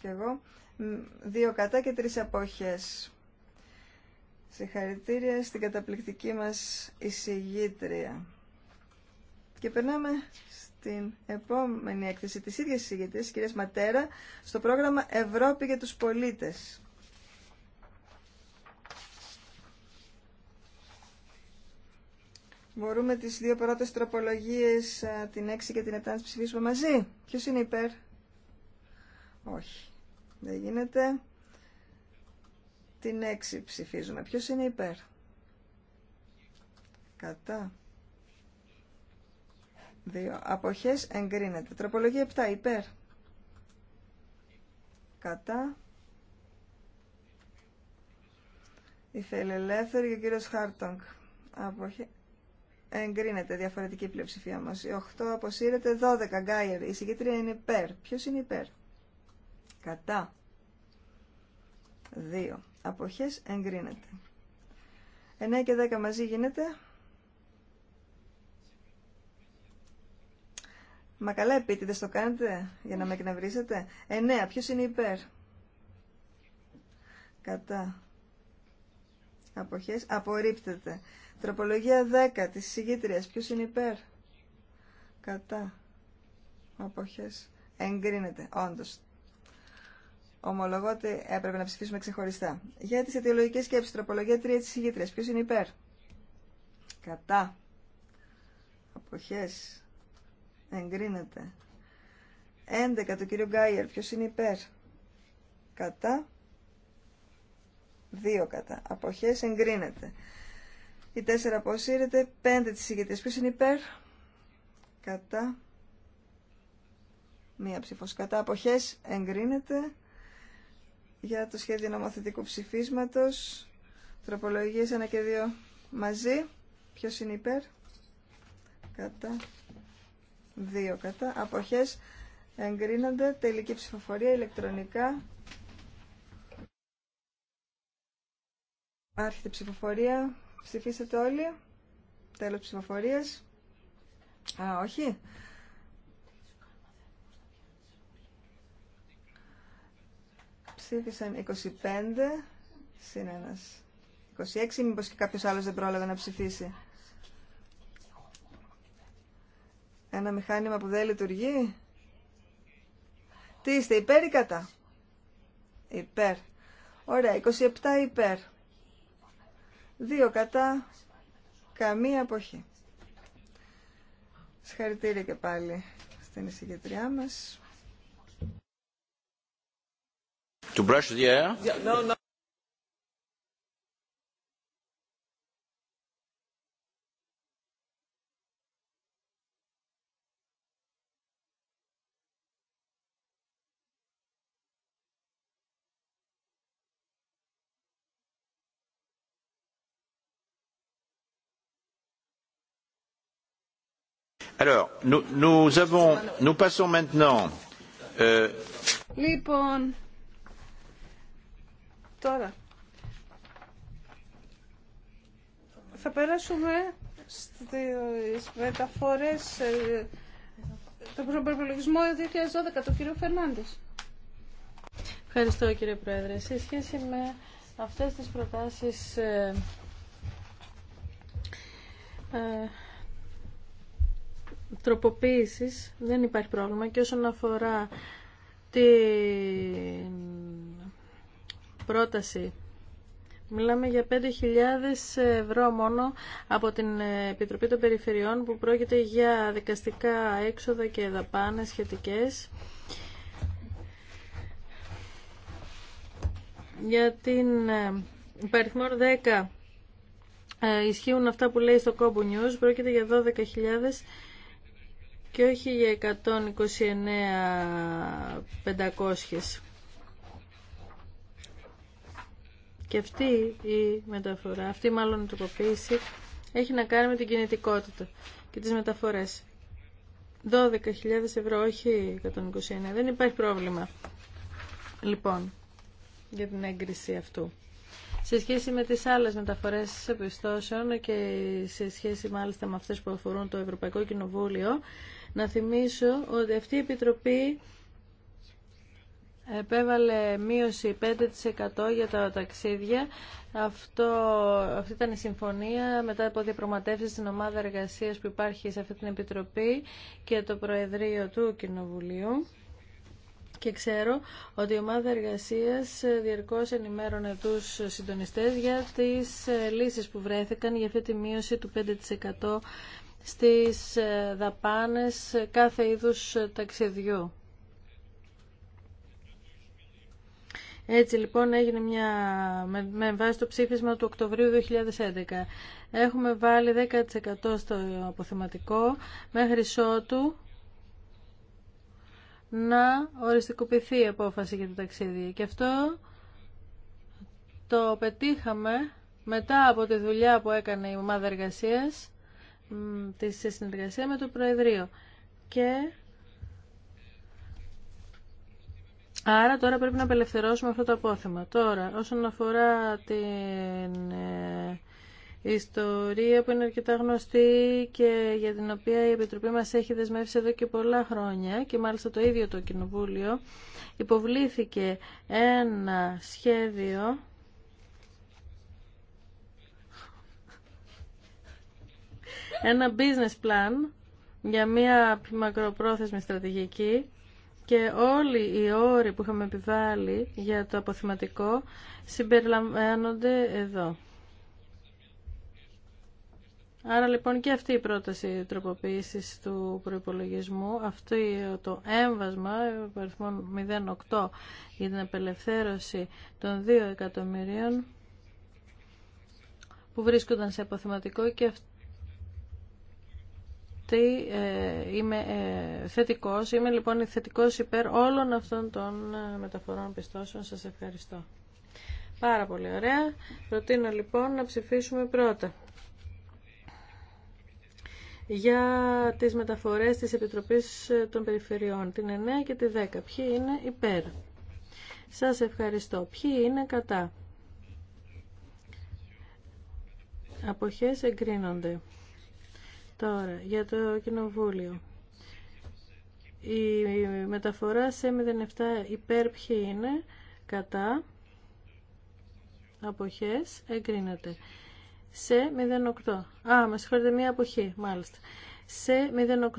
και εγώ, δύο κατά και τρεις απόχες. Συγχαρητήρια στην καταπληκτική μας εισηγήτρια. Και περνάμε στην επόμενη έκθεση της ίδιας συζητητής, κυρίας Ματέρα, στο πρόγραμμα Ευρώπη για τους πολίτες. Μπορούμε τις δύο πρώτες τροπολογίες, την 6 και την 7, να ψηφίσουμε μαζί. Ποιος είναι υπέρ? Όχι. Δεν γίνεται. Την 6 ψηφίζουμε. Ποιος είναι υπέρ? Κατά. 2. Αποχές εγκρίνεται. Τροπολογία 7. Υπέρ. Κατά. Η Θελελεύθερη και ο κύριος Χάρτονγκ. Εγκρίνεται διαφορετική πλειοψηφία μας. Η 8 αποσύρεται 12. Γκάιερ. Η συγκήτρια είναι υπέρ. Ποιος είναι υπέρ. Κατά. 2. Αποχές εγκρίνεται. 9 και 10 μαζί γίνεται. Μα καλά επίτηδε το κάνετε για να με εκνευρίσετε. 9. Ε, ναι, Ποιο είναι υπέρ. Κατά. Αποχές. Απορρίπτεται. Τροπολογία 10 της συγκήτριας. Ποιος είναι υπέρ. Κατά. Αποχές. Εγκρίνεται. Όντως. Ομολογώ ότι έπρεπε να ψηφίσουμε ξεχωριστά. Για τις αιτιολογικές σκέψεις. Τροπολογία 3 της συγκήτριας. Ποιος είναι υπέρ. Κατά. Αποχές εγκρίνεται. 11 το κύριο Γκάιερ, Ποιο είναι υπέρ, κατά, 2 κατά, αποχές εγκρίνεται. Η 4 αποσύρεται, 5 της ηγετίας, Ποιο είναι υπέρ, κατά, μία ψηφο. κατά, αποχέ εγκρίνεται. Για το σχέδιο νομοθετικού ψηφίσματο. Τροπολογίε 1 και 2 μαζί, Ποιο είναι υπέρ, κατά, δύο κατά. Αποχές εγκρίνονται. Τελική ψηφοφορία ηλεκτρονικά. Άρχεται ψηφοφορία. Ψηφίσατε όλοι. Τέλος ψηφοφορίας. Α, όχι. Ψήφισαν 25, συν 26, μήπως και κάποιος άλλος δεν πρόλαβε να ψηφίσει. Ένα μηχάνημα που δεν λειτουργεί. Τι είστε, υπέρ ή κατά. Υπέρ. Ωραία, 27 υπέρ. 2 κατά. Καμία αποχή. Συγχαρητήρια και πάλι στην εισηγητριά μας. Euh, λοιπόν, τώρα θα περάσουμε στις μεταφορές του ε, το προπολογισμό 2012 του κ. Φερνάντες. Ευχαριστώ κύριε Πρόεδρε. Σε σχέση με αυτές τις προτάσεις ε, ε, τροποποίησης δεν υπάρχει πρόβλημα και όσον αφορά την πρόταση Μιλάμε για 5.000 ευρώ μόνο από την Επιτροπή των Περιφερειών που πρόκειται για δικαστικά έξοδα και δαπάνες σχετικές. Για την υπαριθμό 10 ε, ισχύουν αυτά που λέει στο Κόμπου News. Πρόκειται για 12.000 και όχι για 129.500. Και αυτή η μεταφορά, αυτή μάλλον η τροποποίηση, έχει να κάνει με την κινητικότητα και τις μεταφορές. 12.000 ευρώ, όχι 129. Δεν υπάρχει πρόβλημα. Λοιπόν, για την έγκριση αυτού. Σε σχέση με τις άλλες μεταφορές επιστώσεων και σε σχέση μάλιστα με αυτές που αφορούν το Ευρωπαϊκό Κοινοβούλιο, να θυμίσω ότι αυτή η Επιτροπή επέβαλε μείωση 5% για τα ταξίδια. Αυτό, αυτή ήταν η συμφωνία μετά από διαπραγματεύσεις στην ομάδα εργασίας που υπάρχει σε αυτή την Επιτροπή και το Προεδρείο του Κοινοβουλίου. Και ξέρω ότι η ομάδα εργασίας διαρκώς ενημέρωνε τους συντονιστές για τις ε, λύσεις που βρέθηκαν για αυτή τη μείωση του 5% στις ε, δαπάνες κάθε είδους ταξιδιού. Έτσι λοιπόν έγινε μια, με, βάση το ψήφισμα του Οκτωβρίου 2011. Έχουμε βάλει 10% στο αποθεματικό μέχρι ότου να οριστικοποιηθεί η απόφαση για το ταξίδι. Και αυτό το πετύχαμε μετά από τη δουλειά που έκανε η ομάδα εργασίας σε συνεργασία με το Προεδρείο. Και Άρα τώρα πρέπει να απελευθερώσουμε αυτό το απόθεμα. Τώρα, όσον αφορά την ε, ιστορία που είναι αρκετά γνωστή και για την οποία η Επιτροπή μας έχει δεσμεύσει εδώ και πολλά χρόνια και μάλιστα το ίδιο το Κοινοβούλιο, υποβλήθηκε ένα σχέδιο ένα business plan για μια μακροπρόθεσμη στρατηγική και όλοι οι όροι που είχαμε επιβάλει για το αποθυματικό συμπεριλαμβάνονται εδώ. Άρα λοιπόν και αυτή η πρόταση τροποποίησης του προϋπολογισμού, αυτό το έμβασμα αριθμών 08 για την απελευθέρωση των 2 εκατομμυρίων που βρίσκονταν σε αποθυματικό και αυτό ότι ε, είμαι ε, θετικός. Είμαι λοιπόν θετικός υπέρ όλων αυτών των ε, μεταφορών πιστώσεων. Σας ευχαριστώ. Πάρα πολύ ωραία. Προτείνω λοιπόν να ψηφίσουμε πρώτα για τις μεταφορές της Επιτροπής των Περιφερειών, την 9 και τη 10. Ποιοι είναι υπέρ. Σας ευχαριστώ. Ποιοι είναι κατά. Αποχές εγκρίνονται. Τώρα, για το Κοινοβούλιο. Η μεταφορά σε 07 υπέρ ποιοι είναι, κατά, αποχές, εγκρίνεται. Σε 08. Α, με συγχωρείτε, μία αποχή, μάλιστα. Σε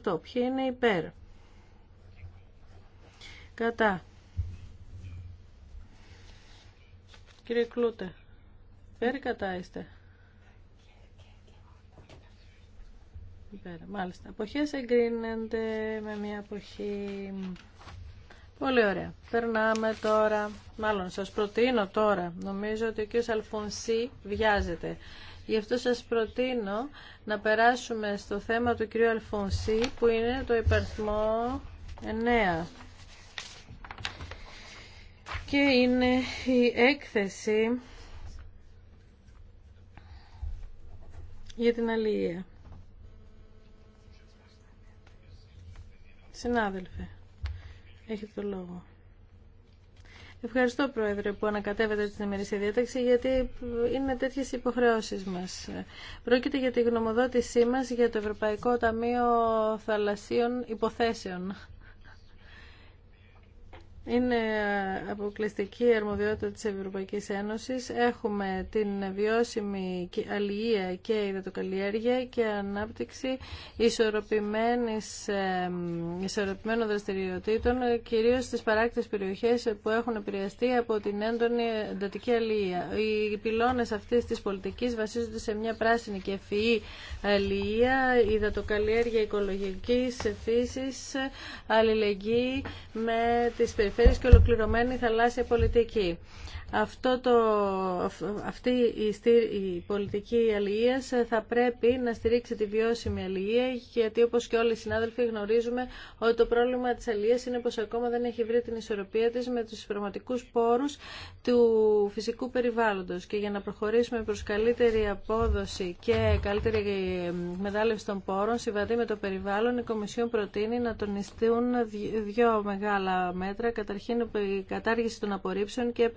08. Ποιοι είναι υπέρ. Κατά. Κύριε Κλούτε, υπέρ κατά είστε. Μάλιστα. Εποχέ εγκρίνεται με μια εποχή Πολύ ωραία. Περνάμε τώρα, μάλλον σας προτείνω τώρα, νομίζω ότι ο κ. Αλφονσί βιάζεται. Γι' αυτό σας προτείνω να περάσουμε στο θέμα του κ. Αλφονσί που είναι το υπερθμό 9. Και είναι η έκθεση για την αλληλεία. Συνάδελφε, έχετε το λόγο. Ευχαριστώ, Πρόεδρε, που ανακατεύετε την ημερήσια διάταξη, γιατί είναι τέτοιε υποχρεώσει μα. Πρόκειται για τη γνωμοδότησή μα για το Ευρωπαϊκό Ταμείο Θαλασσίων Υποθέσεων είναι αποκλειστική αρμοδιότητα της Ευρωπαϊκής Ένωσης. Έχουμε την βιώσιμη αλληλεία και υδατοκαλλιέργεια και ανάπτυξη ισορροπημένης, ισορροπημένων δραστηριοτήτων, κυρίως στις παράκτητες περιοχές που έχουν επηρεαστεί από την έντονη εντατική αλληλεία. Οι πυλώνες αυτής της πολιτικής βασίζονται σε μια πράσινη και ευφυή αλληλεία, υδατοκαλλιέργεια οικολογικής φύσης, αλληλεγγύη με τις περιφερειές και ολοκληρωμένη θαλάσσια πολιτική αυτό το, αυτή η, η πολιτική αλληλείας θα πρέπει να στηρίξει τη βιώσιμη αλληλεία γιατί όπως και όλοι οι συνάδελφοι γνωρίζουμε ότι το πρόβλημα της αλληλείας είναι πως ακόμα δεν έχει βρει την ισορροπία της με τους πραγματικούς πόρους του φυσικού περιβάλλοντος και για να προχωρήσουμε προς καλύτερη απόδοση και καλύτερη ε, μετάλλευση των πόρων συμβατή με το περιβάλλον η Κομισιόν προτείνει να τονιστούν δύο μεγάλα μέτρα καταρχήν η κατάργηση των απορρίψεων και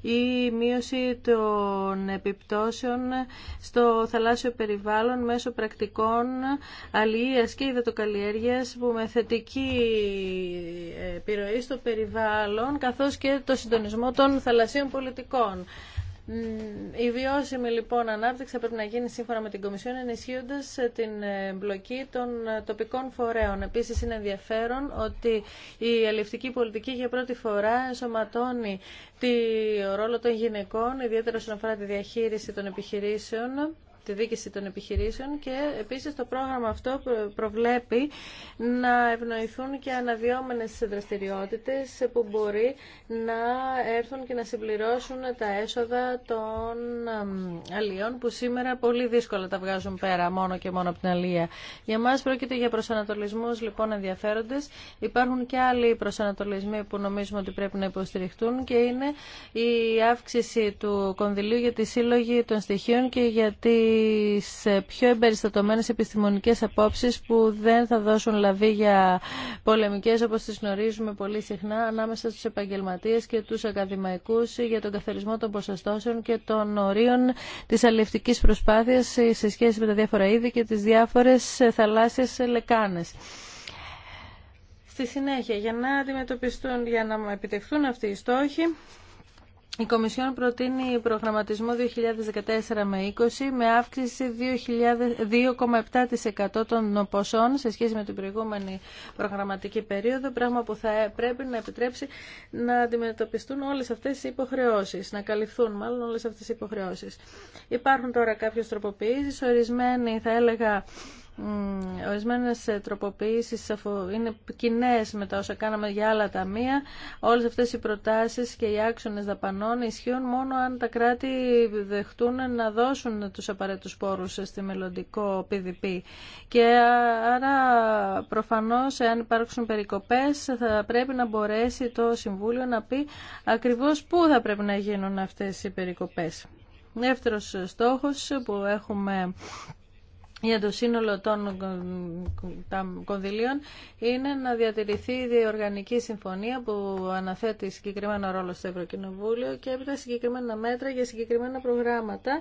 η μείωση των επιπτώσεων στο θαλάσσιο περιβάλλον μέσω πρακτικών αλληλείας και υδατοκαλλιέργειας που με θετική ε, επιρροή στο περιβάλλον καθώς και το συντονισμό των θαλασσίων πολιτικών. Η βιώσιμη λοιπόν ανάπτυξη πρέπει να γίνει σύμφωνα με την Κομισιόν ενισχύοντα ε, την ε, εμπλοκή των ε, τοπικών φορέων. Επίση, είναι ενδιαφέρον ότι η αλληλευτική πολιτική για πρώτη φορά ενσωματώνει το ρόλο των γυναικών, ιδιαίτερα όσον αφορά τη διαχείριση των επιχειρήσεων τη δίκηση των επιχειρήσεων και επίσης το πρόγραμμα αυτό προβλέπει να ευνοηθούν και αναβιώμενες δραστηριότητες που μπορεί να έρθουν και να συμπληρώσουν τα έσοδα των αλλιών που σήμερα πολύ δύσκολα τα βγάζουν πέρα μόνο και μόνο από την αλλία. Για μας πρόκειται για προσανατολισμούς λοιπόν ενδιαφέροντες. Υπάρχουν και άλλοι προσανατολισμοί που νομίζουμε ότι πρέπει να υποστηριχτούν και είναι η αύξηση του κονδυλίου για τη σύλλογη των στοιχείων και για τη τις πιο εμπεριστατωμένες επιστημονικές απόψεις που δεν θα δώσουν λαβή για πολεμικές όπως τις γνωρίζουμε πολύ συχνά ανάμεσα στους επαγγελματίες και τους ακαδημαϊκούς για τον καθαρισμό των ποσοστώσεων και των ορίων της αλληλευτικής προσπάθειας σε σχέση με τα διάφορα είδη και τις διάφορες θαλάσσιες λεκάνες. Στη συνέχεια, για να αντιμετωπιστούν, για να επιτευχθούν αυτοί οι στόχοι, η Κομισιόν προτείνει προγραμματισμό 2014 με 20 με αύξηση 2,7% των ποσών σε σχέση με την προηγούμενη προγραμματική περίοδο, πράγμα που θα πρέπει να επιτρέψει να αντιμετωπιστούν όλες αυτές οι υποχρεώσεις, να καλυφθούν μάλλον όλες αυτές οι υποχρεώσεις. Υπάρχουν τώρα κάποιες τροποποιήσεις, ορισμένοι θα έλεγα Ορισμένε τροποποιήσει είναι κοινέ με τα όσα κάναμε για άλλα ταμεία. Όλε αυτέ οι προτάσει και οι άξονε δαπανών ισχύουν μόνο αν τα κράτη δεχτούν να δώσουν του απαραίτητου πόρου στη μελλοντικό PDP. Και άρα προφανώ, αν υπάρξουν περικοπέ, θα πρέπει να μπορέσει το Συμβούλιο να πει ακριβώ πού θα πρέπει να γίνουν αυτέ οι περικοπέ. Δεύτερος στόχος που έχουμε για το σύνολο των κονδυλίων είναι να διατηρηθεί η διοργανική συμφωνία που αναθέτει συγκεκριμένο ρόλο στο Ευρωκοινοβούλιο και έπειτα συγκεκριμένα μέτρα για συγκεκριμένα προγράμματα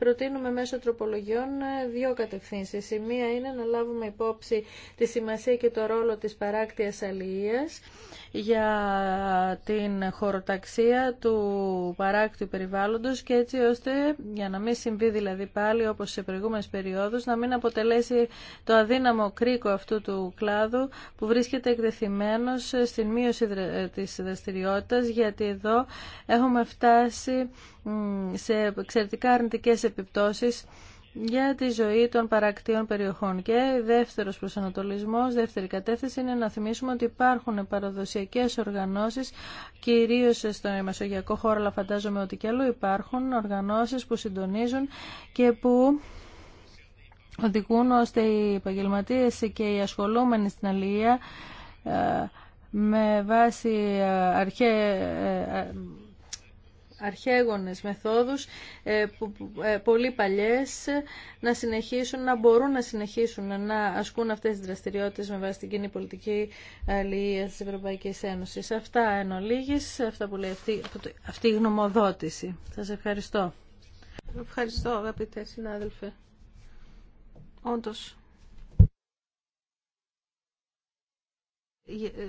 προτείνουμε μέσω τροπολογιών ε, δύο κατευθύνσεις. Η μία είναι να λάβουμε υπόψη τη σημασία και το ρόλο της παράκτιας αλληλείας για την χωροταξία του παράκτου περιβάλλοντος και έτσι ώστε για να μην συμβεί δηλαδή πάλι όπως σε προηγούμενες περιόδους να μην αποτελέσει το αδύναμο κρίκο αυτού του κλάδου που βρίσκεται εκτεθειμένος στην μείωση ε, της δραστηριότητα, γιατί εδώ έχουμε φτάσει σε εξαιρετικά αρνητικές επιπτώσεις για τη ζωή των παρακτήων περιοχών. Και δεύτερος προσανατολισμός, δεύτερη κατεύθυνση είναι να θυμίσουμε ότι υπάρχουν παραδοσιακές οργανώσεις, κυρίως στον μεσογειακό χώρο, αλλά φαντάζομαι ότι και αλλού υπάρχουν οργανώσεις που συντονίζουν και που οδηγούν ώστε οι επαγγελματίε και οι ασχολούμενοι στην αλληλεία ε, με βάση ε, αρχαία... Ε, αρχαίγονες μεθόδους ε, ε, πολύ παλιές να συνεχίσουν, να μπορούν να συνεχίσουν να ασκούν αυτές τις δραστηριότητες με βάση την κοινή πολιτική ε, αλληλεία της Ευρωπαϊκής Ένωσης. Αυτά εν ολίγης, αυτά που λέει αυτή, η γνωμοδότηση. Σας ευχαριστώ. Ευχαριστώ αγαπητέ συνάδελφε. Όντως,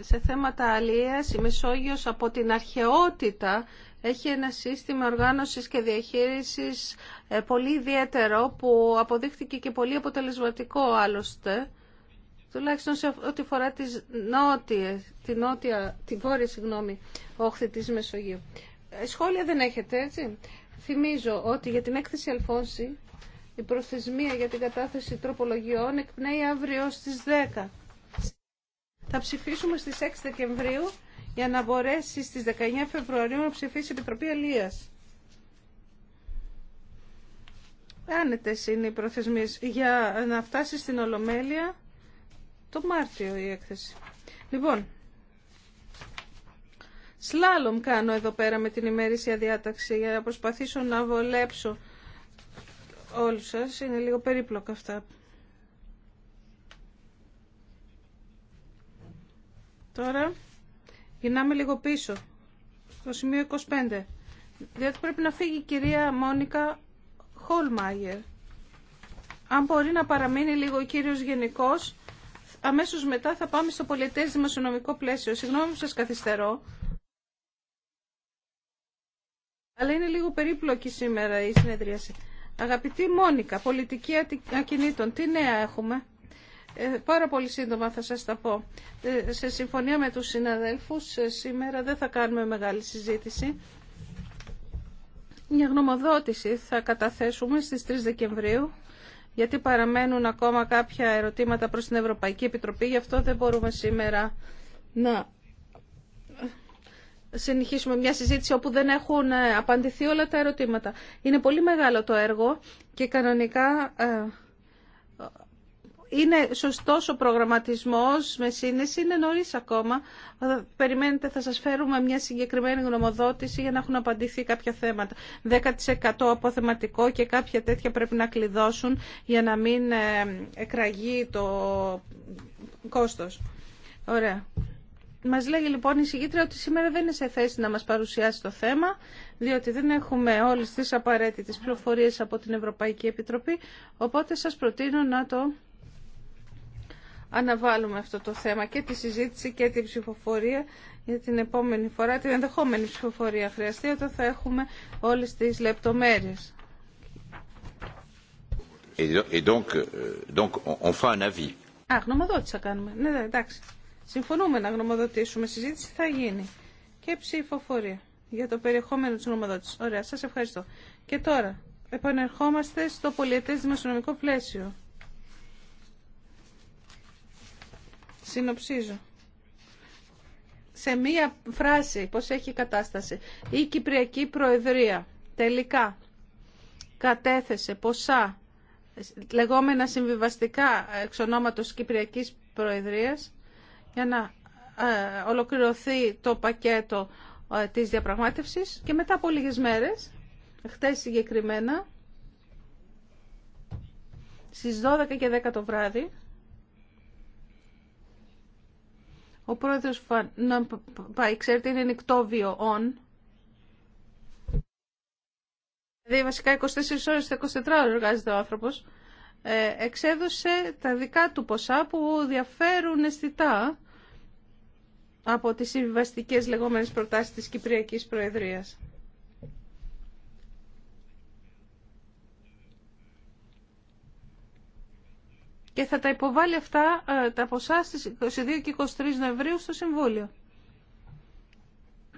σε θέματα αλληλείας η Μεσόγειος από την αρχαιότητα έχει ένα σύστημα οργάνωσης και διαχείρισης ε, πολύ ιδιαίτερο που αποδείχθηκε και πολύ αποτελεσματικό άλλωστε τουλάχιστον σε ό,τι φορά τις νότιες, τη, νότια, τη βόρεια συγγνώμη, όχθη της Μεσογείου. Ε, σχόλια δεν έχετε, έτσι. Θυμίζω ότι για την έκθεση Αλφόνση η προθεσμία για την κατάθεση τροπολογιών εκπνέει αύριο στις 10. Θα ψηφίσουμε στις 6 Δεκεμβρίου για να μπορέσει στις 19 Φεβρουαρίου να ψηφίσει η Επιτροπή Αλίας. Άνετες είναι οι προθεσμίες για να φτάσει στην Ολομέλεια το Μάρτιο η έκθεση. Λοιπόν, σλάλομ κάνω εδώ πέρα με την ημέρηση διάταξη για να προσπαθήσω να βολέψω όλους σας. Είναι λίγο περίπλοκα αυτά Τώρα γυρνάμε λίγο πίσω, στο σημείο 25, διότι πρέπει να φύγει η κυρία Μόνικα Χολμάγερ. Αν μπορεί να παραμείνει λίγο ο κύριος Γενικός, αμέσως μετά θα πάμε στο πολιτές δημοσιονομικό πλαίσιο. Συγγνώμη που σας καθυστερώ. Αλλά είναι λίγο περίπλοκη σήμερα η συνεδρίαση. Αγαπητή Μόνικα, πολιτική ακινήτων, τι νέα έχουμε. Ε, πάρα πολύ σύντομα θα σας τα πω. Ε, σε συμφωνία με τους συναδέλφους, ε, σήμερα δεν θα κάνουμε μεγάλη συζήτηση. Μια γνωμοδότηση θα καταθέσουμε στις 3 Δεκεμβρίου, γιατί παραμένουν ακόμα κάποια ερωτήματα προς την Ευρωπαϊκή Επιτροπή, γι' αυτό δεν μπορούμε σήμερα να συνεχίσουμε μια συζήτηση όπου δεν έχουν απαντηθεί όλα τα ερωτήματα. Είναι πολύ μεγάλο το έργο και κανονικά είναι σωστός ο προγραμματισμός με σύνεση, είναι νωρίς ακόμα. Περιμένετε, θα σας φέρουμε μια συγκεκριμένη γνωμοδότηση για να έχουν απαντηθεί κάποια θέματα. 10% αποθεματικό και κάποια τέτοια πρέπει να κλειδώσουν για να μην ε, εκραγεί το κόστος. Ωραία. Μα λέγει λοιπόν η συγκήτρια ότι σήμερα δεν είναι σε θέση να μα παρουσιάσει το θέμα, διότι δεν έχουμε όλε τι απαραίτητε πληροφορίε από την Ευρωπαϊκή Επιτροπή, οπότε σα προτείνω να το αναβάλουμε αυτό το θέμα και τη συζήτηση και την ψηφοφορία για την επόμενη φορά, την ενδεχόμενη ψηφοφορία χρειαστεί όταν θα έχουμε όλες τις λεπτομέρειες. Et donc, euh, donc Α, γνωμοδότησα κάνουμε. Ναι, ναι, εντάξει. Συμφωνούμε να γνωμοδοτήσουμε. Συζήτηση θα γίνει. Και ψηφοφορία για το περιεχόμενο της γνωμοδότησης. Ωραία, σας ευχαριστώ. Και τώρα, επανερχόμαστε στο πολιετές δημοσιονομικό πλαίσιο. Συνοψίζω. Σε μία φράση, πώς έχει η κατάσταση. Η Κυπριακή Προεδρία τελικά κατέθεσε ποσά λεγόμενα συμβιβαστικά εξ ονόματος Κυπριακής Προεδρίας για να ε, ολοκληρωθεί το πακέτο ε, της διαπραγμάτευσης και μετά από λίγες μέρες, χτες συγκεκριμένα, στις 12 και 10 το βράδυ, Ο πρόεδρος να πάει, ξέρετε, είναι νικτόβιο on. Δηλαδή βασικά 24 ώρες, 24 ώρες εργάζεται ο άνθρωπος. Ε, εξέδωσε τα δικά του ποσά που διαφέρουν αισθητά από τις συμβιβαστικές λεγόμενες προτάσεις της Κυπριακής Προεδρίας. και θα τα υποβάλει αυτά ε, τα ποσά στις 22 και 23 Νοεμβρίου στο Συμβούλιο.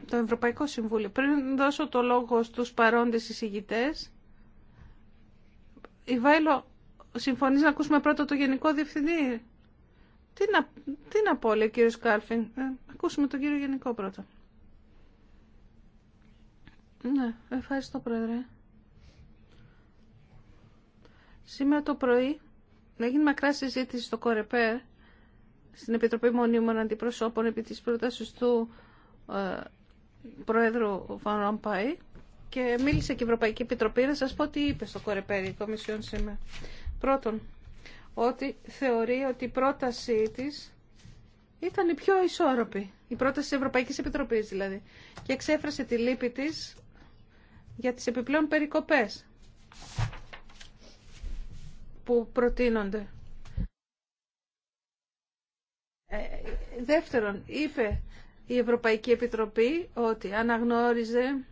Το Ευρωπαϊκό Συμβούλιο. Πριν δώσω το λόγο στους παρόντες εισηγητές, η Βάιλο, συμφωνείς να ακούσουμε πρώτα το Γενικό Διευθυντή. Τι να, τι να πω, λέει ο κύριος Κάλφιν. Ε, ακούσουμε τον κύριο Γενικό πρώτα. Ναι, ευχαριστώ Πρόεδρε. Σήμερα το πρωί να γίνει μακρά συζήτηση στο ΚΟΡΕΠΕΡ, στην Επιτροπή Μονίμων Αντιπροσώπων, επί της πρότασης του ε, Πρόεδρου Βαν Ρομπάη και μίλησε και η Ευρωπαϊκή Επιτροπή. Να σας πω τι είπε στο ΚΟΡΕΠΕΡ η Κομισιόν σήμερα. Πρώτον, ότι θεωρεί ότι η πρότασή της ήταν η πιο ισόρροπη. Η πρόταση της Ευρωπαϊκής Επιτροπής δηλαδή. Και εξέφρασε τη λύπη της για τις επιπλέον περικοπές που προτείνονται. Ε, δεύτερον, είπε η Ευρωπαϊκή Επιτροπή ότι αναγνώριζε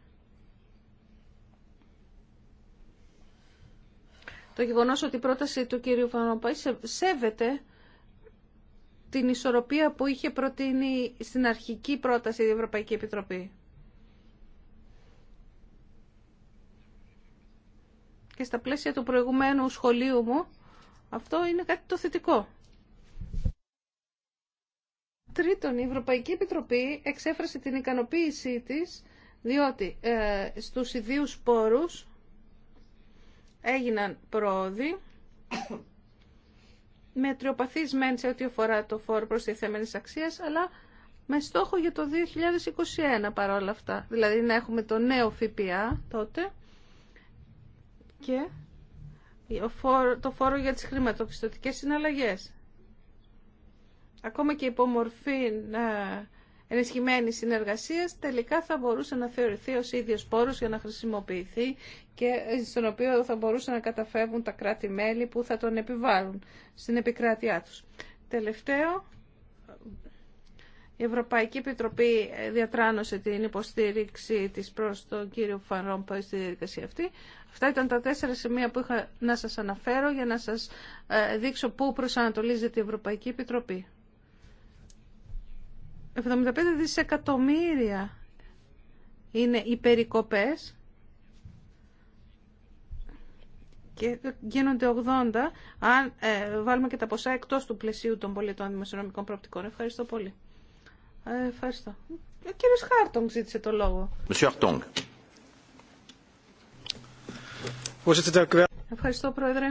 το γεγονός ότι η πρόταση του κύριου Φανοπάη σέβεται την ισορροπία που είχε προτείνει στην αρχική πρόταση η Ευρωπαϊκή Επιτροπή. και στα πλαίσια του προηγουμένου σχολείου μου, αυτό είναι κάτι το θετικό. Τρίτον, η Ευρωπαϊκή Επιτροπή εξέφρασε την ικανοποίησή της, διότι ε, στους ιδίους πόρους έγιναν πρόοδοι, με τριοπαθείς μεν σε ό,τι αφορά το φόρο θέμενης αξίας, αλλά με στόχο για το 2021 παρόλα αυτά. Δηλαδή να έχουμε το νέο ΦΠΑ τότε και το φόρο για τις χρηματοπιστωτικές συναλλαγές. Ακόμα και υπό μορφή ε, ενισχυμένης συνεργασίας, τελικά θα μπορούσε να θεωρηθεί ως ίδιος πόρος για να χρησιμοποιηθεί και στον οποίο θα μπορούσαν να καταφεύγουν τα κράτη-μέλη που θα τον επιβάλλουν στην επικράτειά τους. Τελευταίο, η Ευρωπαϊκή Επιτροπή ε, διατράνωσε την υποστήριξη της προς τον κύριο Φανρόμπα στη διαδικασία αυτή. Αυτά ήταν τα τέσσερα σημεία που είχα να σας αναφέρω για να σας ε, δείξω πού προσανατολίζεται η Ευρωπαϊκή Επιτροπή. 75 δισεκατομμύρια είναι οι περικοπές και γίνονται 80 αν ε, βάλουμε και τα ποσά εκτός του πλαισίου των πολιτών δημοσιονομικών προοπτικών. Ευχαριστώ πολύ. Ε, ευχαριστώ. Ο κύριο Χάρτονγκ ζήτησε το λόγο. Ευχαριστώ, Πρόεδρε.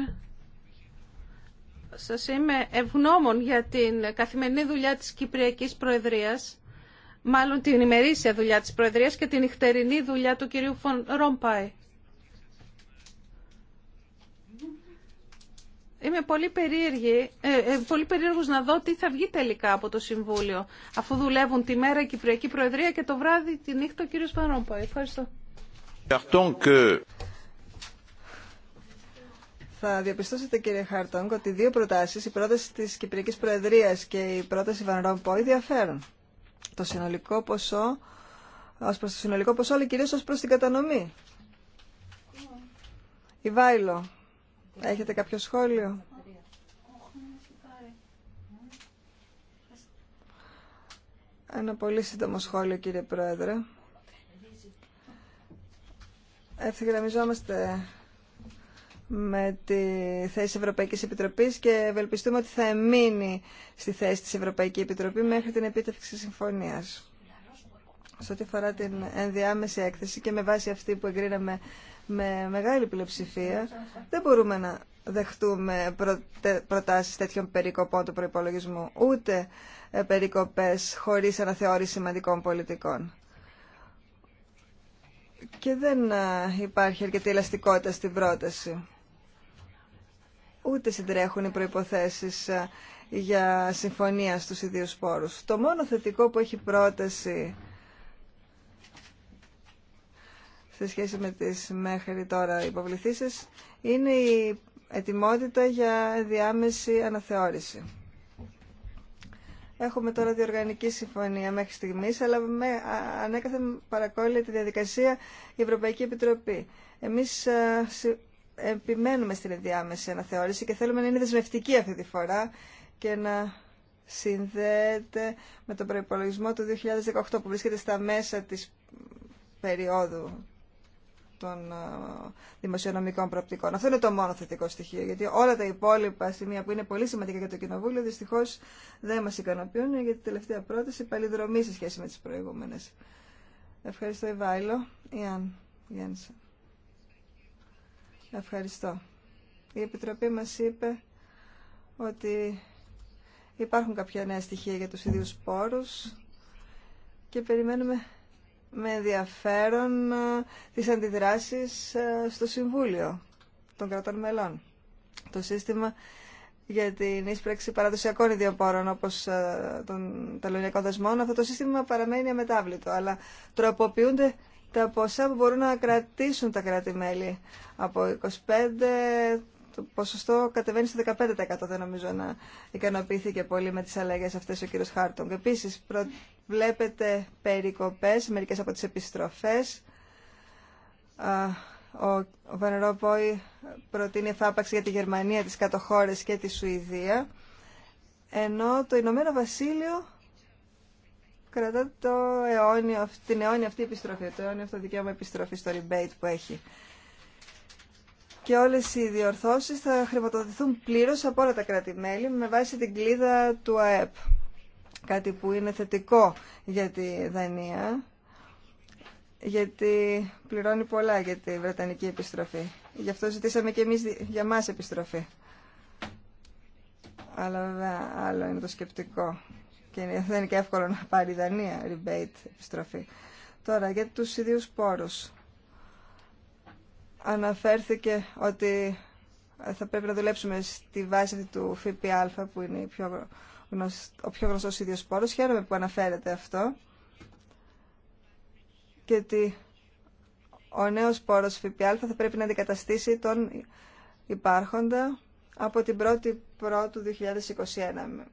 Σα είμαι ευγνώμων για την καθημερινή δουλειά τη Κυπριακή Προεδρία, μάλλον την ημερήσια δουλειά τη προεδρία και την νυχτερινή δουλειά του κυρίου Φον Ρομπάη. Είμαι πολύ, περίεργη, ε, ε, πολύ περίεργος να δω τι θα βγει τελικά από το Συμβούλιο, αφού δουλεύουν τη μέρα η Κυπριακή Προεδρία και το βράδυ τη νύχτα ο κύριος Πανρόμπα. Ευχαριστώ. Θα διαπιστώσετε κύριε Χάρτονγκ ότι οι δύο προτάσεις, η πρόταση της Κυπριακής Προεδρίας και η πρόταση Βαν Ρομπόη διαφέρουν. Το συνολικό ποσό, ως προς το συνολικό ποσό, αλλά κυρίως ως προς την κατανομή. Η Έχετε κάποιο σχόλιο. Ένα πολύ σύντομο σχόλιο κύριε Πρόεδρε. Ευθυγραμμιζόμαστε με τη θέση Ευρωπαϊκής Επιτροπής και ευελπιστούμε ότι θα εμείνει στη θέση της Ευρωπαϊκής Επιτροπής μέχρι την επίτευξη συμφωνίας. Σε ό,τι αφορά την ενδιάμεση έκθεση και με βάση αυτή που εγκρίναμε με μεγάλη πλειοψηφία, δεν μπορούμε να δεχτούμε προτάσεις τέτοιων περικοπών του προϋπολογισμού, ούτε ε, περικοπές χωρίς αναθεώρηση σημαντικών πολιτικών. Και δεν ε, υπάρχει αρκετή ελαστικότητα στην πρόταση. Ούτε συντρέχουν οι προϋποθέσεις ε, για συμφωνία στους ιδίους πόρους. Το μόνο θετικό που έχει πρόταση σε σχέση με τις μέχρι τώρα υποβληθήσεις είναι η ετοιμότητα για διάμεση αναθεώρηση. Έχουμε τώρα διοργανική συμφωνία μέχρι στιγμής, αλλά με, ανέκαθεν παρακόλληλε τη διαδικασία η Ευρωπαϊκή Επιτροπή. Εμείς επιμένουμε στην διάμεση αναθεώρηση και θέλουμε να είναι δεσμευτική αυτή τη φορά και να συνδέεται με τον προϋπολογισμό του 2018 που βρίσκεται στα μέσα της περίοδου των ε, δημοσιονομικών προοπτικών. Αυτό είναι το μόνο θετικό στοιχείο, γιατί όλα τα υπόλοιπα σημεία που είναι πολύ σημαντικά για το Κοινοβούλιο δυστυχώ δεν μα ικανοποιούν, ε, γιατί η τελευταία πρόταση παλιδρομεί σε σχέση με τι προηγούμενε. Ευχαριστώ, Ιβάιλο. Ιαν Ευχαριστώ. Η Επιτροπή μα είπε ότι υπάρχουν κάποια νέα στοιχεία για του ίδιου πόρου. και περιμένουμε με ενδιαφέρον ε, τις αντιδράσεις ε, στο Συμβούλιο των κρατών μελών. Το σύστημα για την ίσπραξη παραδοσιακών ιδιοπόρων όπως ε, των τελωνιακών δεσμών, αυτό το σύστημα παραμένει αμετάβλητο, αλλά τροποποιούνται τα ποσά που μπορούν να κρατήσουν τα κράτη-μέλη από 25 το ποσοστό κατεβαίνει στο 15%. Δεν νομίζω να ικανοποιήθηκε πολύ με τις αλλαγές αυτές ο κύριος Χάρτονγκ. Επίσης, βλέπετε περικοπές, μερικές από τις επιστροφές. Ο Βαν προτείνει εφάπαξη για τη Γερμανία, τις κατοχώρες και τη Σουηδία. Ενώ το Ηνωμένο Βασίλειο κρατά την αιώνια αυτή επιστροφή, το αιώνιο αυτό δικαίωμα επιστροφή στο rebate που έχει και όλες οι διορθώσεις θα χρηματοδοτηθούν πλήρως από όλα τα κράτη-μέλη με βάση την κλίδα του ΑΕΠ. Κάτι που είναι θετικό για τη Δανία, γιατί πληρώνει πολλά για τη Βρετανική επιστροφή. Γι' αυτό ζητήσαμε και εμείς για μας επιστροφή. Αλλά βέβαια άλλο είναι το σκεπτικό. Και δεν είναι και εύκολο να πάρει η Δανία rebate επιστροφή. Τώρα για τους ίδιους πόρους αναφέρθηκε ότι θα πρέπει να δουλέψουμε στη βάση του ΦΠΑ που είναι πιο γνωσ... ο πιο γνωστός ίδιος πόρος. Χαίρομαι που αναφέρεται αυτό και ότι ο νέος πόρος ΦΠΑ θα πρέπει να αντικαταστήσει τον υπάρχοντα από την 1η Πρώτου 2021.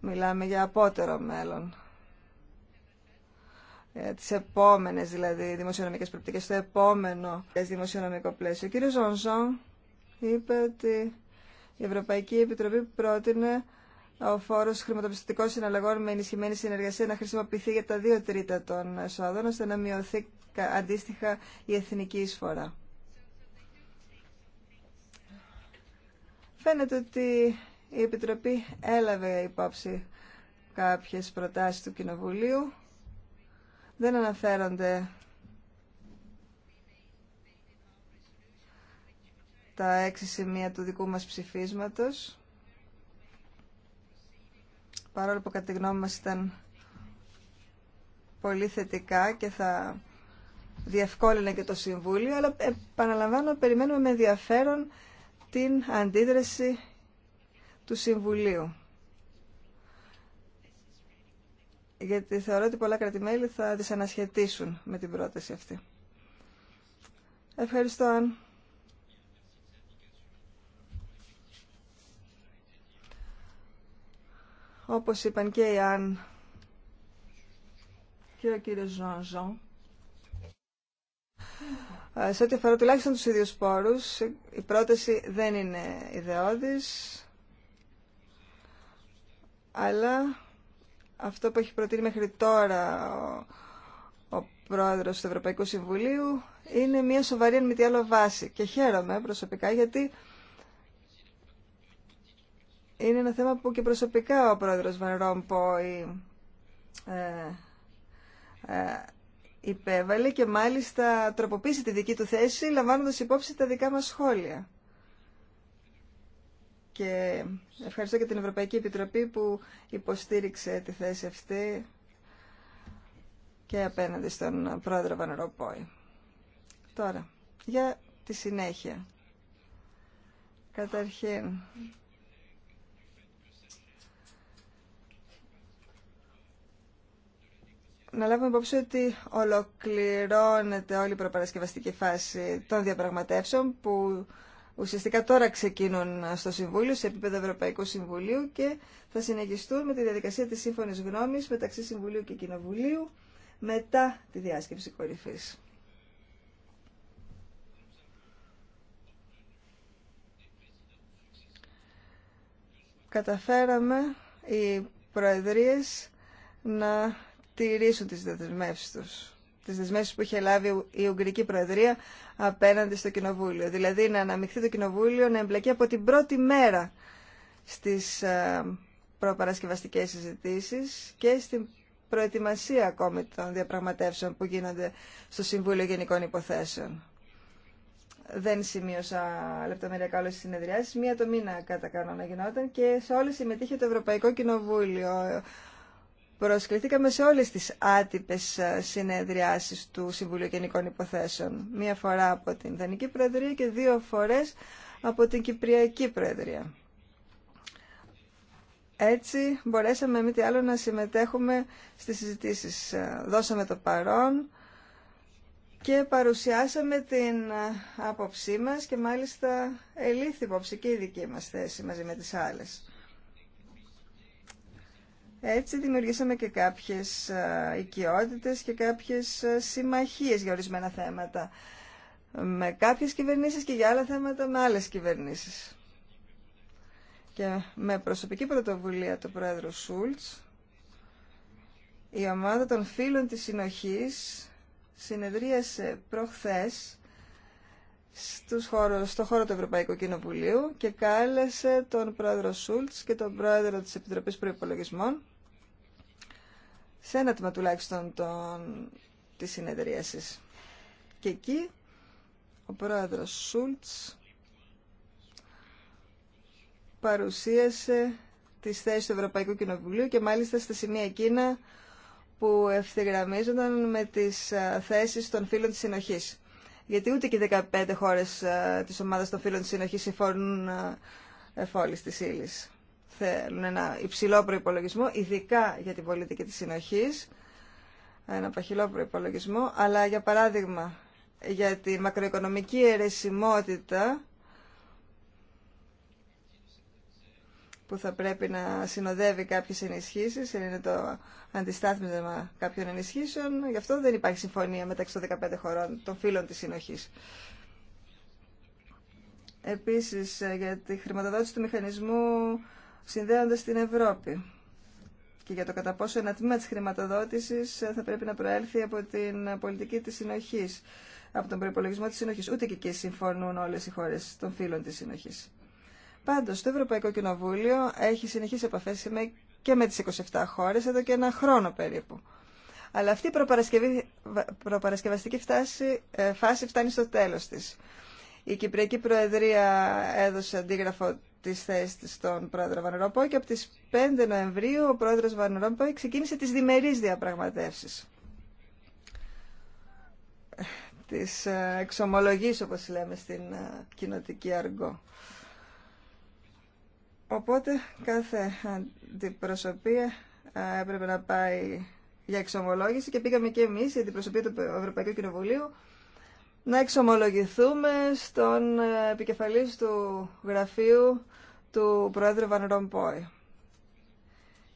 Μιλάμε για απότερο μέλλον. Ε, τις επόμενες δηλαδή δημοσιονομικές προοπτικές, στο επόμενο δημοσιονομικό πλαίσιο. Ο κύριος Ζωνζόν είπε ότι η Ευρωπαϊκή Επιτροπή πρότεινε ο φόρος χρηματοπιστωτικών συναλλαγών με ενισχυμένη συνεργασία να χρησιμοποιηθεί για τα δύο τρίτα των εσόδων, ώστε να μειωθεί αντίστοιχα η εθνική εισφορά. Φαίνεται ότι η Επιτροπή έλαβε υπόψη κάποιες προτάσεις του Κοινοβουλίου δεν αναφέρονται τα έξι σημεία του δικού μας ψηφίσματος παρόλο που κατά τη γνώμη μας ήταν πολύ θετικά και θα διευκόλυνε και το Συμβούλιο αλλά ε, επαναλαμβάνω περιμένουμε με ενδιαφέρον την αντίδραση του Συμβουλίου. γιατί θεωρώ ότι πολλά κρατημέλη θα δυσανασχετήσουν με την πρόταση αυτή. Ευχαριστώ, Αν. Όπως είπαν και η Αν και ο κύριος Ζων ε, σε ό,τι αφορά τουλάχιστον τους ίδιους πόρους, η πρόταση δεν είναι ιδεώδης, αλλά αυτό που έχει προτείνει μέχρι τώρα ο, ο πρόεδρος του Ευρωπαϊκού Συμβουλίου είναι μια σοβαρή αν άλλο βάση και χαίρομαι προσωπικά γιατί είναι ένα θέμα που και προσωπικά ο πρόεδρος Βαν Ρόμποϊ ε, ε, υπέβαλε και μάλιστα τροποποίησε τη δική του θέση λαμβάνοντας υπόψη τα δικά μας σχόλια. Και ευχαριστώ και την Ευρωπαϊκή Επιτροπή που υποστήριξε τη θέση αυτή και απέναντι στον πρόεδρο Βανεροπόη. Τώρα, για τη συνέχεια. Καταρχήν, να λάβουμε υπόψη ότι ολοκληρώνεται όλη η προπαρασκευαστική φάση των διαπραγματεύσεων που ουσιαστικά τώρα ξεκινούν στο Συμβούλιο, σε επίπεδο Ευρωπαϊκού Συμβουλίου και θα συνεχιστούν με τη διαδικασία της σύμφωνης γνώμης μεταξύ Συμβουλίου και Κοινοβουλίου μετά τη διάσκεψη κορυφής. Καταφέραμε οι προεδρίες να τηρήσουν τις δεσμεύσεις τους τις δεσμεύσεις που είχε λάβει η Ουγγρική Προεδρία απέναντι στο Κοινοβούλιο. Δηλαδή να αναμειχθεί το Κοινοβούλιο, να εμπλακεί από την πρώτη μέρα στις ε, προπαρασκευαστικές συζητήσεις και στην προετοιμασία ακόμη των διαπραγματεύσεων που γίνονται στο Συμβούλιο Γενικών Υποθέσεων. Δεν σημείωσα λεπτομεριακά όλε τι συνεδριάσει. Μία το μήνα κατά κανόνα γινόταν και σε όλε συμμετείχε το Ευρωπαϊκό Κοινοβούλιο, Προσκληθήκαμε σε όλες τις άτυπες ε, συνεδριάσεις του Συμβουλίου Γενικών Υποθέσεων. Μία φορά από την Δανική Προεδρία και δύο φορές από την Κυπριακή Προεδρία. Έτσι μπορέσαμε μη τι άλλο να συμμετέχουμε στις συζητήσεις. Ε, δώσαμε το παρόν και παρουσιάσαμε την ε, άποψή μας και μάλιστα ελήφθη υπόψη και η δική μας θέση μαζί με τις άλλες. Έτσι δημιουργήσαμε και κάποιες οικειότητες και κάποιες συμμαχίες για ορισμένα θέματα. Με κάποιες κυβερνήσεις και για άλλα θέματα με άλλες κυβερνήσεις. Και με προσωπική πρωτοβουλία του Πρόεδρου Σούλτς, η ομάδα των φίλων της συνοχής συνεδρίασε προχθές στους χώρους, στο χώρο του Ευρωπαϊκού Κοινοβουλίου και κάλεσε τον πρόεδρο Σούλτς και τον πρόεδρο της Επιτροπής Προϋπολογισμών σε ένα τμήμα τουλάχιστον των, της συνεδρίασης. Και εκεί ο πρόεδρος Σούλτς παρουσίασε τις θέσεις του Ευρωπαϊκού Κοινοβουλίου και μάλιστα στα σημεία εκείνα που ευθυγραμμίζονταν με τις ε, θέσεις των φίλων της συνοχής. Γιατί ούτε και οι 15 χώρες ε, της ομάδας των φίλων της συνοχής συμφωνούν ε, εφόλης της ύλης θέλουν ένα υψηλό προϋπολογισμό, ειδικά για την πολιτική της συνοχής, ένα παχυλό προϋπολογισμό, αλλά για παράδειγμα για τη μακροοικονομική αιρεσιμότητα που θα πρέπει να συνοδεύει κάποιες ενισχύσεις, είναι το αντιστάθμισμα κάποιων ενισχύσεων, γι' αυτό δεν υπάρχει συμφωνία μεταξύ των 15 χωρών των φίλων της συνοχής. Επίσης, για τη χρηματοδότηση του μηχανισμού συνδέοντας την Ευρώπη και για το κατά πόσο ένα τμήμα της χρηματοδότησης ε, θα πρέπει να προέλθει από την πολιτική της συνοχής, από τον προϋπολογισμό της συνοχής. Ούτε και εκεί συμφωνούν όλες οι χώρες των φίλων της συνοχής. Πάντως, το Ευρωπαϊκό Κοινοβούλιο έχει συνεχείς επαφές και με τις 27 χώρες εδώ και ένα χρόνο περίπου. Αλλά αυτή η προπαρασκευαστική φτάση, ε, φάση φτάνει στο τέλος της. Η Κυπριακή Προεδρία έδωσε αντίγραφο τις θέσεις των στον πρόεδρο Βαν και από τις 5 Νοεμβρίου ο πρόεδρος Βαν ξεκίνησε τις διμερείς διαπραγματεύσεις. της ε, εξομολογείς όπως λέμε στην ε, κοινοτική αργό. Οπότε κάθε αντιπροσωπεία έπρεπε να πάει για εξομολόγηση και πήγαμε και εμείς, η αντιπροσωπεία του Ευρωπαϊκού Κοινοβουλίου, να εξομολογηθούμε στον ε, επικεφαλής του γραφείου του Πρόεδρου Βαν Ρομπόη.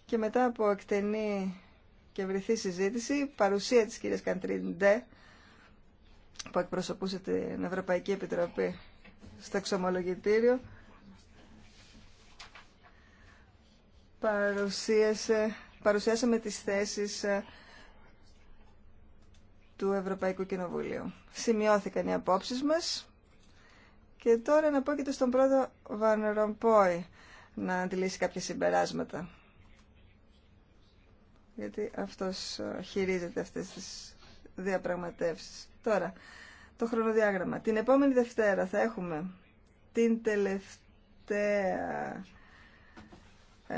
Και μετά από εκτενή και βρυθή συζήτηση, παρουσία της κυρίας Καντρίντε, που εκπροσωπούσε την Ευρωπαϊκή Επιτροπή στο εξομολογητήριο, παρουσίασε, παρουσιάσαμε τις θέσεις ε, του Ευρωπαϊκού Κοινοβουλίου. Σημειώθηκαν οι απόψεις μας και τώρα να πω και στον πρώτο Βαν Ρομπόη να αντιλήσει κάποια συμπεράσματα. Γιατί αυτός ε, χειρίζεται αυτές τις διαπραγματεύσεις. Τώρα, το χρονοδιάγραμμα. Την επόμενη Δευτέρα θα έχουμε την τελευταία ε,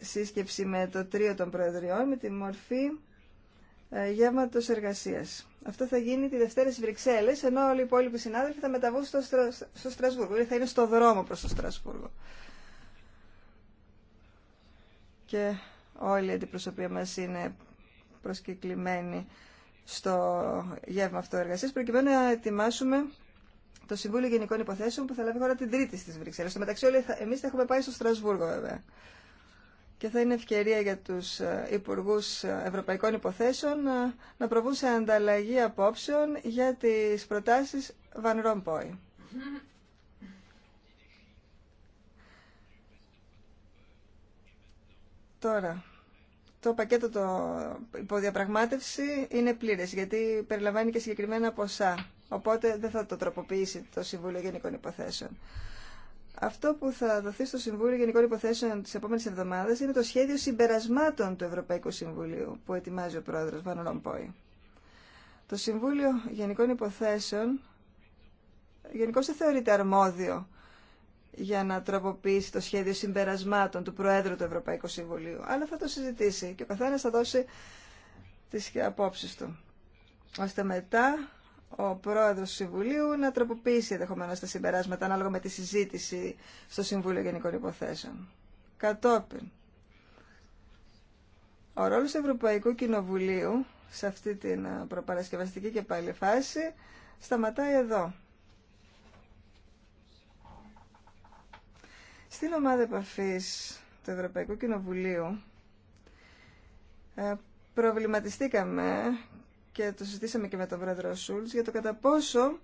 σύσκεψη με το τρίο των Προεδριών με τη μορφή ε, γεύματο εργασία. Αυτό θα γίνει τη Δευτέρα στις Βρυξέλλε, ενώ όλοι οι υπόλοιποι συνάδελφοι θα μεταβούν στο, Στρα... Στρασβούργο, ή θα είναι στο δρόμο προ το Στρασβούργο. Και όλη η αντιπροσωπεία μα είναι προσκεκλημένη στο γεύμα αυτό εργασία. προκειμένου να ετοιμάσουμε το Συμβούλιο Γενικών Υποθέσεων που θα λάβει χώρα την Τρίτη στις Βρυξέλλες. Στο μεταξύ όλοι θα έχουμε πάει στο Στρασβούργο βέβαια και θα είναι ευκαιρία για τους ε, Υπουργούς ε, Ευρωπαϊκών Υποθέσεων ε, να προβούν σε ανταλλαγή απόψεων για τις προτάσεις Βαν Ρομπόη. Τώρα, το πακέτο το υποδιαπραγμάτευση είναι πλήρες, γιατί περιλαμβάνει και συγκεκριμένα ποσά, οπότε δεν θα το τροποποιήσει το Συμβούλιο Γενικών Υποθέσεων. Αυτό που θα δοθεί στο Συμβούλιο Γενικών Υποθέσεων τις επόμενες εβδομάδες είναι το σχέδιο συμπερασμάτων του Ευρωπαϊκού Συμβουλίου που ετοιμάζει ο πρόεδρος Βαν Ρομπόη. Το Συμβούλιο Γενικών Υποθέσεων γενικώ δεν θεωρείται αρμόδιο για να τροποποιήσει το σχέδιο συμπερασμάτων του Προέδρου του Ευρωπαϊκού Συμβουλίου, αλλά θα το συζητήσει και ο καθένα θα δώσει τι απόψει του, μετά ο πρόεδρος του Συμβουλίου να τροποποιήσει ενδεχομένω τα συμπεράσματα ανάλογα με τη συζήτηση στο Συμβούλιο Γενικών Υποθέσεων. Κατόπιν, ο ρόλος του Ευρωπαϊκού Κοινοβουλίου σε αυτή την ε, προπαρασκευαστική και πάλι φάση σταματάει εδώ. Στην ομάδα επαφή του Ευρωπαϊκού Κοινοβουλίου ε, προβληματιστήκαμε και το συζητήσαμε και με τον πρόεδρο Σούλτς για το κατά πόσο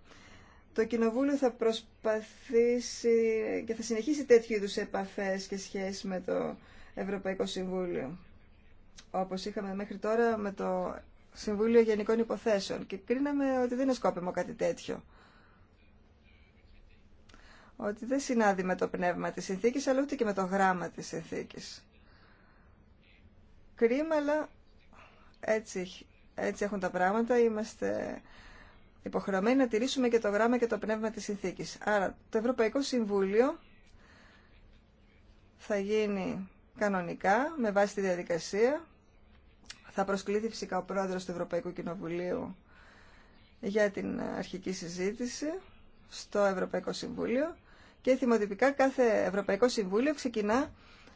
το Κοινοβούλιο θα προσπαθήσει και θα συνεχίσει τέτοιου είδους επαφές και σχέσεις με το Ευρωπαϊκό Συμβούλιο όπως είχαμε μέχρι τώρα με το Συμβούλιο Γενικών Υποθέσεων και κρίναμε ότι δεν είναι σκόπιμο κάτι τέτοιο. Ότι δεν συνάδει με το πνεύμα της συνθήκης αλλά ούτε και με το γράμμα της συνθήκης. Κρίμα, αλλά έτσι έτσι έχουν τα πράγματα, είμαστε υποχρεωμένοι να τηρήσουμε και το γράμμα και το πνεύμα της συνθήκης. Άρα το Ευρωπαϊκό Συμβούλιο θα γίνει κανονικά με βάση τη διαδικασία. Θα προσκλήθει φυσικά ο πρόεδρος του Ευρωπαϊκού Κοινοβουλίου για την αρχική συζήτηση στο Ευρωπαϊκό Συμβούλιο και θυμοτυπικά κάθε Ευρωπαϊκό Συμβούλιο ξεκινά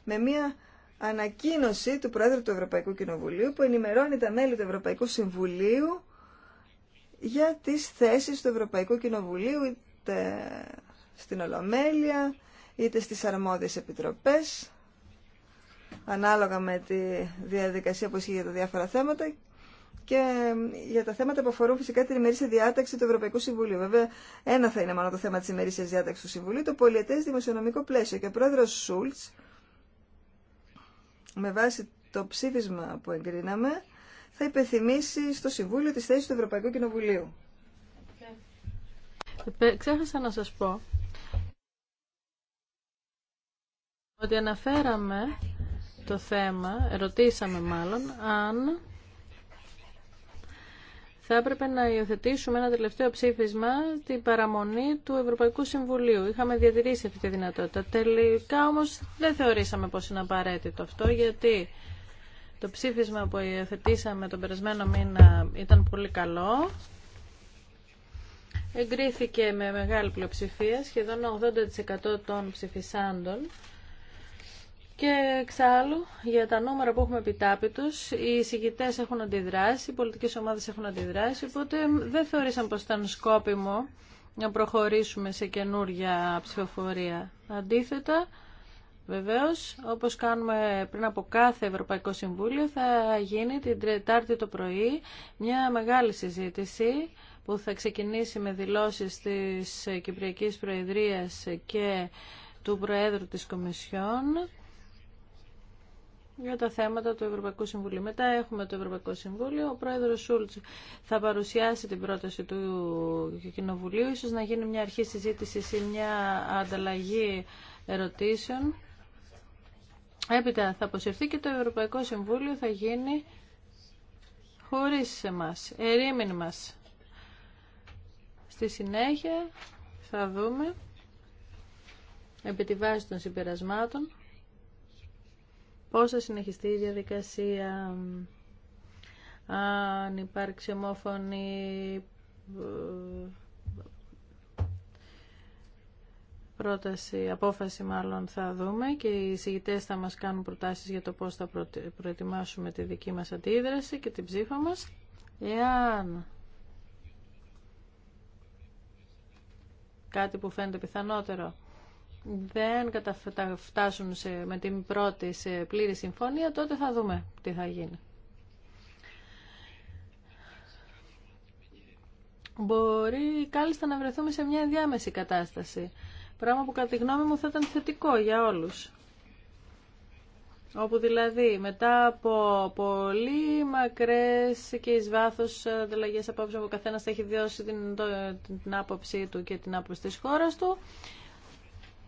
με μία ανακοίνωση του Πρόεδρου του Ευρωπαϊκού Κοινοβουλίου που ενημερώνει τα μέλη του Ευρωπαϊκού Συμβουλίου για τις θέσεις του Ευρωπαϊκού Κοινοβουλίου είτε στην Ολομέλεια είτε στις αρμόδιες επιτροπές ανάλογα με τη διαδικασία που ισχύει για τα διάφορα θέματα και για τα θέματα που αφορούν φυσικά την ημερήσια διάταξη του Ευρωπαϊκού Συμβουλίου. Βέβαια, ένα θα είναι μόνο το θέμα τη ημερήσια διάταξη του Συμβουλίου, το πολιετέ δημοσιονομικό πλαίσιο. Και ο πρόεδρο Σούλτ με βάση το ψήφισμα που εγκρίναμε, θα υπενθυμίσει στο Συμβούλιο της θέση του Ευρωπαϊκού Κοινοβουλίου. Ξέχασα να σας πω ότι αναφέραμε το θέμα, ερωτήσαμε μάλλον, αν θα έπρεπε να υιοθετήσουμε ένα τελευταίο ψήφισμα την παραμονή του Ευρωπαϊκού Συμβουλίου. Είχαμε διατηρήσει αυτή τη δυνατότητα. Τελικά όμως δεν θεωρήσαμε πως είναι απαραίτητο αυτό γιατί το ψήφισμα που υιοθετήσαμε τον περασμένο μήνα ήταν πολύ καλό. Εγκρίθηκε με μεγάλη πλειοψηφία, σχεδόν 80% των ψηφισάντων. Και εξάλλου, για τα νούμερα που έχουμε επιτάπει οι συγκητέ έχουν αντιδράσει, οι πολιτικέ ομάδε έχουν αντιδράσει, οπότε δεν θεωρήσαν πω ήταν σκόπιμο να προχωρήσουμε σε καινούργια ψηφοφορία. Αντίθετα, βεβαίω, όπω κάνουμε πριν από κάθε Ευρωπαϊκό Συμβούλιο, θα γίνει την Τετάρτη το πρωί μια μεγάλη συζήτηση που θα ξεκινήσει με δηλώσεις της Κυπριακής Προεδρίας και του Προέδρου της Κομισιόν για τα θέματα του Ευρωπαϊκού Συμβουλίου. Μετά έχουμε το Ευρωπαϊκό Συμβούλιο. Ο πρόεδρος Σούλτς θα παρουσιάσει την πρόταση του Κοινοβουλίου. Ίσως να γίνει μια αρχή συζήτηση ή μια ανταλλαγή ερωτήσεων. Έπειτα θα αποσυρθεί και το Ευρωπαϊκό Συμβούλιο θα γίνει χωρίς εμάς, ερήμην μας. Στη συνέχεια θα δούμε επί τη βάση των συμπερασμάτων πώς θα συνεχιστεί η διαδικασία αν υπάρξει ομόφωνη ε, πρόταση, απόφαση μάλλον θα δούμε και οι συγητές θα μας κάνουν προτάσεις για το πώς θα προετοιμάσουμε τη δική μας αντίδραση και την ψήφα μας. Εάν κάτι που φαίνεται πιθανότερο δεν καταφτάσουν με την πρώτη σε πλήρη συμφωνία, τότε θα δούμε τι θα γίνει. Μπορεί κάλλιστα να βρεθούμε σε μια διάμεση κατάσταση, πράγμα που κατά τη γνώμη μου θα ήταν θετικό για όλους. Όπου δηλαδή μετά από πολύ μακρές και εις βάθος ανταλλαγές απόψεων που ο καθένας θα έχει διώσει την, την άποψή του και την άποψη της χώρας του,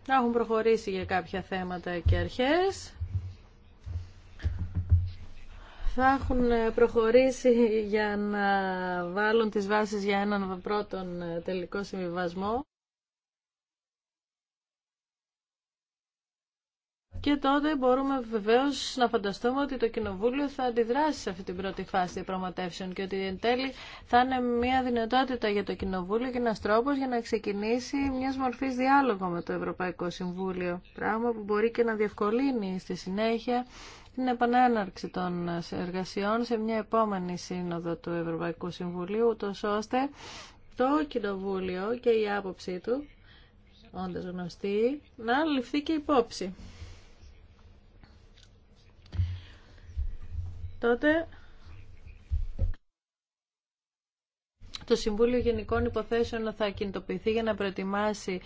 θα έχουν προχωρήσει για κάποια θέματα και αρχές. Θα έχουν προχωρήσει για να βάλουν τις βάσεις για έναν πρώτον τελικό συμβιβασμό. Και τότε μπορούμε βεβαίω να φανταστούμε ότι το Κοινοβούλιο θα αντιδράσει σε αυτή την πρώτη φάση διαπραγματεύσεων και ότι εν τέλει θα είναι μια δυνατότητα για το Κοινοβούλιο και ένα τρόπο για να ξεκινήσει μια μορφή διάλογο με το Ευρωπαϊκό Συμβούλιο. Πράγμα που μπορεί και να διευκολύνει στη συνέχεια την επανέναρξη των εργασιών σε μια επόμενη σύνοδο του Ευρωπαϊκού Συμβουλίου, ούτω ώστε το Κοινοβούλιο και η άποψή του όντας γνωστή, να ληφθεί και υπόψη. τότε το Συμβούλιο Γενικών Υποθέσεων θα κινητοποιηθεί για να προετοιμάσει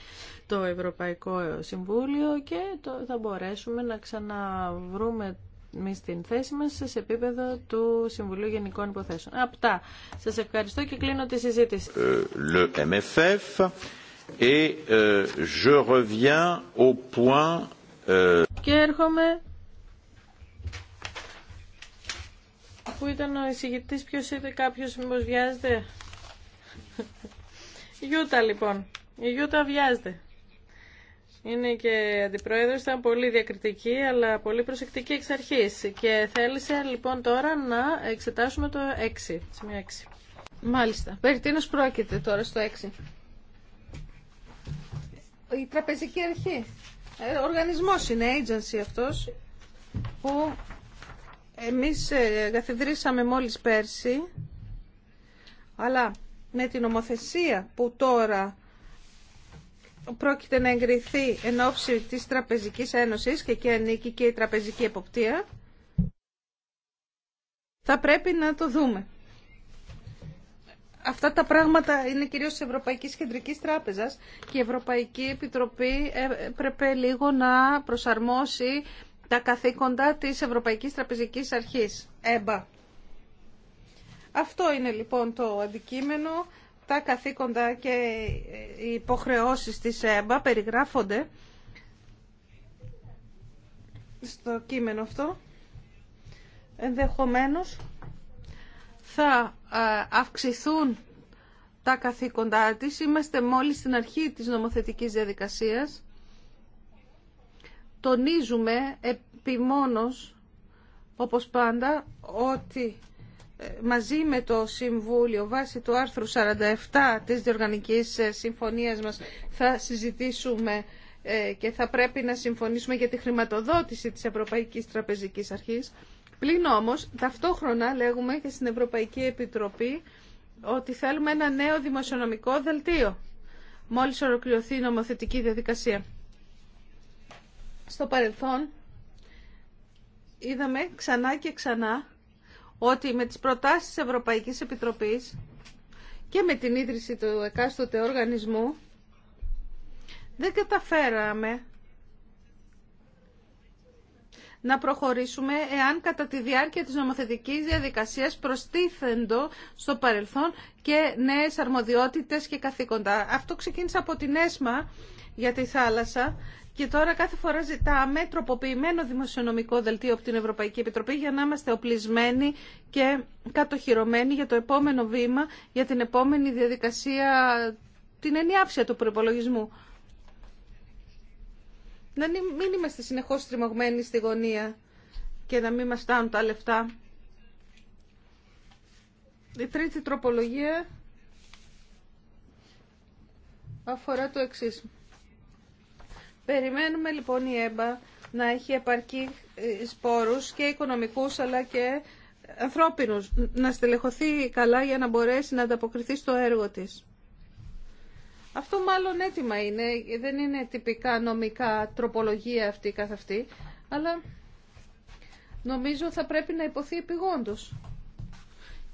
το Ευρωπαϊκό Συμβούλιο και το, θα μπορέσουμε να ξαναβρούμε εμεί την θέση μας σε επίπεδο του Συμβουλίου Γενικών Υποθέσεων. Απτά. Σας ευχαριστώ και κλείνω τη συζήτηση. Ε, le MFF et euh, je reviens au point... Euh, και έρχομαι που ήταν ο εισηγητή, ποιο είδε κάποιο μήπω βιάζεται. Γιούτα λοιπόν, η Γιούτα βιάζεται. Είναι και αντιπρόεδρο, ήταν πολύ διακριτική αλλά πολύ προσεκτική εξ αρχή. και θέλησε λοιπόν τώρα να εξετάσουμε το 6, σημείο 6. Μάλιστα. Περί τίνο πρόκειται τώρα στο 6. Η τραπεζική αρχή. Ο ε, οργανισμός είναι, agency αυτός, που εμείς ε, καθιδρύσαμε μόλις πέρσι, αλλά με την ομοθεσία που τώρα πρόκειται να εγκριθεί εν ώψη της Τραπεζικής Ένωσης και εκεί ανήκει και η Τραπεζική Εποπτεία, θα πρέπει να το δούμε. Αυτά τα πράγματα είναι κυρίως της Ευρωπαϊκής Κεντρικής Τράπεζας και η Ευρωπαϊκή Επιτροπή ε, έπρεπε λίγο να προσαρμόσει τα καθήκοντα της Ευρωπαϊκής Τραπεζικής Αρχής, ΕΜΠΑ. Αυτό είναι λοιπόν το αντικείμενο. Τα καθήκοντα και οι υποχρεώσεις της ΕΜΠΑ περιγράφονται στο κείμενο αυτό. Ενδεχομένως θα ε, αυξηθούν τα καθήκοντά της. Είμαστε μόλις στην αρχή της νομοθετικής διαδικασίας τονίζουμε επιμόνως, όπως πάντα, ότι ε, μαζί με το Συμβούλιο, βάσει του άρθρου 47 της Διοργανικής ε, Συμφωνίας μας, θα συζητήσουμε ε, και θα πρέπει να συμφωνήσουμε για τη χρηματοδότηση της Ευρωπαϊκής Τραπεζικής Αρχής. Πλην όμως, ταυτόχρονα λέγουμε και στην Ευρωπαϊκή Επιτροπή ότι θέλουμε ένα νέο δημοσιονομικό δελτίο μόλις ολοκληρωθεί η νομοθετική διαδικασία. Στο παρελθόν είδαμε ξανά και ξανά ότι με τις προτάσεις της Ευρωπαϊκής Επιτροπής και με την ίδρυση του εκάστοτε οργανισμού δεν καταφέραμε να προχωρήσουμε εάν κατά τη διάρκεια της νομοθετικής διαδικασίας προστίθεντο στο παρελθόν και νέες αρμοδιότητες και καθήκοντα. Αυτό ξεκίνησε από την ΕΣΜΑ για τη θάλασσα και τώρα κάθε φορά ζητάμε τροποποιημένο δημοσιονομικό δελτίο από την Ευρωπαϊκή Επιτροπή για να είμαστε οπλισμένοι και κατοχυρωμένοι για το επόμενο βήμα, για την επόμενη διαδικασία, την ενιάψια του προπολογισμού. Να μην είμαστε συνεχώς τριμωγμένοι στη γωνία και να μην μας φτάνουν τα λεφτά. Η τρίτη τροπολογία αφορά το εξής. Περιμένουμε λοιπόν η ΕΜΠΑ να έχει επαρκή ε, σπόρους και οικονομικούς αλλά και ανθρώπινους, να στελεχωθεί καλά για να μπορέσει να ανταποκριθεί στο έργο της. Αυτό μάλλον έτοιμα είναι, δεν είναι τυπικά νομικά τροπολογία αυτή καθ' αυτή, αλλά νομίζω θα πρέπει να υποθεί επιγόντως.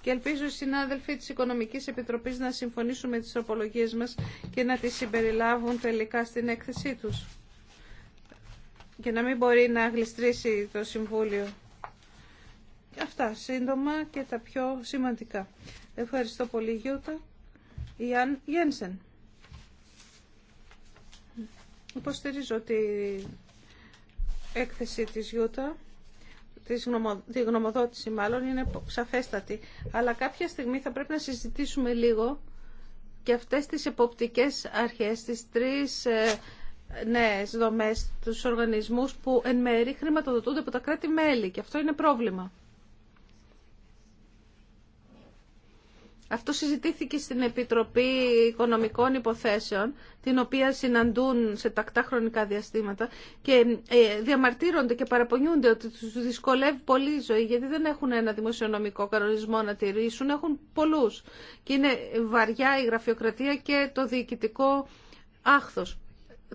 Και ελπίζω οι συνάδελφοι της Οικονομικής Επιτροπής να συμφωνήσουν με τις τροπολογίες μας και να τις συμπεριλάβουν τελικά στην έκθεσή τους και να μην μπορεί να γλιστρήσει το Συμβούλιο. Αυτά σύντομα και τα πιο σημαντικά. Ευχαριστώ πολύ Γιώτα. Ιαν Γένσεν. Υποστηρίζω τη έκθεση της Γιώτα τη γνωμοδότηση μάλλον είναι σαφέστατη. Αλλά κάποια στιγμή θα πρέπει να συζητήσουμε λίγο και αυτές τις εποπτικές αρχές, τις τρεις ε, νέες δομές τους οργανισμούς που εν μέρη χρηματοδοτούνται από τα κράτη-μέλη και αυτό είναι πρόβλημα. Αυτό συζητήθηκε στην Επιτροπή Οικονομικών Υποθέσεων, την οποία συναντούν σε τακτά χρονικά διαστήματα και ε, διαμαρτύρονται και παραπονιούνται ότι τους δυσκολεύει πολύ η ζωή γιατί δεν έχουν ένα δημοσιονομικό κανονισμό να τηρήσουν, έχουν πολλούς. Και είναι βαριά η γραφειοκρατία και το διοικητικό άχθος.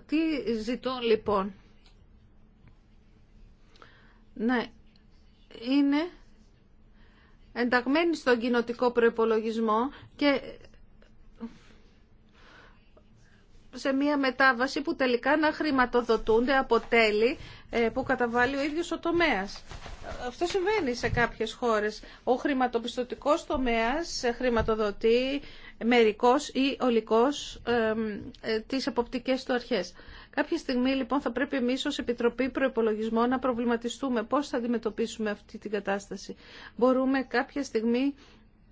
Τι ζητώ λοιπόν. Ναι, είναι ενταγμένη στον κοινοτικό προπολογισμό και σε μια μετάβαση που τελικά να χρηματοδοτούνται από τέλη ε, που καταβάλει ο ίδιος ο τομέας. Αυτό συμβαίνει σε κάποιες χώρες. Ο χρηματοπιστωτικός τομέας ε, χρηματοδοτεί μερικός ή ολικός ε, τις αποπτικές του αρχές. Κάποια στιγμή λοιπόν θα πρέπει εμεί ω Επιτροπή Προπολογισμών να προβληματιστούμε πώς θα αντιμετωπίσουμε αυτή την κατάσταση. Μπορούμε κάποια στιγμή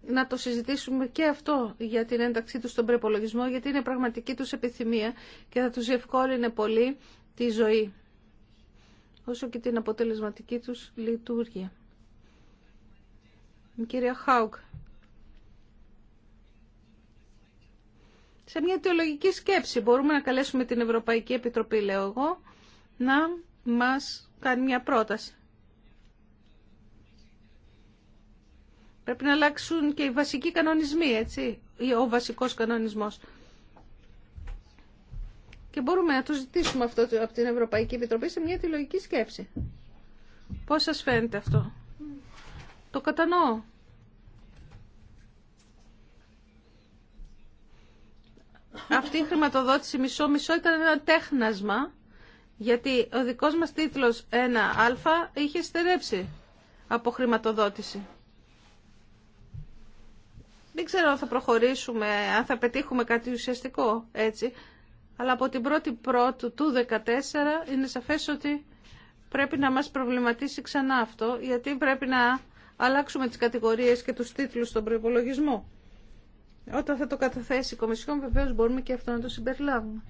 να το συζητήσουμε και αυτό για την ένταξή του στον προπολογισμό, γιατί είναι πραγματική τους επιθυμία και θα τους διευκόλυνε πολύ τη ζωή, όσο και την αποτελεσματική του λειτουργία. κυρία Χάουκ, σε μια αιτιολογική σκέψη. Μπορούμε να καλέσουμε την Ευρωπαϊκή Επιτροπή, λέω εγώ, να μας κάνει μια πρόταση. Πρέπει να αλλάξουν και οι βασικοί κανονισμοί, έτσι, ή ο βασικός κανονισμός. Και μπορούμε να το ζητήσουμε αυτό από την Ευρωπαϊκή Επιτροπή σε μια αιτιολογική σκέψη. Πώς σας φαίνεται αυτό. Το κατανοώ. αυτή η χρηματοδότηση μισό-μισό ήταν ένα τέχνασμα, γιατί ο δικός μας τίτλος 1α είχε στερέψει από χρηματοδότηση. Δεν ξέρω αν θα προχωρήσουμε, αν θα πετύχουμε κάτι ουσιαστικό έτσι, αλλά από την πρώτη πρώτου του 2014 είναι σαφές ότι πρέπει να μας προβληματίσει ξανά αυτό, γιατί πρέπει να αλλάξουμε τις κατηγορίες και τους τίτλους στον προπολογισμό. Όταν θα το καταθέσει η Κομισιόν βεβαίως μπορούμε και αυτό να το συμπεριλάβουμε.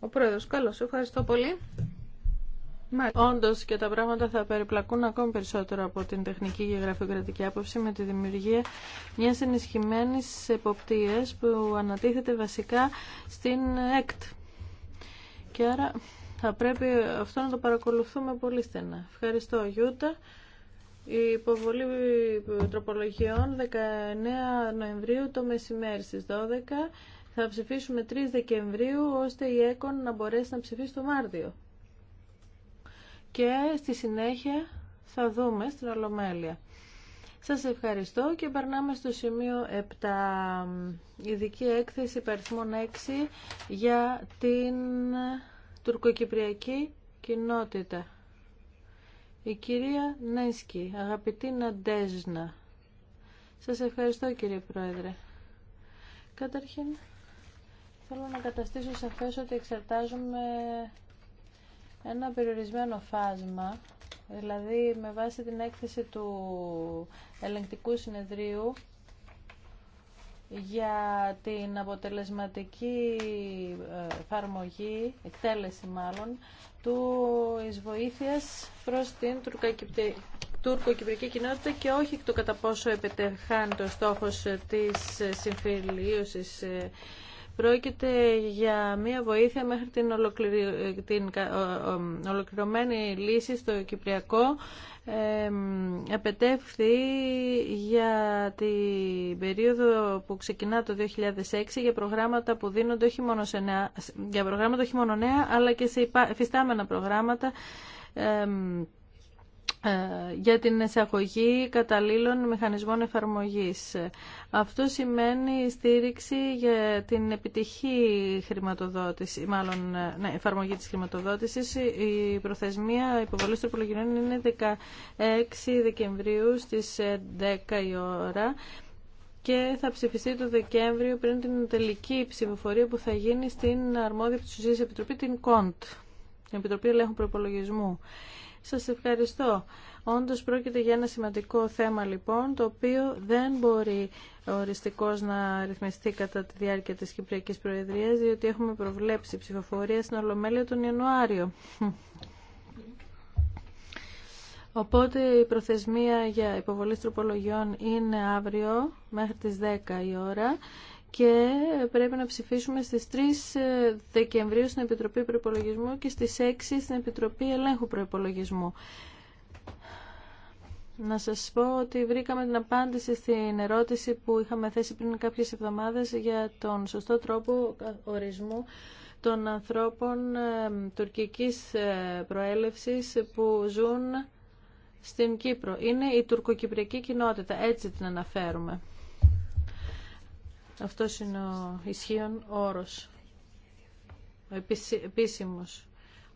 Ο Πρόεδρος, καλώς. Ευχαριστώ πολύ. Όντω και τα πράγματα θα περιπλακούν ακόμη περισσότερο από την τεχνική και γραφειοκρατική άποψη με τη δημιουργία μια ενισχυμένη εποπτεία που ανατίθεται βασικά στην ΕΚΤ. Και άρα θα πρέπει αυτό να το παρακολουθούμε πολύ στενά. Ευχαριστώ, Γιούτα. Η υποβολή τροπολογιών 19 Νοεμβρίου το μεσημέρι στις 12. Θα ψηφίσουμε 3 Δεκεμβρίου ώστε η ΕΚΟΝ να μπορέσει να ψηφίσει το Μάρτιο. Και στη συνέχεια θα δούμε στην Ολομέλεια. Σας ευχαριστώ και περνάμε στο σημείο 7. Ειδική έκθεση υπαριθμών 6 για την τουρκοκυπριακή κοινότητα. Η κυρία Νέσκι, αγαπητή Ναντέζνα. Σας ευχαριστώ κύριε Πρόεδρε. Καταρχήν, θέλω να καταστήσω σαφές ότι εξαρτάζουμε ένα περιορισμένο φάσμα, δηλαδή με βάση την έκθεση του ελεγκτικού συνεδρίου για την αποτελεσματική εφαρμογή, εκτέλεση μάλλον, του εις βοήθειας προς την τουρκοκυπρική κοινότητα και όχι το κατά πόσο επιτεχάνει το στόχος της συμφιλίωσης ε, Πρόκειται για μια βοήθεια μέχρι την, την ολοκληρωμένη λύση στο Κυπριακό επετεύχθη για την περίοδο που ξεκινά το 2006 για προγράμματα που δίνονται όχι μόνο νέα, για προγράμματα όχι μόνο νέα αλλά και σε υφιστάμενα προγράμματα ε, για την εισαγωγή καταλήλων μηχανισμών εφαρμογής. Αυτό σημαίνει στήριξη για την επιτυχή χρηματοδότηση, μάλλον ε, ναι, εφαρμογή της χρηματοδότησης. Η προθεσμία υποβολής τροπολογιών είναι 16 Δεκεμβρίου στις 10 η ώρα και θα ψηφιστεί το Δεκέμβριο πριν την τελική ψηφοφορία που θα γίνει στην αρμόδια της Επιτροπή, την ΚΟΝΤ, την Επιτροπή Ελέγχου Προπολογισμού. Σας ευχαριστώ. Όντως πρόκειται για ένα σημαντικό θέμα λοιπόν, το οποίο δεν μπορεί οριστικώς να ρυθμιστεί κατά τη διάρκεια της Κυπριακής Προεδρίας, διότι έχουμε προβλέψει ψηφοφορία στην Ολομέλεια τον Ιανουάριο. Οπότε η προθεσμία για υποβολή τροπολογιών είναι αύριο μέχρι τις 10 η ώρα και πρέπει να ψηφίσουμε στις 3 ε, Δεκεμβρίου στην Επιτροπή Προϋπολογισμού και στις 6 στην Επιτροπή Ελέγχου Προϋπολογισμού. Να σας πω ότι βρήκαμε την απάντηση στην ερώτηση που είχαμε θέσει πριν κάποιες εβδομάδες για τον σωστό τρόπο ορισμού των ανθρώπων ε, τουρκικής ε, προέλευσης που ζουν στην Κύπρο. Είναι η τουρκοκυπριακή κοινότητα, έτσι την αναφέρουμε. Αυτό είναι ο ισχύον όρος, ο επίσημος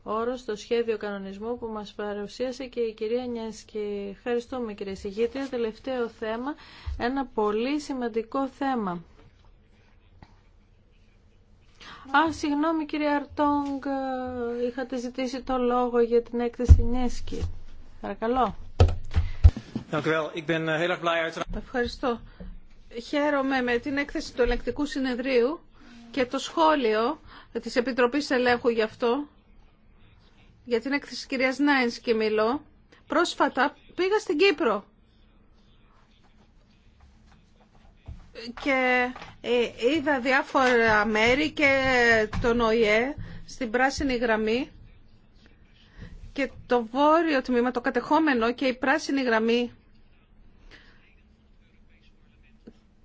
όρος το σχέδιο κανονισμού που μας παρουσίασε και η κυρία Νιέσκη. Ευχαριστούμε κυρία Συγήτρια. Τελευταίο θέμα, ένα πολύ σημαντικό θέμα. Α, συγγνώμη κυρία Αρτόγκ, είχατε ζητήσει το λόγο για την έκθεση Νιέσκη. Παρακαλώ. Eh, Ευχαριστώ. Χαίρομαι με την έκθεση του ελεκτικού συνεδρίου και το σχόλιο της Επιτροπής Ελέγχου γι' αυτό, για την έκθεση της κυρίας Νάινς και μιλώ. Πρόσφατα πήγα στην Κύπρο και ε, είδα διάφορα μέρη και τον ΟΗΕ στην πράσινη γραμμή και το βόρειο τμήμα, το κατεχόμενο και η πράσινη γραμμή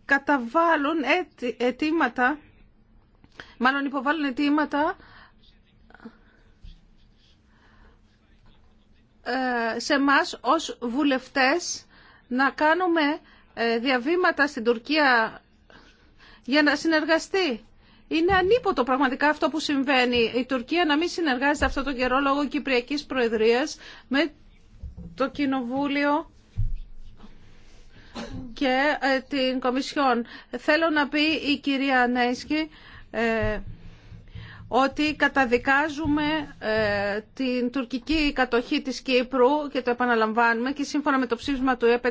καταβάλουν αιτήματα, μάλλον υποβάλλουν αιτήματα ε, σε μας ως βουλευτές να κάνουμε ε, διαβήματα στην Τουρκία για να συνεργαστεί. Είναι ανίποτο πραγματικά αυτό που συμβαίνει. Η Τουρκία να μην συνεργάζεται αυτό τον καιρό λόγω Κυπριακής Προεδρίας με το Κοινοβούλιο και ε, την Κομισιόν. Θέλω να πει η κυρία ε, ότι καταδικάζουμε ε, την τουρκική κατοχή της Κύπρου και το επαναλαμβάνουμε και σύμφωνα με το ψήφισμα του ΕΕ 541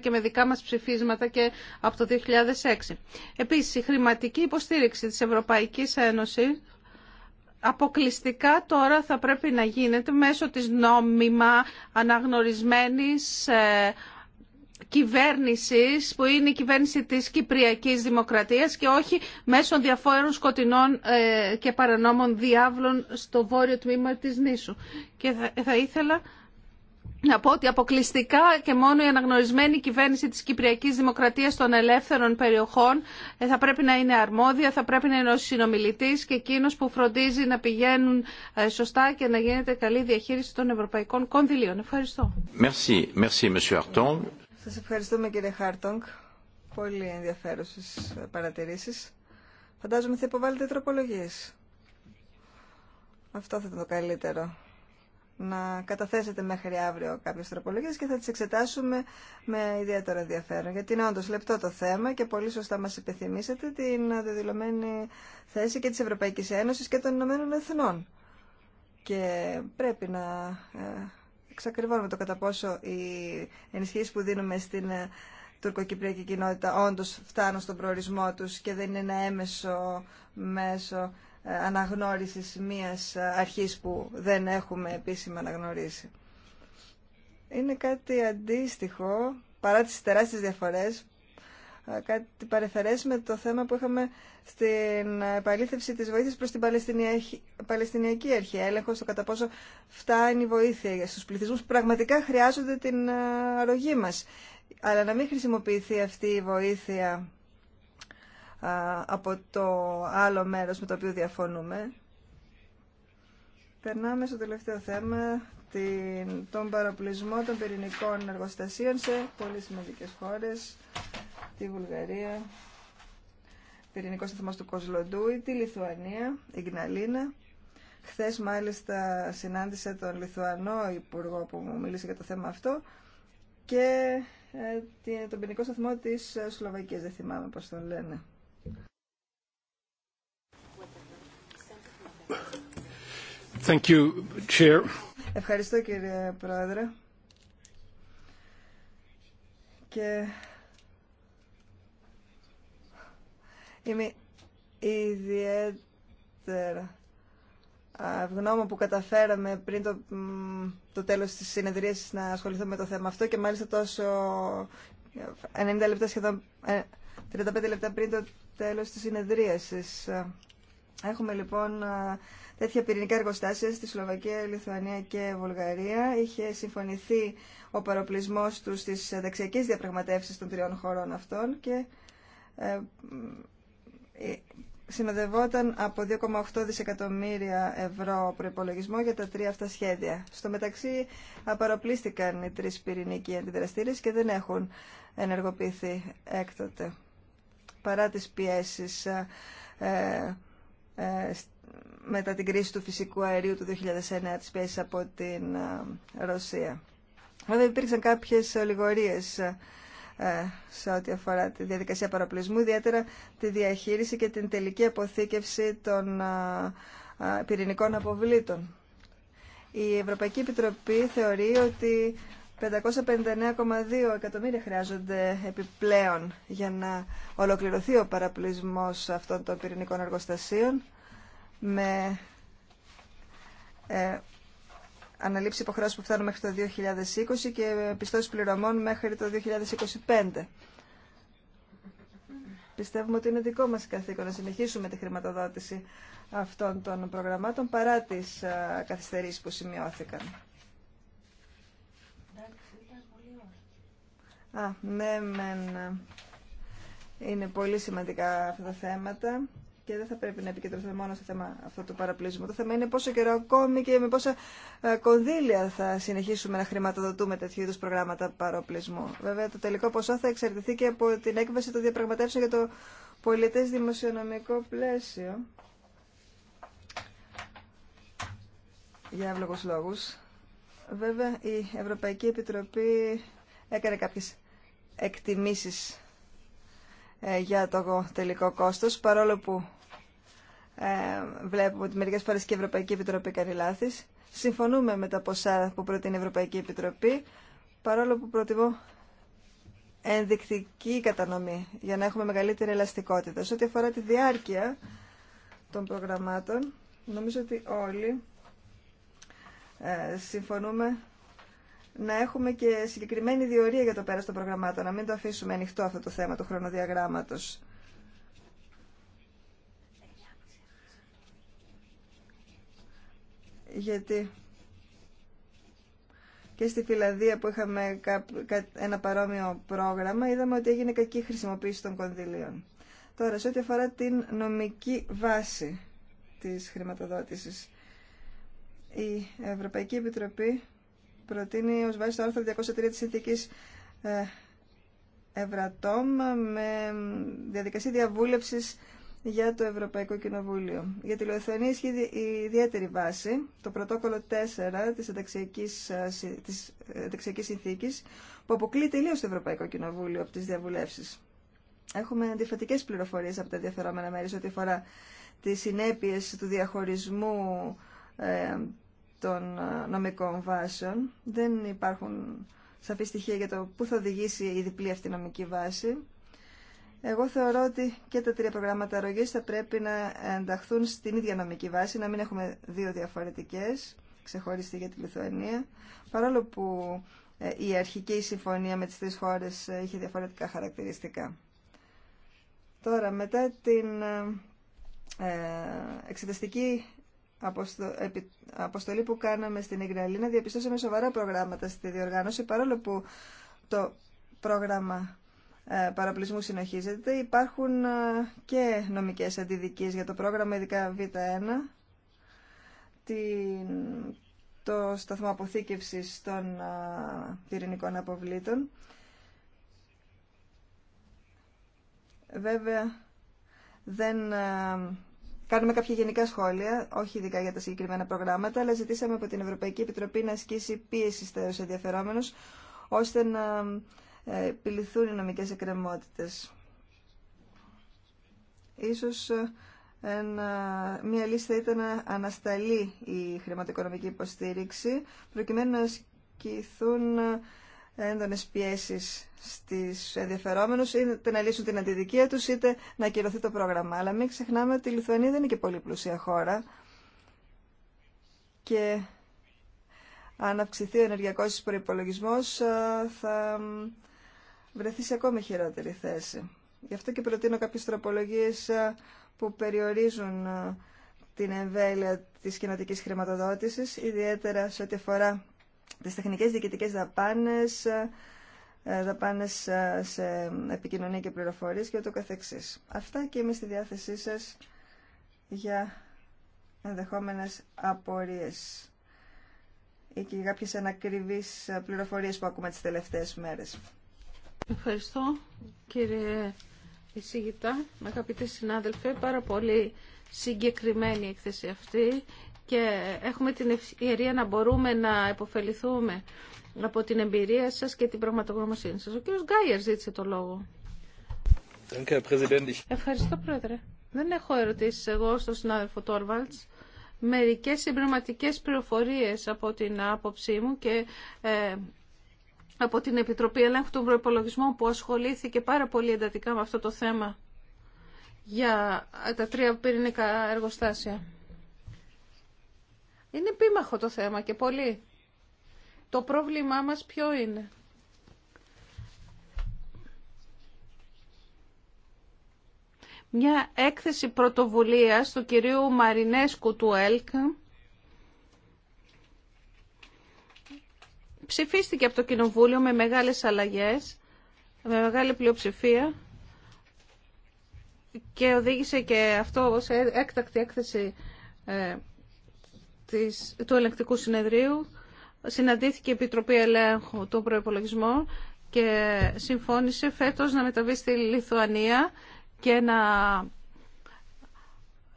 και με δικά μας ψηφίσματα και από το 2006. Επίσης, η χρηματική υποστήριξη της Ευρωπαϊκής Ένωσης αποκλειστικά τώρα θα πρέπει να γίνεται μέσω της νόμιμα αναγνωρισμένης ε, κυβέρνησης που είναι η κυβέρνηση της Κυπριακής Δημοκρατίας και όχι μέσω διαφόρων σκοτεινών ε, και παρανόμων διάβλων στο βόρειο τμήμα της νήσου. Και θα ήθελα να πω ότι αποκλειστικά και μόνο η αναγνωρισμένη κυβέρνηση της Κυπριακής Δημοκρατίας των ελεύθερων περιοχών ε, θα πρέπει να είναι αρμόδια, θα πρέπει να είναι ο συνομιλητής και εκείνος που φροντίζει να πηγαίνουν ε, σωστά και να γίνεται καλή διαχείριση των ευρωπαϊκών κονδυλίων. Ευχαριστώ. Merci. Merci, σας ευχαριστούμε κύριε Χάρτονγκ. Πολύ ενδιαφέρουσες παρατηρήσεις. Φαντάζομαι θα υποβάλλετε τροπολογίες. Αυτό θα ήταν το καλύτερο. Να καταθέσετε μέχρι αύριο κάποιες τροπολογίες και θα τις εξετάσουμε με ιδιαίτερο ενδιαφέρον. Γιατί είναι όντως λεπτό το θέμα και πολύ σωστά μας επιθυμήσατε την αδεδηλωμένη θέση και της Ευρωπαϊκής Ένωσης και των Ηνωμένων Εθνών. Και πρέπει να ε, εξακριβώνουμε το κατά πόσο οι ενισχύσει που δίνουμε στην ε, τουρκοκυπριακή κοινότητα όντω φτάνουν στον προορισμό τους και δεν είναι ένα έμεσο μέσο ε, αναγνώρισης μίας ε, αρχής που δεν έχουμε επίσημα αναγνωρίσει. Είναι κάτι αντίστοιχο, παρά τις τεράστιες διαφορές κάτι παρεθαρές με το θέμα που είχαμε στην επαλήθευση της βοήθειας προς την Παλαιστινιακή Αρχή. Έλεγχο στο κατά πόσο φτάνει η βοήθεια στους πληθυσμούς που πραγματικά χρειάζονται την αρρωγή μας. Αλλά να μην χρησιμοποιηθεί αυτή η βοήθεια από το άλλο μέρος με το οποίο διαφωνούμε. Περνάμε στο τελευταίο θέμα, τον παραπλησμό των πυρηνικών εργοστασίων σε πολύ σημαντικές χώρες τη Βουλγαρία, πυρηνικό σταθμό του Κοζλοντούι, τη Λιθουανία, η Γκναλίνα. Χθε μάλιστα συνάντησα τον Λιθουανό Υπουργό που μου μίλησε για το θέμα αυτό και ε, τον ποινικό σταθμό της ε, Σλοβακίας, δεν θυμάμαι πώ τον λένε. Thank you, Chair. Ευχαριστώ κύριε Πρόεδρε. Και Είμαι ιδιαίτερα ευγνώμων που καταφέραμε πριν το, το τέλος της συνεδρίας να ασχοληθούμε με το θέμα αυτό και μάλιστα τόσο 90 λεπτά 35 ε, λεπτά πριν το τέλος της συνεδρίασης. Έχουμε λοιπόν ε, τέτοια πυρηνικά εργοστάσια στη Σλοβακία, Λιθουανία και Βουλγαρία. Είχε συμφωνηθεί ο παροπλισμός τους στις δεξιακές διαπραγματεύσεις των τριών χωρών αυτών και ε, συνοδευόταν από 2,8 δισεκατομμύρια ευρώ προπολογισμό για τα τρία αυτά σχέδια. Στο μεταξύ απαροπλίστηκαν οι τρεις πυρηνικοί αντιδραστήρες και δεν έχουν ενεργοποιηθεί έκτοτε. Παρά τις πιέσεις ε, ε, ε, μετά την κρίση του φυσικού αερίου του 2009, τις πιέσεις από την Ρωσία. Βέβαια υπήρξαν κάποιες ολιγορίες ε, σε ό,τι αφορά τη διαδικασία παραπλησμού, ιδιαίτερα τη διαχείριση και την τελική αποθήκευση των ε, ε, πυρηνικών αποβλήτων. Η Ευρωπαϊκή Επιτροπή θεωρεί ότι 559,2 εκατομμύρια χρειάζονται επιπλέον για να ολοκληρωθεί ο παραπλησμός αυτών των πυρηνικών εργοστασίων με αναλήψει υποχρεώσεων που φτάνουν μέχρι το 2020 και πιστώσεις πληρωμών μέχρι το 2025. Πιστεύουμε ότι είναι δικό μας καθήκον να συνεχίσουμε τη χρηματοδότηση αυτών των προγραμμάτων παρά τις καθυστερήσεις που σημειώθηκαν. Α, ναι, Είναι πολύ σημαντικά αυτά τα θέματα. Και δεν θα πρέπει να επικεντρωθούμε μόνο στο θέμα αυτό του παραπλήσμου. Το θέμα είναι πόσο καιρό ακόμη και με πόσα ε, κονδύλια θα συνεχίσουμε να χρηματοδοτούμε τέτοιου είδου προγράμματα παροπλισμού. Βέβαια, το τελικό ποσό θα εξαρτηθεί και από την έκβαση των διαπραγματεύσεων για το πολιτέ δημοσιονομικό πλαίσιο. Για εύλογου λόγου. Βέβαια, η Ευρωπαϊκή Επιτροπή έκανε κάποιε εκτιμήσει ε, για το τελικό κόστος, παρόλο που ε, βλέπουμε ότι μερικές φορές και η Ευρωπαϊκή Επιτροπή κάνει λάθη. Συμφωνούμε με τα ποσά που προτείνει η Ευρωπαϊκή Επιτροπή, παρόλο που προτιμώ ενδεικτική κατανομή για να έχουμε μεγαλύτερη ελαστικότητα. Σε ό,τι αφορά τη διάρκεια των προγραμμάτων, νομίζω ότι όλοι ε, συμφωνούμε να έχουμε και συγκεκριμένη διορία για το πέρας των προγραμμάτων, να μην το αφήσουμε ανοιχτό αυτό το θέμα του χρονοδιαγράμματος. γιατί και στη Φιλανδία που είχαμε ένα παρόμοιο πρόγραμμα είδαμε ότι έγινε κακή χρησιμοποίηση των κονδυλίων. Τώρα, σε ό,τι αφορά την νομική βάση της χρηματοδότησης, η Ευρωπαϊκή Επιτροπή προτείνει ως βάση το άρθρο 203 της Συνθήκης ε, Ευρατόμ με διαδικασία διαβούλευσης για το Ευρωπαϊκό Κοινοβούλιο. Για τη Λιθουανία ισχύει η ιδιαίτερη βάση, το πρωτόκολλο 4 της ενταξιακής, ε, της ε, συνθήκης, που αποκλεί τελείως το Ευρωπαϊκό Κοινοβούλιο από τις διαβουλεύσεις. Έχουμε αντιφατικές πληροφορίες από τα ενδιαφερόμενα μέρη σε ό,τι αφορά τις συνέπειες του διαχωρισμού ε, των ε, νομικών βάσεων. Δεν υπάρχουν σαφή στοιχεία για το πού θα οδηγήσει η διπλή αυτή νομική βάση. Εγώ θεωρώ ότι και τα τρία προγράμματα αρρωγή θα πρέπει να ενταχθούν στην ίδια νομική βάση, να μην έχουμε δύο διαφορετικές, ξεχωριστή για τη Λιθουανία, παρόλο που ε, η αρχική συμφωνία με τις τρεις χώρες ε, είχε διαφορετικά χαρακτηριστικά. Τώρα, μετά την ε, εξεταστική αποστολή που κάναμε στην Ιγραλίνα, διαπιστώσαμε σοβαρά προγράμματα στη διοργάνωση, παρόλο που το πρόγραμμα ε, παραπλησμού συνεχίζεται. Υπάρχουν ε, και νομικές αντιδικίες για το πρόγραμμα, ειδικά Β1, την, το σταθμό αποθήκευσης των ε, πυρηνικών αποβλήτων. Βέβαια, δεν κάνουμε κάποια γενικά σχόλια, όχι ειδικά για τα συγκεκριμένα προγράμματα, αλλά ζητήσαμε από την Ευρωπαϊκή Επιτροπή να ασκήσει πίεση στους ενδιαφερόμενους, ώστε να ε, επιληθούν οι νομικές εκκρεμότητες. Ίσως ε, μια λύση θα ήταν να ανασταλεί η χρηματοοικονομική υποστήριξη προκειμένου να ασκηθούν ε, έντονες πιέσεις στις ενδιαφερόμενους είτε να λύσουν την αντιδικία τους είτε να ακυρωθεί το πρόγραμμα. Αλλά μην ξεχνάμε ότι η Λιθουανία δεν είναι και πολύ πλουσία χώρα και αν αυξηθεί ο ενεργειακός προϋπολογισμός θα βρεθεί σε ακόμη χειρότερη θέση. Γι' αυτό και προτείνω κάποιες τροπολογίες ε, που περιορίζουν ε, την εμβέλεια της κοινοτική χρηματοδότησης, ιδιαίτερα σε ό,τι αφορά τις τεχνικές διοικητικές δαπάνες, ε, δαπάνες σε επικοινωνία και πληροφορίες και ούτω καθεξής. Αυτά και είμαι στη διάθεσή σας για ενδεχόμενες απορίες ή και κάποιες ανακριβείς πληροφορίες που ακούμε τις τελευταίες μέρες. Ευχαριστώ κύριε εισηγητά, αγαπητοί συνάδελφοι, πάρα πολύ συγκεκριμένη η έκθεση αυτή και έχουμε την ευκαιρία να μπορούμε να υποφεληθούμε από την εμπειρία σας και την πραγματογνωμοσύνη σας. Ο κύριος Γκάιερ ζήτησε το λόγο. Ευχαριστώ πρόεδρε. Δεν έχω ερωτήσει εγώ στον συνάδελφο Τόρβαλτς μερικές συμπληρωματικέ πληροφορίε από την άποψή μου και ε, από την Επιτροπή Ελέγχου των Προπολογισμών που ασχολήθηκε πάρα πολύ εντατικά με αυτό το θέμα για τα τρία πυρηνικά εργοστάσια. Είναι επίμαχο το θέμα και πολύ. Το πρόβλημά μας ποιο είναι. Μια έκθεση πρωτοβουλίας του κυρίου Μαρινέσκου του ΕΛΚ ψηφίστηκε από το Κοινοβούλιο με μεγάλες αλλαγές, με μεγάλη πλειοψηφία και οδήγησε και αυτό σε έκτακτη έκθεση ε, του ελεγκτικού συνεδρίου. Συναντήθηκε η Επιτροπή Ελέγχου των Προϋπολογισμών και συμφώνησε φέτος να μεταβεί στη Λιθουανία και να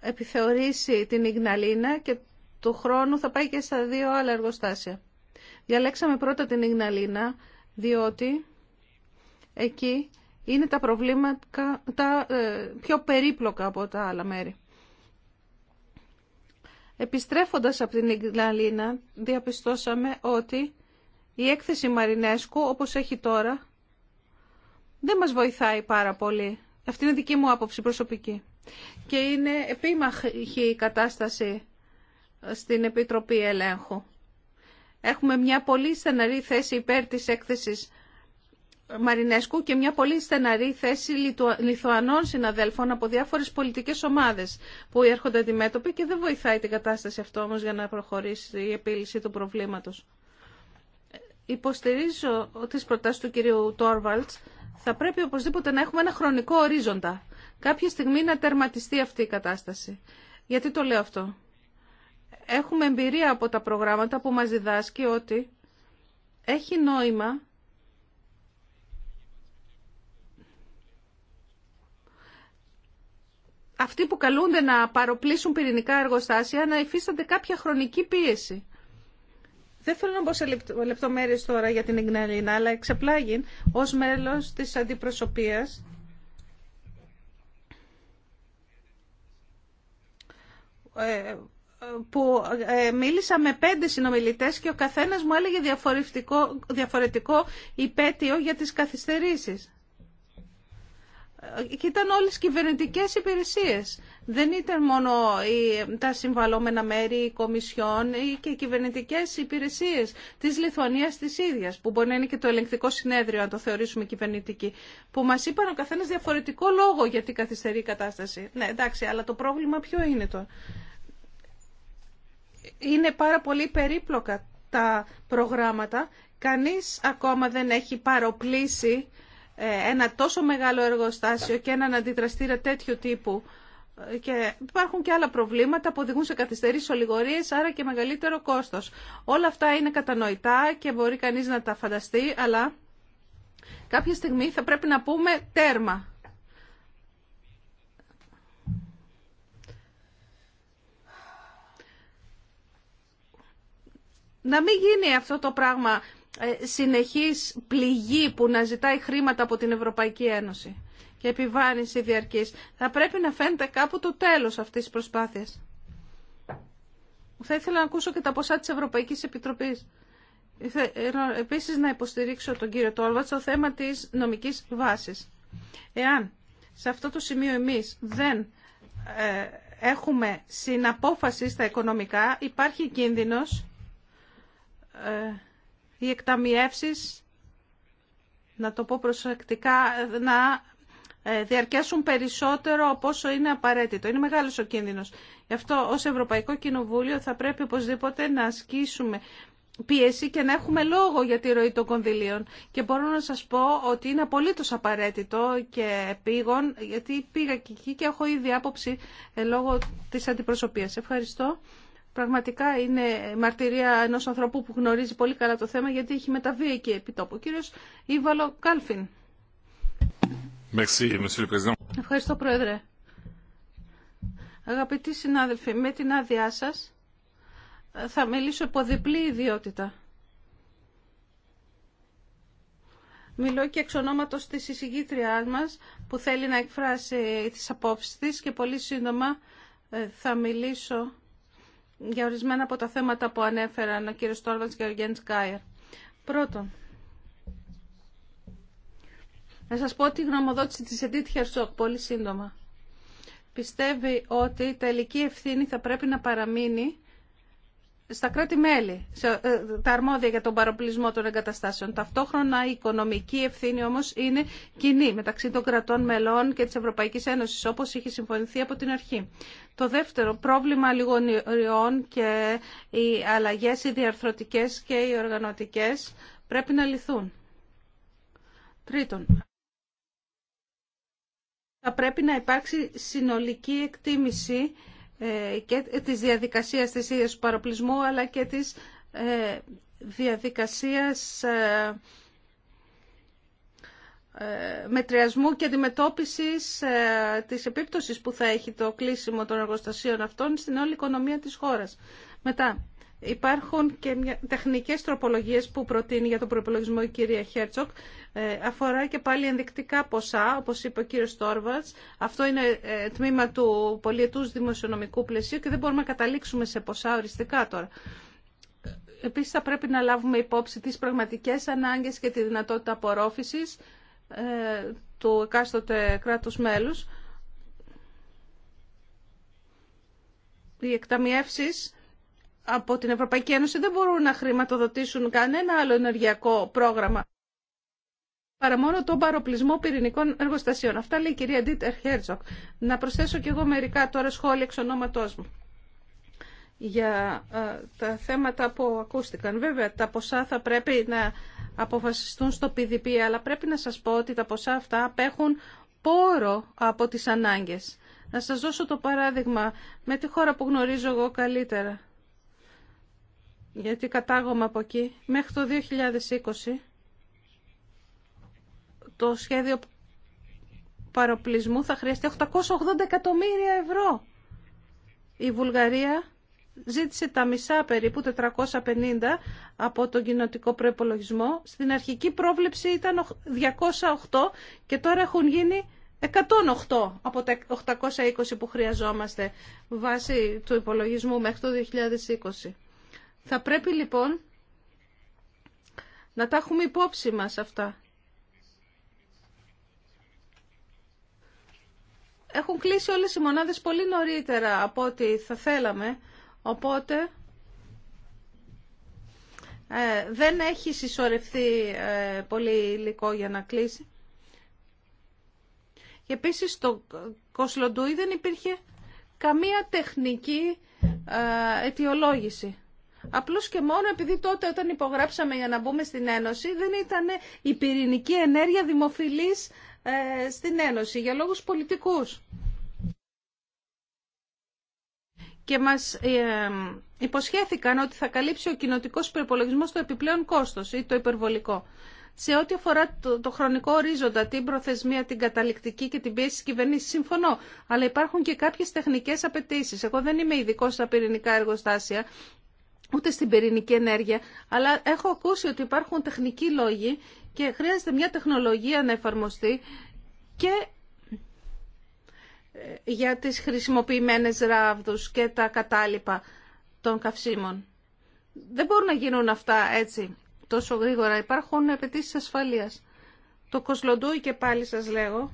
επιθεωρήσει την Ιγναλίνα και του χρόνου θα πάει και στα δύο άλλα εργοστάσια. Διαλέξαμε πρώτα την Ιγναλίνα, διότι εκεί είναι τα προβλήματα τα, ε, πιο περίπλοκα από τα άλλα μέρη. Επιστρέφοντας από την Ιγναλίνα, διαπιστώσαμε ότι η έκθεση Μαρινέσκου, όπως έχει τώρα, δεν μας βοηθάει πάρα πολύ. Αυτή είναι δική μου άποψη προσωπική. Και είναι επίμαχη η κατάσταση στην Επιτροπή Ελέγχου. Έχουμε μια πολύ στεναρή θέση υπέρ της έκθεσης Μαρινέσκου και μια πολύ στεναρή θέση Λιθουανών συναδέλφων από διάφορες πολιτικές ομάδες που έρχονται αντιμέτωποι και δεν βοηθάει την κατάσταση αυτό όμως για να προχωρήσει η επίλυση του προβλήματος. Υποστηρίζω τις προτάσεις του κυρίου Τόρβαλτς. Θα πρέπει οπωσδήποτε να έχουμε ένα χρονικό ορίζοντα. Κάποια στιγμή να τερματιστεί αυτή η κατάσταση. Γιατί το λέω αυτό έχουμε εμπειρία από τα προγράμματα που μας διδάσκει ότι έχει νόημα αυτοί που καλούνται να παροπλήσουν πυρηνικά εργοστάσια να υφίστανται κάποια χρονική πίεση. Δεν θέλω να μπω σε λεπτομέρειες τώρα για την Ιγναλίνα, αλλά εξεπλάγει ως μέλος της αντιπροσωπείας ε, που ε, μίλησα με πέντε συνομιλητές και ο καθένας μου έλεγε διαφορετικό, διαφορετικό υπέτειο για τις καθυστερήσεις. Ε, και ήταν όλες κυβερνητικές υπηρεσίες. Δεν ήταν μόνο τα συμβαλώμενα μέρη, οι κομισιόν ή και οι κυβερνητικές υπηρεσίες της Λιθουανίας της ίδιας, που μπορεί να είναι και το ελεγκτικό συνέδριο, αν το θεωρήσουμε κυβερνητική, που μας είπαν ο καθένας διαφορετικό λόγο για την καθυστερή κατάσταση. Ναι, εντάξει, αλλά το πρόβλημα ποιο είναι Το είναι πάρα πολύ περίπλοκα τα προγράμματα. Κανείς ακόμα δεν έχει παροπλήσει ε, ένα τόσο μεγάλο εργοστάσιο και έναν αντιδραστήρα τέτοιου τύπου. Ε, και υπάρχουν και άλλα προβλήματα που οδηγούν σε καθυστερήσεις ολιγορίες, άρα και μεγαλύτερο κόστος. Όλα αυτά είναι κατανοητά και μπορεί κανείς να τα φανταστεί, αλλά κάποια στιγμή θα πρέπει να πούμε τέρμα. να μην γίνει αυτό το πράγμα ε, συνεχής πληγή που να ζητάει χρήματα από την Ευρωπαϊκή Ένωση και επιβάρυνση διαρκής. Θα πρέπει να φαίνεται κάπου το τέλος αυτής της προσπάθειας. Θα ήθελα να ακούσω και τα ποσά της Ευρωπαϊκής Επιτροπής. Ε, επίσης να υποστηρίξω τον κύριο Τόλβατ στο θέμα της νομικής βάσης. Εάν σε αυτό το σημείο εμείς δεν ε, έχουμε συναπόφαση στα οικονομικά, υπάρχει κίνδυνος ε, οι εκταμιεύσεις, να το πω προσεκτικά, να ε, διαρκέσουν περισσότερο από όσο είναι απαραίτητο. Είναι μεγάλος ο κίνδυνος. Γι' αυτό ως Ευρωπαϊκό Κοινοβούλιο θα πρέπει οπωσδήποτε να ασκήσουμε πίεση και να έχουμε λόγο για τη ροή των κονδυλίων. Και μπορώ να σας πω ότι είναι απολύτως απαραίτητο και επίγον, γιατί πήγα και εκεί και έχω ήδη άποψη ε, λόγω της αντιπροσωπείας. Ευχαριστώ. Πραγματικά είναι μαρτυρία ενός ανθρώπου που γνωρίζει πολύ καλά το θέμα γιατί έχει μεταβεί εκεί επί τόπου. Ο κύριος Ήβαλο Κάλφιν. Ευχαριστώ Πρόεδρε. Αγαπητοί συνάδελφοι, με την άδειά σας ε, θα μιλήσω υπό διπλή ιδιότητα. Μιλώ και εξ ονόματος της εισηγήτριάς μας που θέλει να εκφράσει τις απόψεις της και πολύ σύντομα ε, θα μιλήσω για ορισμένα από τα θέματα που ανέφεραν ο κύριος Τόρβαντς και ο Γιάννης Κάιερ. Πρώτον, να σας πω τη γνωμοδότηση της Εντίτ Χερσόκ, πολύ σύντομα. Πιστεύει ότι η τελική ευθύνη θα πρέπει να παραμείνει στα κράτη-μέλη, ε, τα αρμόδια για τον παροπλισμό των εγκαταστάσεων. Ταυτόχρονα η οικονομική ευθύνη όμω είναι κοινή μεταξύ των κρατών μελών και της Ευρωπαϊκής Ένωσης, όπως είχε συμφωνηθεί από την αρχή. Το δεύτερο, πρόβλημα λιγονιών και οι αλλαγές, οι διαρθρωτικέ και οι οργανωτικές πρέπει να λυθούν. Τρίτον, θα πρέπει να υπάρξει συνολική εκτίμηση ε, και της διαδικασίας της ίδιας του παροπλισμού αλλά και της ε, διαδικασίας ε, μετριασμού και αντιμετώπισης της επίπτωσης που θα έχει το κλείσιμο των εργοστασίων αυτών στην όλη οικονομία της χώρας. Μετά, Υπάρχουν και μια, τεχνικές τροπολογίες που προτείνει για τον προπολογισμό η κυρία Χέρτσοκ. Ε, αφορά και πάλι ενδεικτικά ποσά, όπως είπε ο κύριος Τόρβατς. Αυτό είναι ε, τμήμα του πολιετούς δημοσιονομικού πλαισίου και δεν μπορούμε να καταλήξουμε σε ποσά οριστικά τώρα. Επίσης θα πρέπει να λάβουμε υπόψη τις πραγματικές ανάγκες και τη δυνατότητα απορρόφησης ε, του εκάστοτε κράτους μέλους. Οι εκταμιεύσεις από την Ευρωπαϊκή Ένωση δεν μπορούν να χρηματοδοτήσουν κανένα άλλο ενεργειακό πρόγραμμα παρά μόνο τον παροπλισμό πυρηνικών εργοστασίων. Αυτά λέει η κυρία Ντίτερ Χέρτζοκ. Να προσθέσω και εγώ μερικά τώρα σχόλια εξ ονόματός μου για ε, τα θέματα που ακούστηκαν. Βέβαια, τα ποσά θα πρέπει να αποφασιστούν στο PDP, αλλά πρέπει να σας πω ότι τα ποσά αυτά απέχουν πόρο από τις ανάγκες. Να σας δώσω το παράδειγμα με τη χώρα που γνωρίζω εγώ καλύτερα γιατί κατάγομαι από εκεί, μέχρι το 2020 το σχέδιο παροπλισμού θα χρειαστεί 880 εκατομμύρια ευρώ. Η Βουλγαρία ζήτησε τα μισά περίπου, 450 από τον κοινοτικό προπολογισμό. Στην αρχική πρόβλεψη ήταν 208 και τώρα έχουν γίνει 108 από τα 820 που χρειαζόμαστε βάσει του υπολογισμού μέχρι το 2020. Θα πρέπει λοιπόν να τα έχουμε υπόψη μας αυτά. Έχουν κλείσει όλες οι μονάδες πολύ νωρίτερα από ό,τι θα θέλαμε, οπότε ε, δεν έχει συσσωρευτεί ε, πολύ υλικό για να κλείσει. Και επίσης στο Κοσλοντούι δεν υπήρχε καμία τεχνική ε, αιτιολόγηση. Απλώς και μόνο επειδή τότε όταν υπογράψαμε για να μπούμε στην Ένωση δεν ήταν η πυρηνική ενέργεια δημοφιλής ε, στην Ένωση για λόγους πολιτικούς. Και μας ε, υποσχέθηκαν ότι θα καλύψει ο κοινοτικός προπολογισμό το επιπλέον κόστος ή το υπερβολικό. Σε ό,τι αφορά το, το, χρονικό ορίζοντα, την προθεσμία, την καταληκτική και την πίεση τη κυβέρνηση, συμφωνώ. Αλλά υπάρχουν και κάποιε τεχνικέ απαιτήσει. Εγώ δεν είμαι ειδικό στα πυρηνικά εργοστάσια, ούτε στην πυρηνική ενέργεια, αλλά έχω ακούσει ότι υπάρχουν τεχνικοί λόγοι και χρειάζεται μια τεχνολογία να εφαρμοστεί και ε, για τις χρησιμοποιημένες ράβδους και τα κατάλοιπα των καυσίμων. Δεν μπορούν να γίνουν αυτά έτσι τόσο γρήγορα. Υπάρχουν απαιτήσει ασφαλείας. Το Κοσλοντούι και πάλι σας λέγω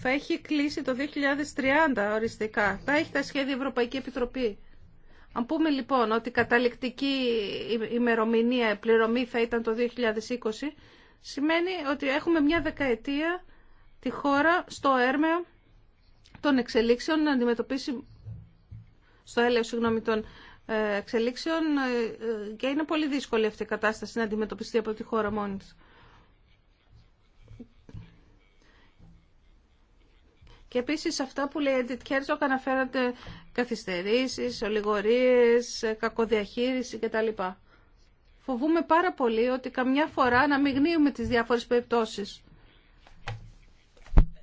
θα έχει κλείσει το 2030 οριστικά. Θα έχει τα σχέδια Ευρωπαϊκή Επιτροπή. Αν πούμε λοιπόν ότι η καταληκτική ημερομηνία πληρωμή θα ήταν το 2020, σημαίνει ότι έχουμε μια δεκαετία τη χώρα στο έρμεο των εξελίξεων να αντιμετωπίσει στο έλεος συγγνώμη, των ε, εξελίξεων ε, ε, και είναι πολύ δύσκολη αυτή η κατάσταση να αντιμετωπιστεί από τη χώρα μόνη της. Και επίσης αυτά που λέει η Edith Herzog αναφέρονται καθυστερήσεις, ολιγορίες, κακοδιαχείριση κτλ. Φοβούμε πάρα πολύ ότι καμιά φορά να μην γνύουμε τις διάφορες περιπτώσεις.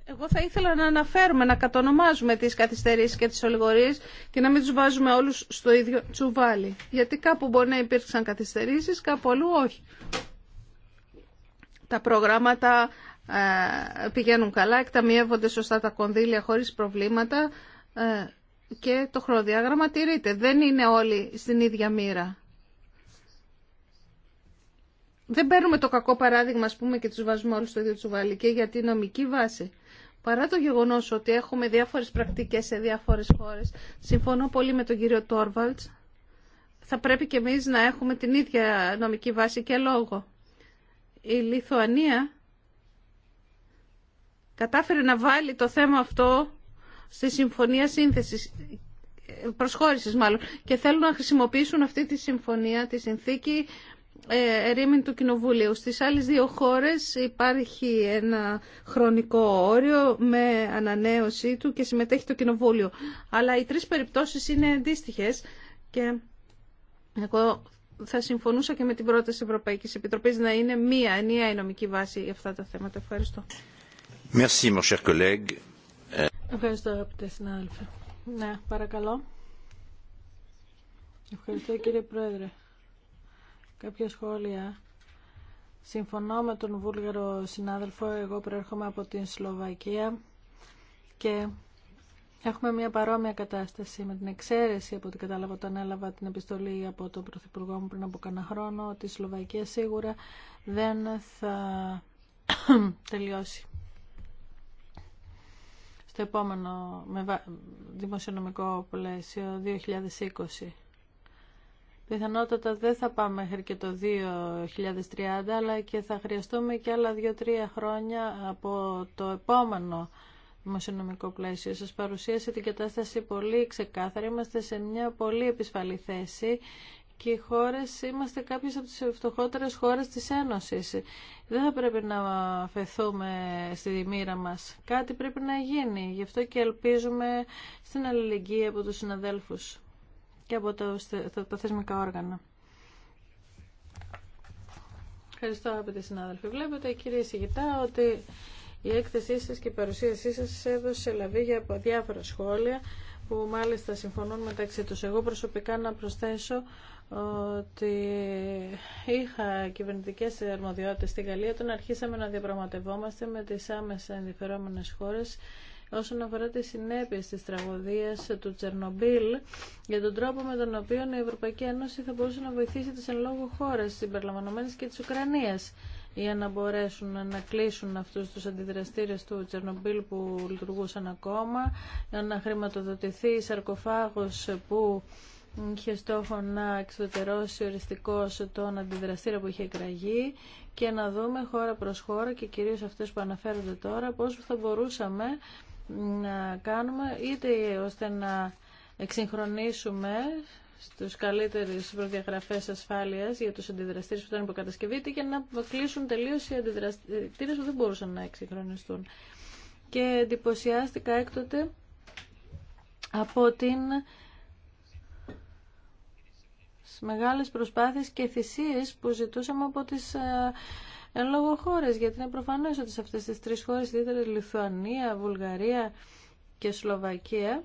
Εγώ θα ήθελα να αναφέρουμε, να κατονομάζουμε τις καθυστερήσεις και τις ολιγορίες και να μην τους βάζουμε όλους στο ίδιο τσουβάλι. Γιατί κάπου μπορεί να υπήρξαν καθυστερήσεις, κάπου όχι. Τα προγράμματα ε, πηγαίνουν καλά, εκταμιεύονται σωστά τα κονδύλια χωρίς προβλήματα ε, και το χρονοδιάγραμμα τηρείται. Δεν είναι όλοι στην ίδια μοίρα. Δεν παίρνουμε το κακό παράδειγμα, ας πούμε, και τους βάζουμε όλους στο ίδιο τσουβάλι και για τη νομική βάση. Παρά το γεγονός ότι έχουμε διάφορες πρακτικές σε διάφορες χώρες, συμφωνώ πολύ με τον κύριο Τόρβαλτς, θα πρέπει και εμείς να έχουμε την ίδια νομική βάση και λόγο. Η Λιθουανία κατάφερε να βάλει το θέμα αυτό στη συμφωνία σύνθεσης προσχώρησης μάλλον και θέλουν να χρησιμοποιήσουν αυτή τη συμφωνία, τη συνθήκη ε, ερήμην του Κοινοβουλίου. Στις άλλες δύο χώρες υπάρχει ένα χρονικό όριο με ανανέωσή του και συμμετέχει το Κοινοβούλιο. Αλλά οι τρεις περιπτώσεις είναι αντίστοιχε και εγώ θα συμφωνούσα και με την πρόταση Ευρωπαϊκής Επιτροπής να είναι μία ενιαία η νομική βάση για αυτά τα θέματα. Ευχαριστώ. Merci, mon cher collègue. Ευχαριστώ, αγαπητέ συνάδελφε. Ναι, παρακαλώ. Ευχαριστώ, κύριε Πρόεδρε. Κάποια σχόλια. Συμφωνώ με τον βούλγαρο συνάδελφο. Εγώ προέρχομαι από την Σλοβακία και έχουμε μια παρόμοια κατάσταση με την εξαίρεση από ό,τι κατάλαβα όταν έλαβα την επιστολή από τον Πρωθυπουργό μου πριν από κανένα χρόνο ότι η Σλοβακία σίγουρα δεν θα [CLEARS THROAT] τελειώσει. Το επόμενο δημοσιονομικό πλαίσιο 2020. Πιθανότατα δεν θα πάμε μέχρι και το 2030, αλλά και θα χρειαστούμε και άλλα 2-3 χρόνια από το επόμενο δημοσιονομικό πλαίσιο. Σας παρουσίασε την κατάσταση πολύ ξεκάθαρη. Είμαστε σε μια πολύ επισφαλή θέση και οι χώρες είμαστε κάποιες από τις φτωχότερες χώρες της Ένωσης. Δεν θα πρέπει να φεθούμε στη μοίρα μας. Κάτι πρέπει να γίνει. Γι' αυτό και ελπίζουμε στην αλληλεγγύη από τους συναδέλφους και από τα θεσμικά όργανα. Ευχαριστώ αγαπητοί συνάδελφοι. Βλέπετε κύριε Σιγητά ότι η έκθεσή σας και η παρουσίασή σας έδωσε λαβή για διάφορα σχόλια που μάλιστα συμφωνούν μεταξύ τους. Εγώ προσωπικά να προσθέσω ότι είχα κυβερνητικέ αρμοδιότητε στη Γαλλία όταν αρχίσαμε να διαπραγματευόμαστε με τι άμεσα ενδιαφερόμενε χώρε όσον αφορά τις συνέπειες της τραγωδίας του Τσερνομπίλ για τον τρόπο με τον οποίο η Ευρωπαϊκή Ένωση θα μπορούσε να βοηθήσει τις εν λόγω χώρες συμπεριλαμβανομένες και της Ουκρανίας για να μπορέσουν να κλείσουν αυτούς τους αντιδραστήρες του Τσερνομπίλ που λειτουργούσαν ακόμα, να χρηματοδοτηθεί η σαρκοφάγος που είχε στόχο να εξωτερώσει οριστικώς τον αντιδραστήρα που είχε εκραγεί και να δούμε χώρα προς χώρα και κυρίως αυτές που αναφέρονται τώρα πώς θα μπορούσαμε να κάνουμε είτε ώστε να εξυγχρονίσουμε στους καλύτερες προδιαγραφές ασφάλειας για τους αντιδραστήρες που ήταν υποκατασκευή και να κλείσουν τελείως οι αντιδραστήρες που δεν μπορούσαν να εξυγχρονιστούν. Και εντυπωσιάστηκα έκτοτε από την μεγάλες προσπάθειες και θυσίες που ζητούσαμε από τις ε, εν λόγω χώρες, γιατί είναι προφανές ότι σε αυτές τις τρεις χώρες, ιδιαίτερα Λιθουανία, Βουλγαρία και Σλοβακία,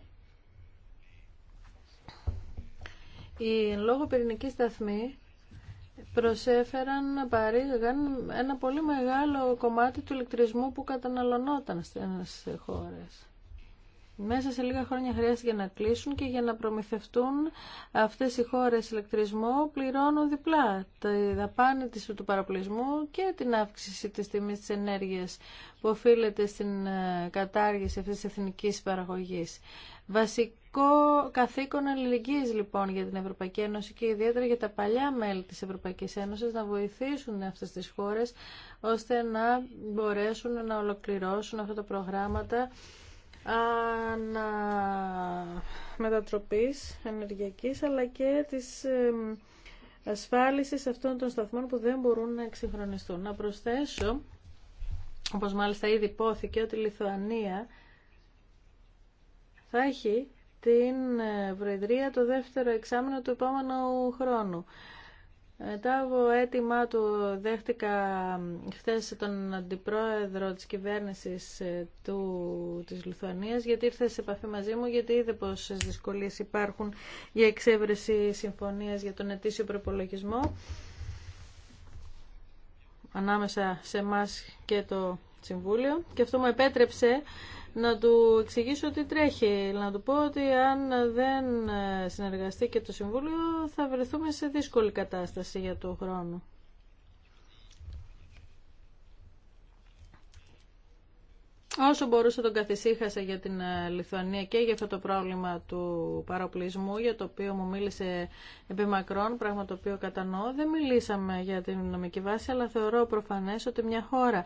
οι εν λόγω πυρηνικοί σταθμοί προσέφεραν, παρήγαγαν ένα πολύ μεγάλο κομμάτι του ηλεκτρισμού που καταναλωνόταν στις χώρες. Μέσα σε λίγα χρόνια χρειάζεται για να κλείσουν και για να προμηθευτούν αυτές οι χώρες ηλεκτρισμό πληρώνουν διπλά τα δαπάνη του παραπλησμού και την αύξηση της τιμής της ενέργειας που οφείλεται στην ε, κατάργηση αυτής της εθνικής παραγωγής. Βασικό καθήκον αλληλεγγύης λοιπόν για την Ευρωπαϊκή Ένωση και ιδιαίτερα για τα παλιά μέλη της Ευρωπαϊκής Ένωσης να βοηθήσουν αυτές τις χώρες ώστε να μπορέσουν να ολοκληρώσουν αυτά τα προγράμματα ανα... μετατροπής ενεργειακής αλλά και της ασφάλισης αυτών των σταθμών που δεν μπορούν να εξυγχρονιστούν. Να προσθέσω, όπως μάλιστα ήδη υπόθηκε, ότι η Λιθουανία θα έχει την ε, Προεδρία το δεύτερο εξάμεινο του επόμενου χρόνου. Μετά από αίτημά του δέχτηκα χθε τον αντιπρόεδρο της κυβέρνησης ε, του, της Λουθωνίας γιατί ήρθε σε επαφή μαζί μου γιατί είδε πόσες δυσκολίες υπάρχουν για εξέβρεση συμφωνίας για τον ετήσιο προπολογισμό ανάμεσα σε εμά και το Συμβούλιο και αυτό μου επέτρεψε να του εξηγήσω ότι τρέχει, να του πω ότι αν δεν συνεργαστεί και το Συμβούλιο θα βρεθούμε σε δύσκολη κατάσταση για το χρόνο. Όσο μπορούσα τον καθησύχασα για την ε, Λιθουανία και για αυτό το πρόβλημα του παροπλισμού για το οποίο μου μίλησε επί μακρόν, πράγμα το οποίο κατανοώ. Δεν μιλήσαμε για την νομική βάση, αλλά θεωρώ προφανές ότι μια χώρα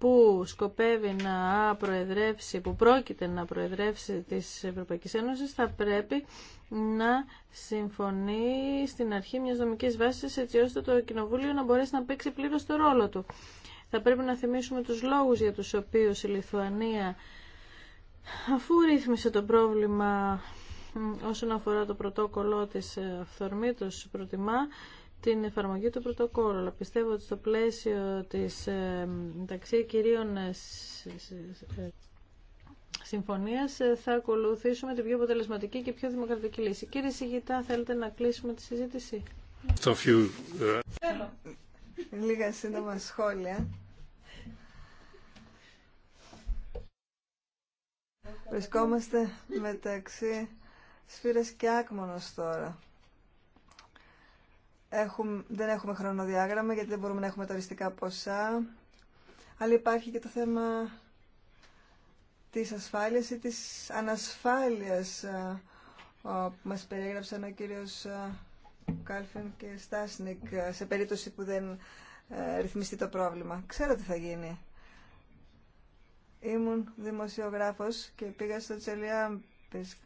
που σκοπεύει να προεδρεύσει, που πρόκειται να προεδρεύσει της Ευρωπαϊκής Ένωσης θα πρέπει να συμφωνεί στην αρχή μιας δομικής βάσης έτσι ώστε το Κοινοβούλιο να μπορέσει να παίξει πλήρως το ρόλο του. Θα πρέπει να θυμίσουμε τους λόγους για τους οποίους η Λιθουανία αφού ρύθμισε το πρόβλημα όσον αφορά το πρωτόκολλό της ε, αυθορμήτως προτιμά την εφαρμογή του πρωτοκόλλου. Αλλά πιστεύω ότι στο πλαίσιο της ε, μεταξύ κυρίων ε, ε, συμφωνίας θα ακολουθήσουμε την πιο αποτελεσματική και πιο δημοκρατική λύση. Κύριε Σιγητά, θέλετε να κλείσουμε τη συζήτηση. Uh, Λίγα σύντομα σχόλια. Βρισκόμαστε μεταξύ σφύρας και άκμονος τώρα. Έχουμε, δεν έχουμε χρονοδιάγραμμα γιατί δεν μπορούμε να έχουμε τα οριστικά ποσά. Αλλά υπάρχει και το θέμα της ασφάλειας ή της ανασφάλειας ε, που μας περιέγραψαν ο κύριος ε, Κάλφεν και Στάσνικ ε, σε περίπτωση που δεν ρυθμιστεί το πρόβλημα. Ξέρω τι θα γίνει. Ήμουν δημοσιογράφος και πήγα στο Τσελιαμπίσκ.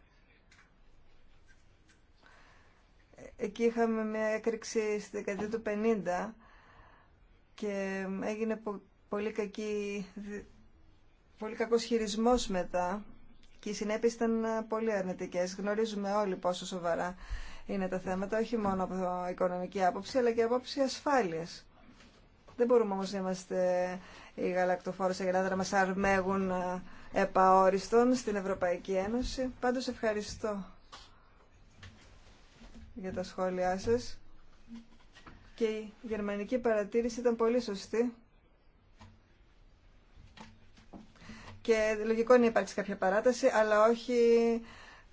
εκεί είχαμε μια έκρηξη στη δεκαετία του 50 και έγινε πολύ, κακή, πολύ κακός χειρισμός μετά και οι συνέπειε ήταν ε, πολύ αρνητικές. Γνωρίζουμε όλοι πόσο σοβαρά είναι τα θέματα, όχι μόνο από οικονομική άποψη, αλλά και άποψη ασφάλειας. Δεν μπορούμε όμως να είμαστε οι γαλακτοφόρες για να μας αρμέγουν ε, επαόριστον στην Ευρωπαϊκή Ένωση. Πάντως ευχαριστώ για τα σχόλιά σας και η γερμανική παρατήρηση ήταν πολύ σωστή και λογικό είναι να υπάρξει κάποια παράταση αλλά όχι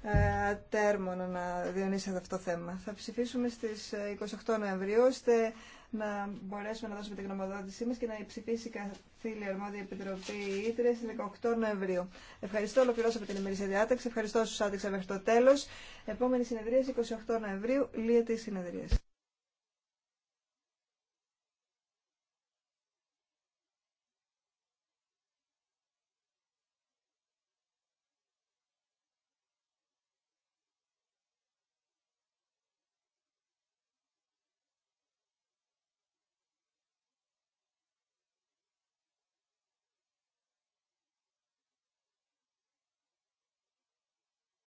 ε, τέρμονο να διονύσετε αυτό το θέμα. Θα ψηφίσουμε στις 28 ε, Νοεμβρίου ώστε να μπορέσουμε να δώσουμε την γνωμοδότησή μας και να ψηφίσει Στη Αρμόδια Επιτροπή Ήτρε 18 Νοεμβρίου. Ευχαριστώ, από την ημερήσια διάταξη. Ευχαριστώ όσους άντεξαν μέχρι το τέλος. Επόμενη συνεδρία 28 Νοεμβρίου, λύεται η Συνεδρία.